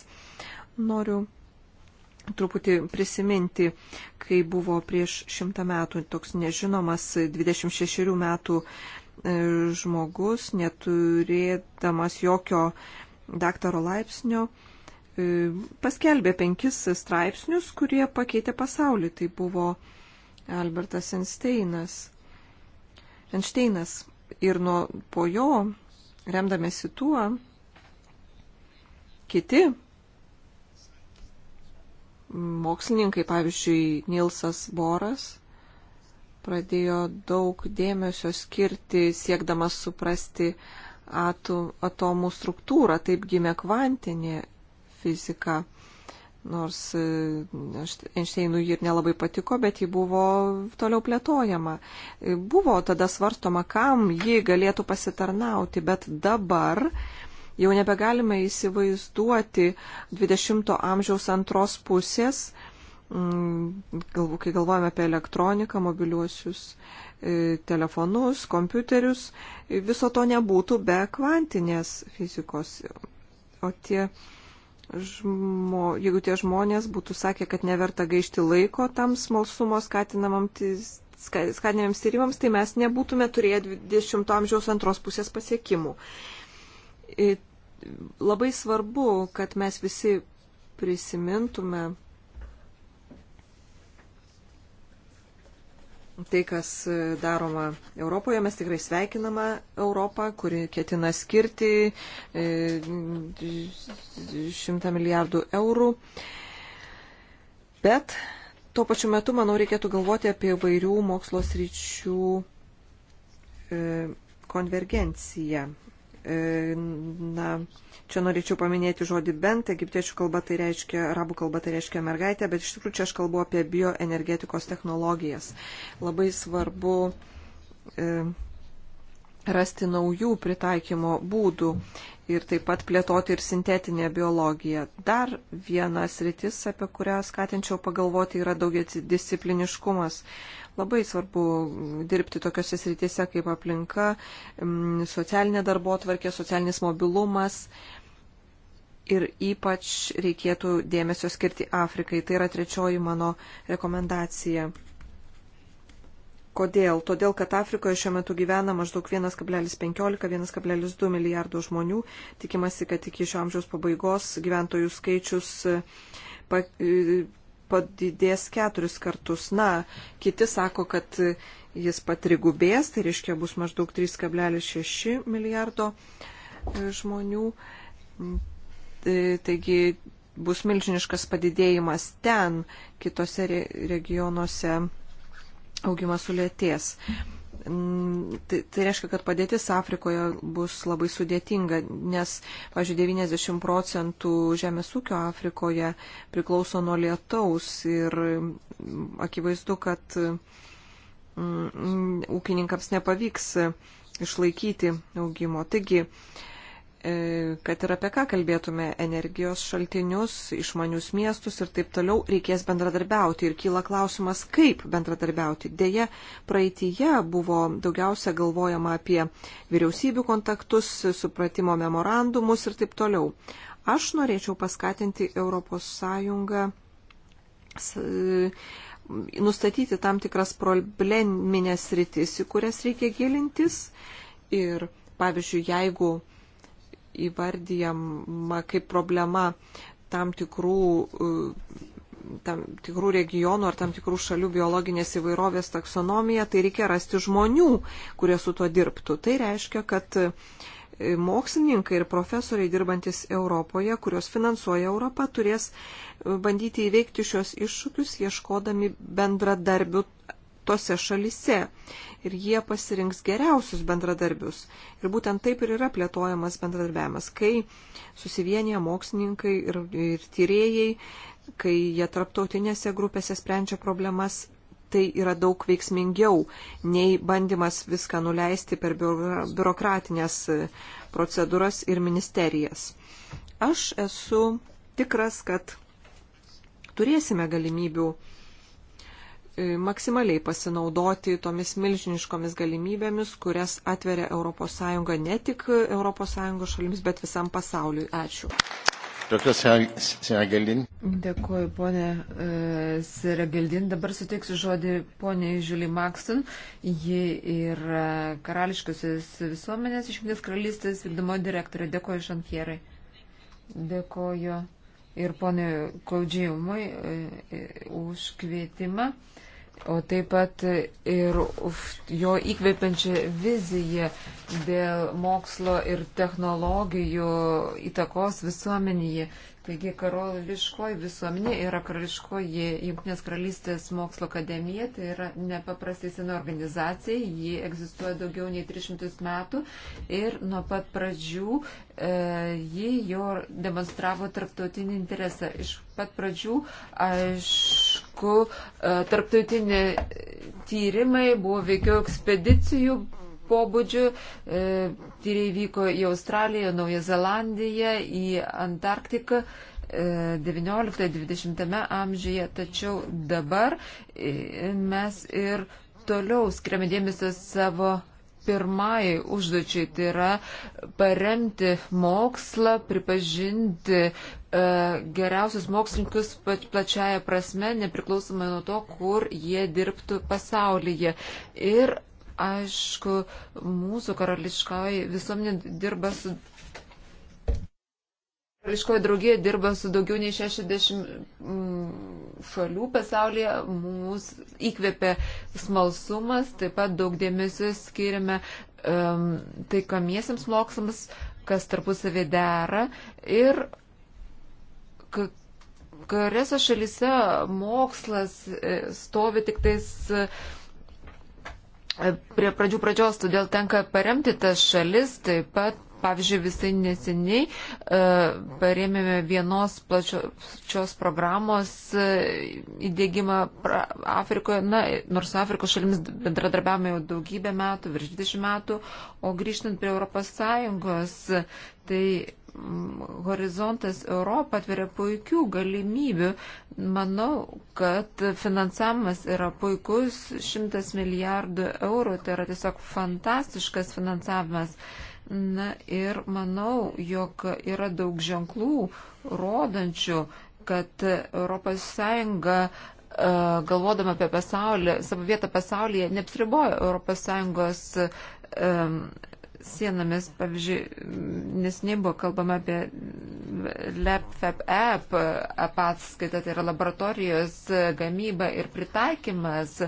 Noriu truputį prisiminti, kai buvo prieš šimtą metų toks nežinomas 26 metų e, žmogus, neturėdamas jokio daktaro laipsnio, E, paskelbė penkis straipsnius, kurie pakeitė pasaulį. Tai buvo Albertas Einsteinas. Einsteinas. Ir nuo po jo, remdamėsi tuo, kiti mokslininkai, pavyzdžiui, Nilsas Boras, pradėjo daug dėmesio skirti siekdamas suprasti atų, atomų struktūrą. Taip gimė kvantinė fiziką. Nors e, Einšteinui ir nelabai patiko, bet ji buvo toliau plėtojama. E, buvo tada svarstoma, kam ji galėtų pasitarnauti, bet dabar jau nebegalime įsivaizduoti 20-ojo amžiaus antros pusės, mm, kai galvojame apie elektroniką, mobiliuosius e, telefonus, kompiuterius, viso to nebūtų be kvantinės fizikos. O tie žmo, jeigu tie žmonės būtų sakę, kad neverta gaišti laiko tam smalsumo skatinamiems tyrimams, tai mes nebūtume turėję 20 amžiaus antros pusės pasiekimų. Labai svarbu, kad mes visi prisimintume tai, kas e, daroma Europoje. Mes tikrai sveikiname Europą, kuri ketina skirti 100 e, milijardų eurų. Bet tuo pačiu metu, manau, reikėtų galvoti apie vairių mokslo sryčių e, konvergenciją. E, na, čia norėčiau paminėti žodį bent, egiptiečių kalba tai reiškia, arabų kalba tai reiškia mergaitė, bet iš tikrųjų čia aš kalbu apie bioenergetikos technologijas. Labai svarbu e, rasti naujų pritaikymo būdų ir taip pat plėtoti ir sintetinę biologiją. Dar vienas rytis, apie kurią skatinčiau pagalvoti, yra daugiadiscipliniškumas. Labai svarbu dirbti tokiuose srityse kaip aplinka, socialinė darbo tvarkė, socialinis mobilumas. Ir ypač reikėtų dėmesio skirti Afrikai. Tai yra trečioji mano rekomendacija. Kodėl? Todėl, kad Afrikoje šiuo metu gyvena maždaug 1,15-1,2 milijardų žmonių. Tikimasi, kad iki šio amžiaus pabaigos gyventojų skaičius e, e, padidės keturis kartus. Na, kiti sako, kad jis patrigubės, tai reiškia bus maždaug 3,6 milijardo e, žmonių. Taigi bus milžiniškas padidėjimas ten, kitose regionuose augimas sulėties. Mm, tai, tai reiškia, kad padėtis Afrikoje bus labai sudėtinga, nes, pažiūrėjau, 90 procentų žemės ūkio Afrikoje priklauso nuo lietaus ir mm, akivaizdu, kad mm, mm, ūkininkams nepavyks išlaikyti augimo. Taigi, mm, E, kad ir apie ką kalbėtume - energijos šaltinius, išmanius miestus ir taip toliau - reikės bendradarbiauti. Ir kyla klausimas, kaip bendradarbiauti. Deja, praeitįje buvo daugiausia galvojama apie vyriausybių kontaktus, supratimo memorandumus ir taip toliau. Aš norėčiau paskatinti ES e, nustatyti tam tikras probleminės rytis, į kurias reikia gilintis. Ir, pavyzdžiui, jeigu įvardyjama kaip problema tam tikrų e, tam tikrų regionų ar tam tikrų šalių biologinės įvairovės taksonomija, tai reikia rasti žmonių, kurie su tuo dirbtų. Tai reiškia, kad e, mokslininkai ir profesoriai dirbantis Europoje, kurios finansuoja Europą, turės e, bandyti įveikti šios iššūkius, ieškodami bendradarbių tose šalise ir jie pasirinks geriausius bendradarbius. Ir būtent taip ir yra plėtojamas bendradarbiavimas, kai susivienyje mokslininkai ir, ir tyrėjai, kai jie tarptautinėse grupėse sprendžia problemas, tai yra daug veiksmingiau nei bandymas viską nuleisti per biurokratinės e, procedūras ir ministerijas. Aš esu tikras, kad turėsime galimybių E, maksimaliai pasinaudoti tomis milžiniškomis galimybėmis, kurias atveria ES ne tik ES šalims, bet visam pasauliui. Ačiū. Dėkuoju, ponė e, Seregeldin. Dabar suteiksiu žodį poniai Žiuli Makson. Ji yra karališkosios visuomenės išimties karalystės vykdomo direktorė. Dėkuoju, Šantjerai. Dėkuoju ir ponui Kaudžiumui e, už kvietimą o taip pat ir jo įkvepiančią viziją dėl mokslo ir technologijų įtakos visuomenėje. Taigi karališkoji visuomenė yra karališkoji Junktinės karalystės mokslo akademija, tai yra nepaprastai sena organizacija, ji egzistuoja daugiau nei 300 metų ir nuo pat pradžių e, ji jo demonstravo tarptautinį interesą. Iš pat pradžių aš aišku, e, tarptautinė tyrimai buvo veikiau ekspedicijų pobūdžių. E, tyriai vyko į Australiją, Naują Zelandiją, į Antarktiką. 19-20 e, amžiuje, tačiau dabar e, mes ir toliau skiriame dėmesio savo pirmai užduočiai, tai yra paremti mokslą, pripažinti e, geriausius mokslininkus plačiaja prasme, nepriklausomai nuo to, kur jie dirbtų pasaulyje. Ir aišku, mūsų karališkoji visuomenė dirba su Karališkoji draugija dirba su daugiau nei 60 mm, šalių pasaulyje, mūsų įkvėpia smalsumas, taip pat daug dėmesio skiriame um, taikomiesiams mokslams, kas tarpusavė dera ir kuriuose šalise mokslas e, stovi tik tais e, prie pradžių pradžios, todėl tenka paremti tas šalis, taip pat Pavyzdžiui, visai neseniai e, parėmėme vienos plačios programos e, įdėgymą Afrikoje, na, nors Afrikos šalimis bendradarbiavome jau daugybę metų, virš 20 metų, o grįžtant prie Europos Sąjungos, tai mm, horizontas Europą atveria puikių galimybių. Manau, kad finansavimas yra puikus, 100 milijardų eurų, tai yra tiesiog fantastiškas finansavimas. Na ir manau, jog yra daug ženklų rodančių, kad ES e, galvodama apie pasaulį, savo vietą pasaulyje, neapsiribojo ES sienomis. Pavyzdžiui, nesiniai buvo kalbama apie LabFab app ataskaitą, tai yra laboratorijos gamyba ir pritaikymas.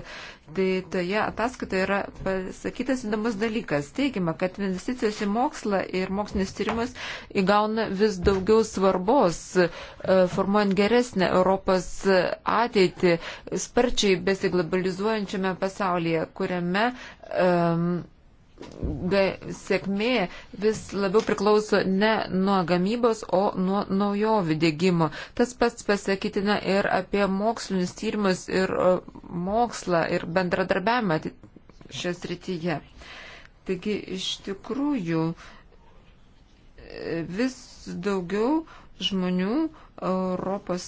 Tai toje ataskaitoje yra pasakytas įdomus dalykas. Teigiama, kad investicijos į mokslą ir mokslinis tyrimus įgauna vis daugiau svarbos, e, formuojant geresnę Europos ateitį sparčiai besiglobalizuojančiame pasaulyje, kuriame um, be sėkmė vis labiau priklauso ne nuo gamybos, o nuo naujovių dėgymo. Tas pats pasakytina ir apie mokslinius tyrimus ir mokslą ir bendradarbiavimą šios rytyje. Taigi iš tikrųjų vis daugiau žmonių ES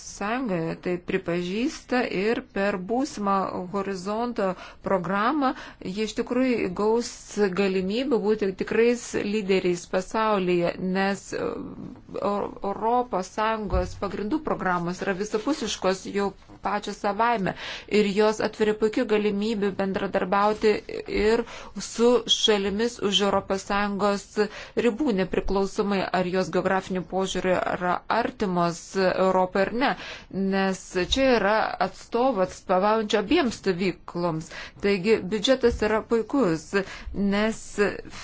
tai pripažįsta ir per būsimą horizonto programą jie iš tikrųjų įgaus galimybę būti tikrais lyderiais pasaulyje, nes ES pagrindų programos yra visapusiškos, jau pačios savaime ir jos atveria puikių galimybių bendradarbiauti ir su šalimis už ES ribų, nepriklausomai ar jos geografinių požiūrių yra artimos Europai ar ne, nes čia yra atstovas pavaujančio abiems stovykloms. Taigi biudžetas yra puikus, nes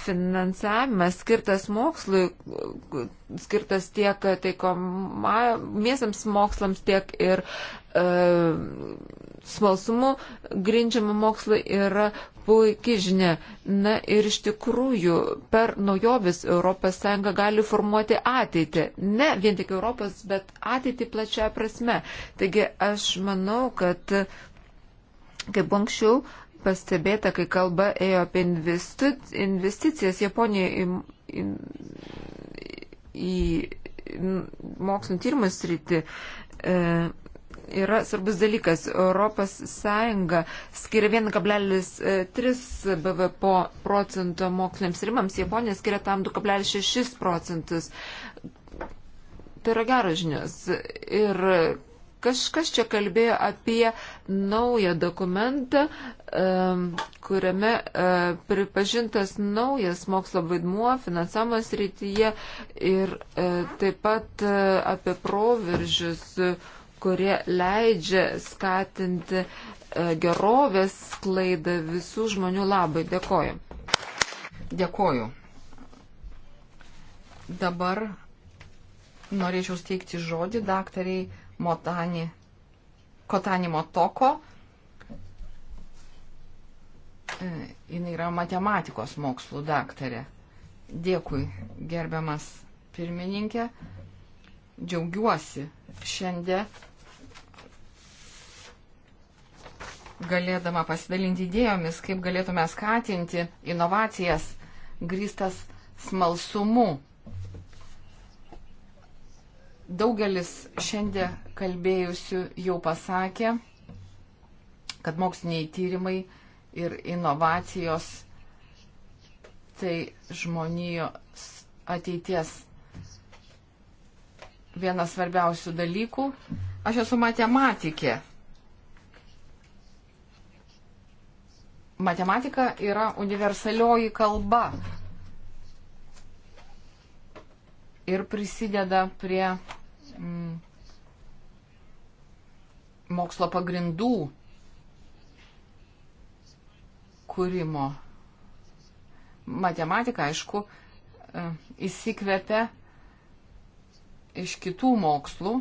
finansavimas skirtas mokslui, skirtas tiek taikom miesiams mokslams, tiek ir E, smalsumu grindžiama mokslo yra puikiai žinia. Na ir iš tikrųjų per naujovis ES gali formuoti ateitį. Ne vien tik Europos, bet ateitį plačia prasme. Taigi aš manau, kad kaip anksčiau pastebėta, kai kalba ėjo apie investicijas Japonijoje į, į, į mokslinio tyrimų sritį. E, yra svarbus dalykas. Europos Sąjunga skiria 1,3 BVP procento moksliniams rimams, Japonija skiria tam 2,6 procentus. Tai yra geros žinios. Ir kažkas čia kalbėjo apie naują dokumentą, kuriame e, pripažintas naujas mokslo vaidmuo finansavimas rytyje ir e, taip pat e, apie proveržius kurie leidžia skatinti e, gerovės sklaidą visų žmonių labai. Dėkoju. Dėkoju. Dabar norėčiau steigti žodį daktariai Motani, Kotani Motoko. E, Jis yra matematikos mokslų daktarė. Dėkui, gerbiamas pirmininkė. Džiaugiuosi šiandien galėdama pasidalinti idėjomis, kaip galėtume skatinti inovacijas grįstas smalsumu. Daugelis šiandien kalbėjusių jau pasakė, kad moksliniai tyrimai ir inovacijos tai žmonijos ateities vienas svarbiausių dalykų. Aš esu matematikė matematika yra universalioji kalba ir prisideda prie mm, mokslo pagrindų kūrimo. Matematika, aišku, e, įsikvepia iš kitų mokslų,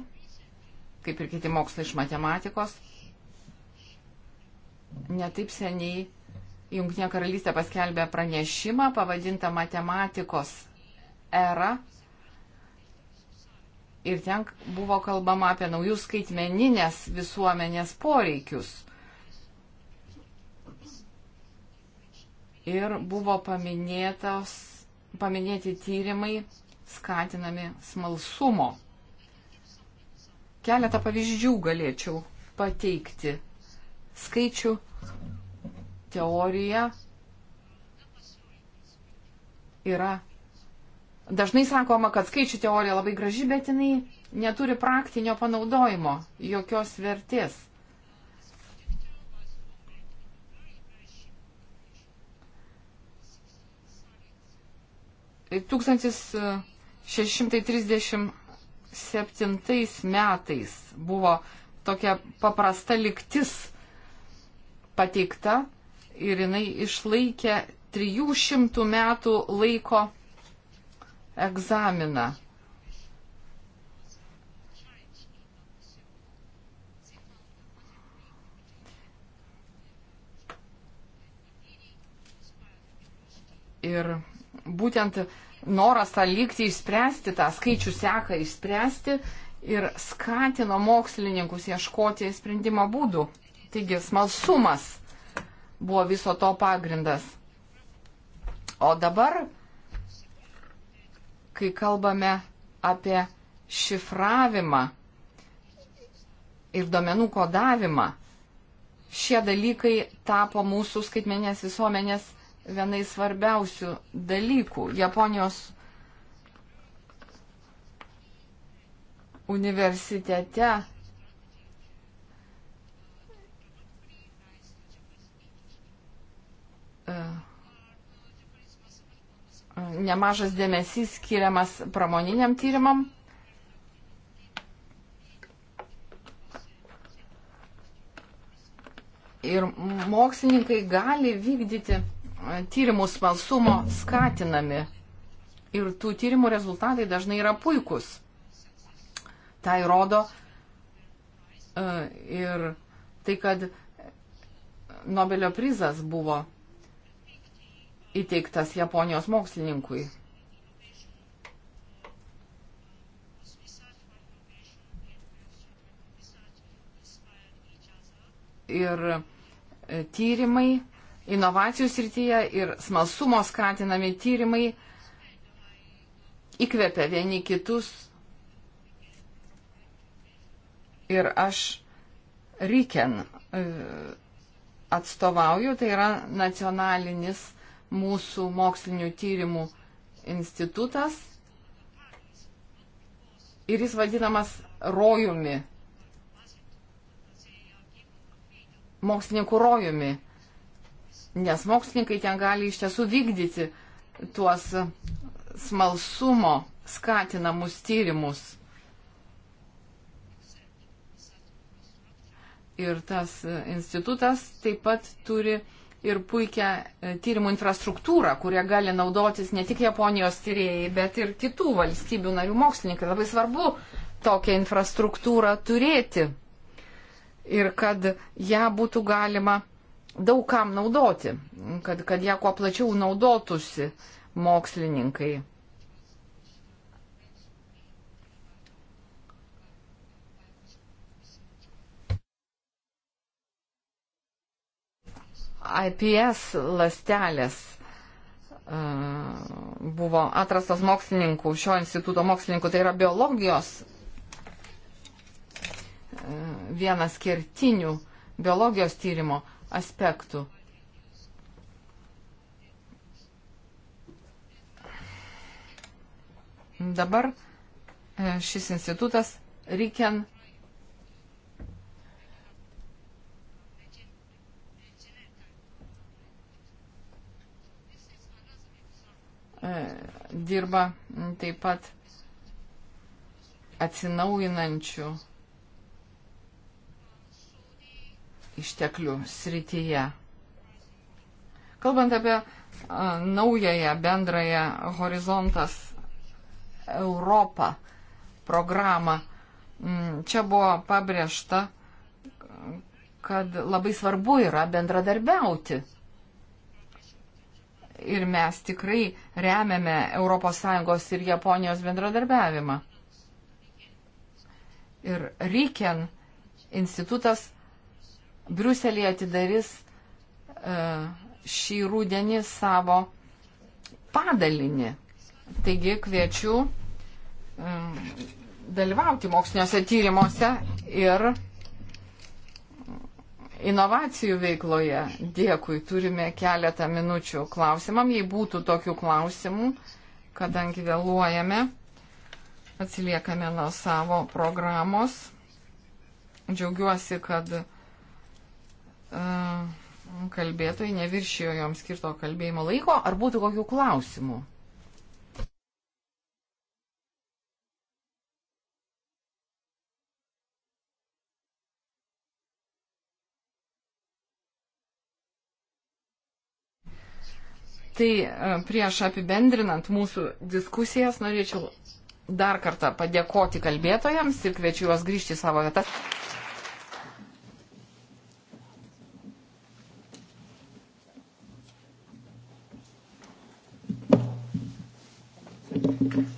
kaip ir kiti mokslai iš matematikos. Netaip seniai Junktinė karalystė paskelbė pranešimą pavadintą matematikos era. Ir ten buvo kalbama apie naujus skaitmeninės visuomenės poreikius. Ir buvo paminėtos, paminėti tyrimai skatinami smalsumo. Keletą pavyzdžių galėčiau pateikti. Skaičių teorija yra. Dažnai sakoma, kad skaičių teorija labai graži, bet jinai neturi praktinio panaudojimo, jokios vertės. Ir 1637 metais buvo tokia paprasta liktis pateikta ir jinai išlaikė 300 metų laiko egzaminą. Ir būtent noras tą lygti išspręsti, tą skaičių seką išspręsti ir skatino mokslininkus ieškoti sprendimo būdų. Taigi smalsumas buvo viso to pagrindas. O dabar, kai kalbame apie šifravimą ir domenų kodavimą, šie dalykai tapo mūsų skaitmenės visuomenės vienai svarbiausių dalykų. Japonijos universitete nemažas dėmesys skiriamas pramoniniam tyrimam. Ir mokslininkai gali vykdyti tyrimus smalsumo skatinami. Ir tų tyrimų rezultatai dažnai yra puikus. Tai rodo ir tai, kad Nobelio prizas buvo įteiktas Japonijos mokslininkui. Ir e, tyrimai inovacijų srityje ir smalsumo skatinami tyrimai įkvepia vieni kitus. Ir aš Ryken e, atstovauju, tai yra nacionalinis mūsų mokslinių tyrimų institutas ir jis vadinamas rojumi, mokslininkų rojumi, nes mokslininkai ten gali iš tiesų vykdyti tuos smalsumo skatinamus tyrimus. Ir tas institutas taip pat turi ir puikią e, tyrimų infrastruktūrą, kurie gali naudotis ne tik Japonijos tyrėjai, bet ir kitų valstybių narių mokslininkai. Labai svarbu tokią infrastruktūrą turėti ir kad ją būtų galima daug kam naudoti, kad, kad ją kuo plačiau naudotųsi mokslininkai. IPS lastelės e, buvo atrastas mokslininkų, šio instituto mokslininkų, tai yra biologijos e, vienas kertinių biologijos tyrimo aspektų. Dabar e, šis institutas Riken E, dirba taip pat atsinaujinančių išteklių srityje. Kalbant apie e, naująją bendrąją horizontas Europą programą, čia buvo pabrėžta, kad labai svarbu yra bendradarbiauti ir mes tikrai remiame ES ir Japonijos bendradarbiavimą. Ir Ryken institutas Briuselėje atidarys e, šį rūdienį savo padalinį. Taigi kviečiu e, dalyvauti moksliniuose tyrimuose ir inovacijų veikloje. Dėkui, turime keletą minučių klausimam. Jei būtų tokių klausimų, kadangi vėluojame, atsiliekame nuo savo programos. Džiaugiuosi, kad uh, kalbėtojai neviršijo joms skirto kalbėjimo laiko. Ar būtų kokių klausimų? Tai e, prieš apibendrinant mūsų diskusijas norėčiau dar kartą padėkoti kalbėtojams ir kviečiu juos grįžti į savo vietas. Thank you.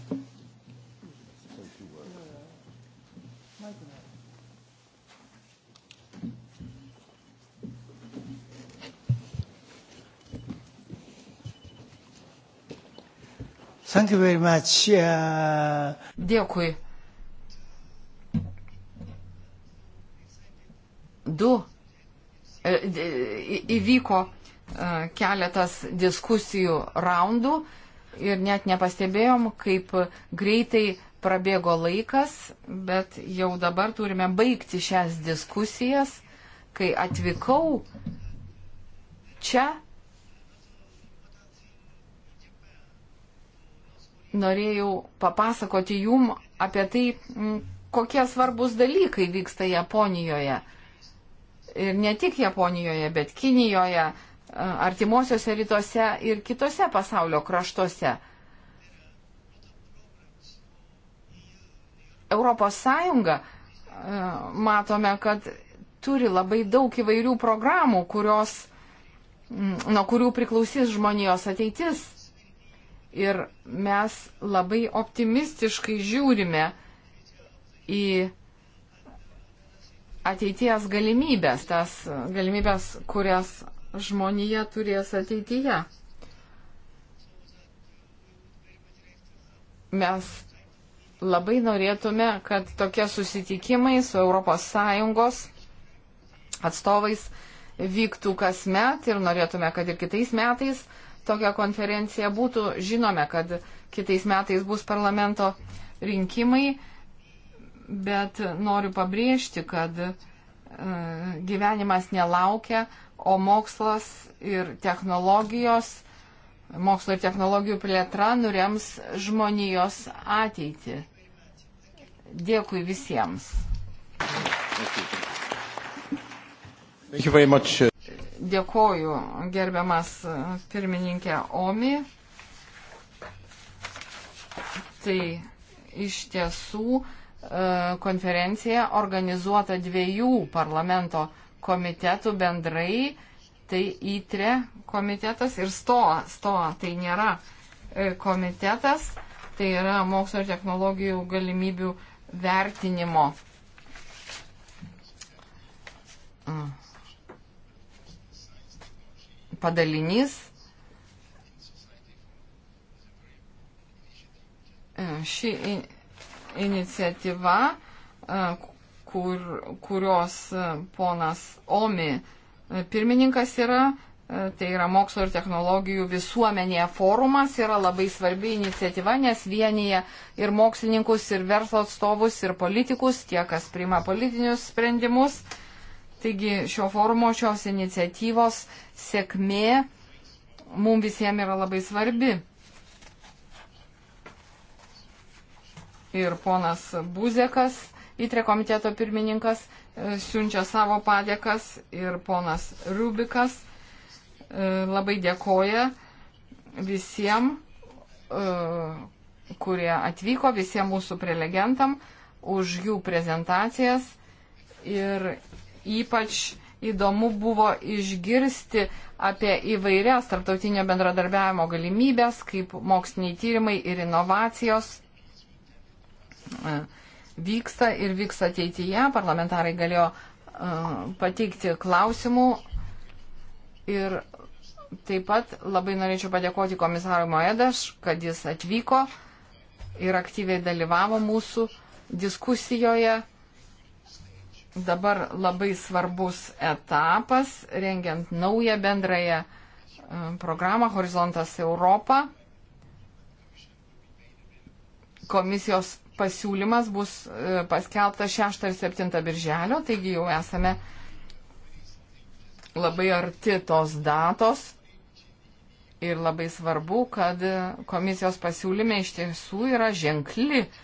Thank you very much. Uh... Dėkui. Du. E, įvyko e, keletas diskusijų raundų ir net nepastebėjom, kaip greitai prabėgo laikas, bet jau dabar turime baigti šias diskusijas. Kai atvykau čia, norėjau papasakoti jum apie tai, kokie svarbus dalykai vyksta Japonijoje. Ir ne tik Japonijoje, bet Kinijoje, artimuosiuose rytuose ir kitose pasaulio kraštuose. Europos Sąjunga, matome, kad turi labai daug įvairių programų, kurios, nuo kurių priklausys žmonijos ateitis. Ir mes labai optimistiškai žiūrime į ateities galimybės, tas galimybės, kurias žmonija turės ateityje. Mes labai norėtume, kad tokie susitikimai su ES atstovais vyktų kasmet ir norėtume, kad ir kitais metais tokią konferenciją būtų. Žinome, kad kitais metais bus parlamento rinkimai, bet noriu pabrėžti, kad e, gyvenimas nelaukia, o mokslas ir technologijos, mokslo ir technologijų plėtra nurems žmonijos ateitį. Dėkui visiems. Thank you very much. Dėkoju, gerbiamas pirmininkė Omi. Tai iš tiesų e, konferencija organizuota dviejų parlamento komitetų bendrai. Tai įtre komitetas ir stoa. Stoa tai nėra e, komitetas, tai yra mokslo ir technologijų galimybių vertinimo. Uh padalinys. E, ši iniciatyva, e, kur, kurios e, ponas Omi pirmininkas yra, tai yra mokslo ir technologijų visuomenėje forumas, yra labai svarbi iniciatyva, nes vienyje ir mokslininkus, ir verslo atstovus, ir politikus, tie, kas priima politinius sprendimus. Uh, Taigi šio forumo, šios iniciatyvos sėkmė mums visiems yra labai svarbi. Ir ponas Buzekas, įtre komiteto pirmininkas, e, siunčia savo padėkas ir ponas Rubikas e, labai dėkoja visiems, e, kurie atvyko, visiems mūsų prelegentam už jų prezentacijas ir ypač įdomu buvo išgirsti apie įvairias tarptautinio bendradarbiavimo galimybės, kaip moksliniai tyrimai ir inovacijos e, vyksta ir vyks ateityje. Parlamentarai galėjo e, pateikti klausimų ir taip pat labai norėčiau padėkoti komisarui Moedaš, kad jis atvyko ir aktyviai dalyvavo mūsų diskusijoje dabar labai svarbus etapas, rengiant naują bendrąją e, programą Horizontas Europą. Komisijos pasiūlymas bus e, paskelbtas 6 ir 7 birželio, taigi jau esame labai arti tos datos. Ir labai svarbu, kad e, komisijos pasiūlyme iš tiesų yra ženkli uh,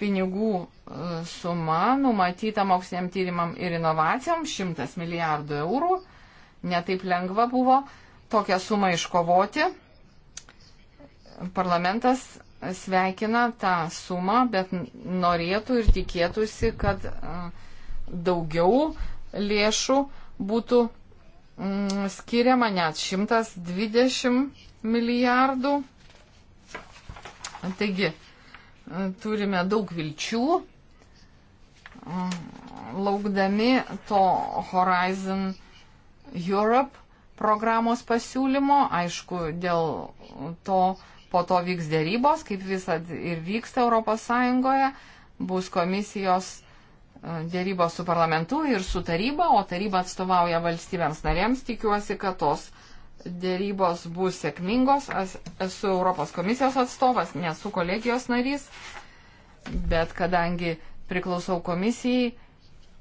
pinigų e, suma numatyta moksliniam tyrimam ir inovacijom 100 milijardų eurų. Netaip lengva buvo tokią sumą iškovoti. Parlamentas sveikina tą sumą, bet norėtų ir tikėtųsi, kad e, daugiau lėšų būtų mm, skiriama net 120 milijardų. Taigi, turime daug vilčių, laukdami to Horizon Europe programos pasiūlymo. Aišku, dėl to po to vyks dėrybos, kaip visad ir vyksta ES, bus komisijos e, dėrybos su parlamentu ir su taryba, o taryba atstovauja valstybėms narėms. Tikiuosi, kad tos dėrybos bus sėkmingos. Aš esu Europos komisijos atstovas, nesu kolegijos narys, bet kadangi priklausau komisijai,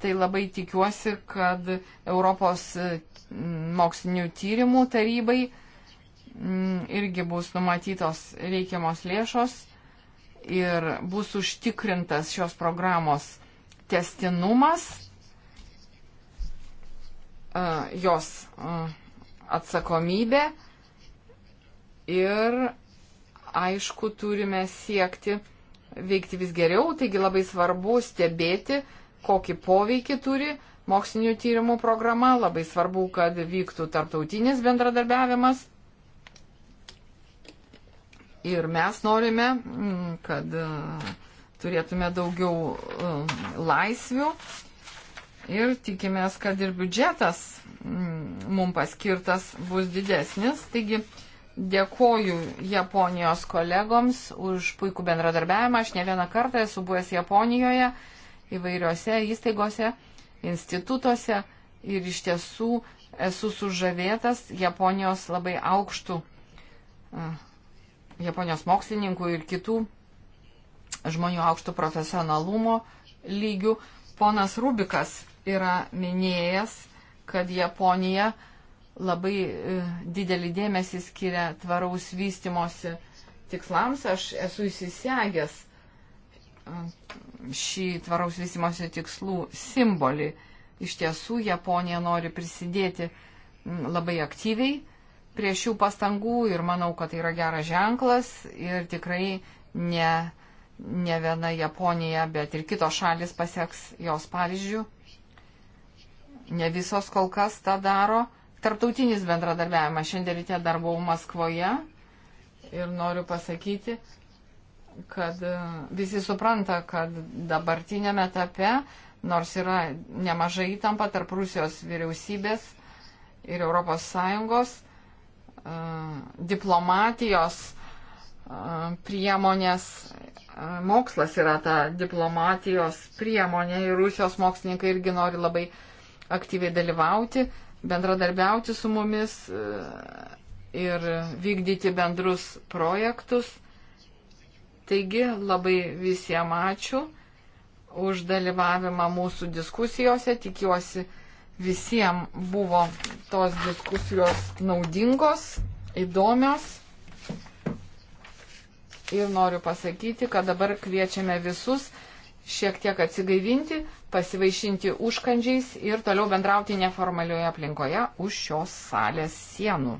tai labai tikiuosi, kad Europos mm, mokslinių tyrimų tarybai mm, irgi bus numatytos reikiamos lėšos ir bus užtikrintas šios programos testinumas, jos atsakomybė ir aišku turime siekti veikti vis geriau, taigi labai svarbu stebėti, kokį poveikį turi mokslinių tyrimų programa, labai svarbu, kad vyktų tarptautinis bendradarbiavimas. Ir mes norime, mm, kad mm, turėtume daugiau mm, laisvių ir tikimės, kad ir biudžetas mm, mums paskirtas bus didesnis. Taigi dėkoju Japonijos kolegoms už puikų bendradarbiavimą. Aš ne vieną kartą esu buvęs Japonijoje įvairiose įstaigose, institutuose ir iš tiesų esu sužavėtas Japonijos labai aukštų, Japonijos mokslininkų ir kitų žmonių aukštų profesionalumo lygių ponas Rubikas yra minėjęs, kad Japonija labai e, didelį dėmesį skiria tvaraus vystimosi tikslams. Aš esu įsisegęs e, šį tvaraus vystimosi tikslų simbolį. Iš tiesų, Japonija nori prisidėti labai aktyviai prie šių pastangų ir manau, kad tai yra geras ženklas ir tikrai ne, ne viena Japonija, bet ir kitos šalis pasieks jos pavyzdžių ne visos kol kas tą daro. Tarptautinis bendradarbiavimas. Šiandien ryte dar buvau Maskvoje ir noriu pasakyti, kad e, visi supranta, kad dabartinėme etape, nors yra nemažai įtampa tarp Rusijos vyriausybės ir ES, e, diplomatijos e, priemonės mokslas yra ta diplomatijos priemonė ir Rusijos mokslininkai irgi nori labai aktyviai dalyvauti, bendradarbiauti su mumis e, ir vykdyti bendrus projektus. Taigi labai visiems ačiū už dalyvavimą mūsų diskusijose. Tikiuosi, visiems buvo tos diskusijos naudingos, įdomios. Ir noriu pasakyti, kad dabar kviečiame visus šiek tiek atsigaivinti, pasivaišinti užkandžiais ir toliau bendrauti neformalioje aplinkoje už šios salės sienų.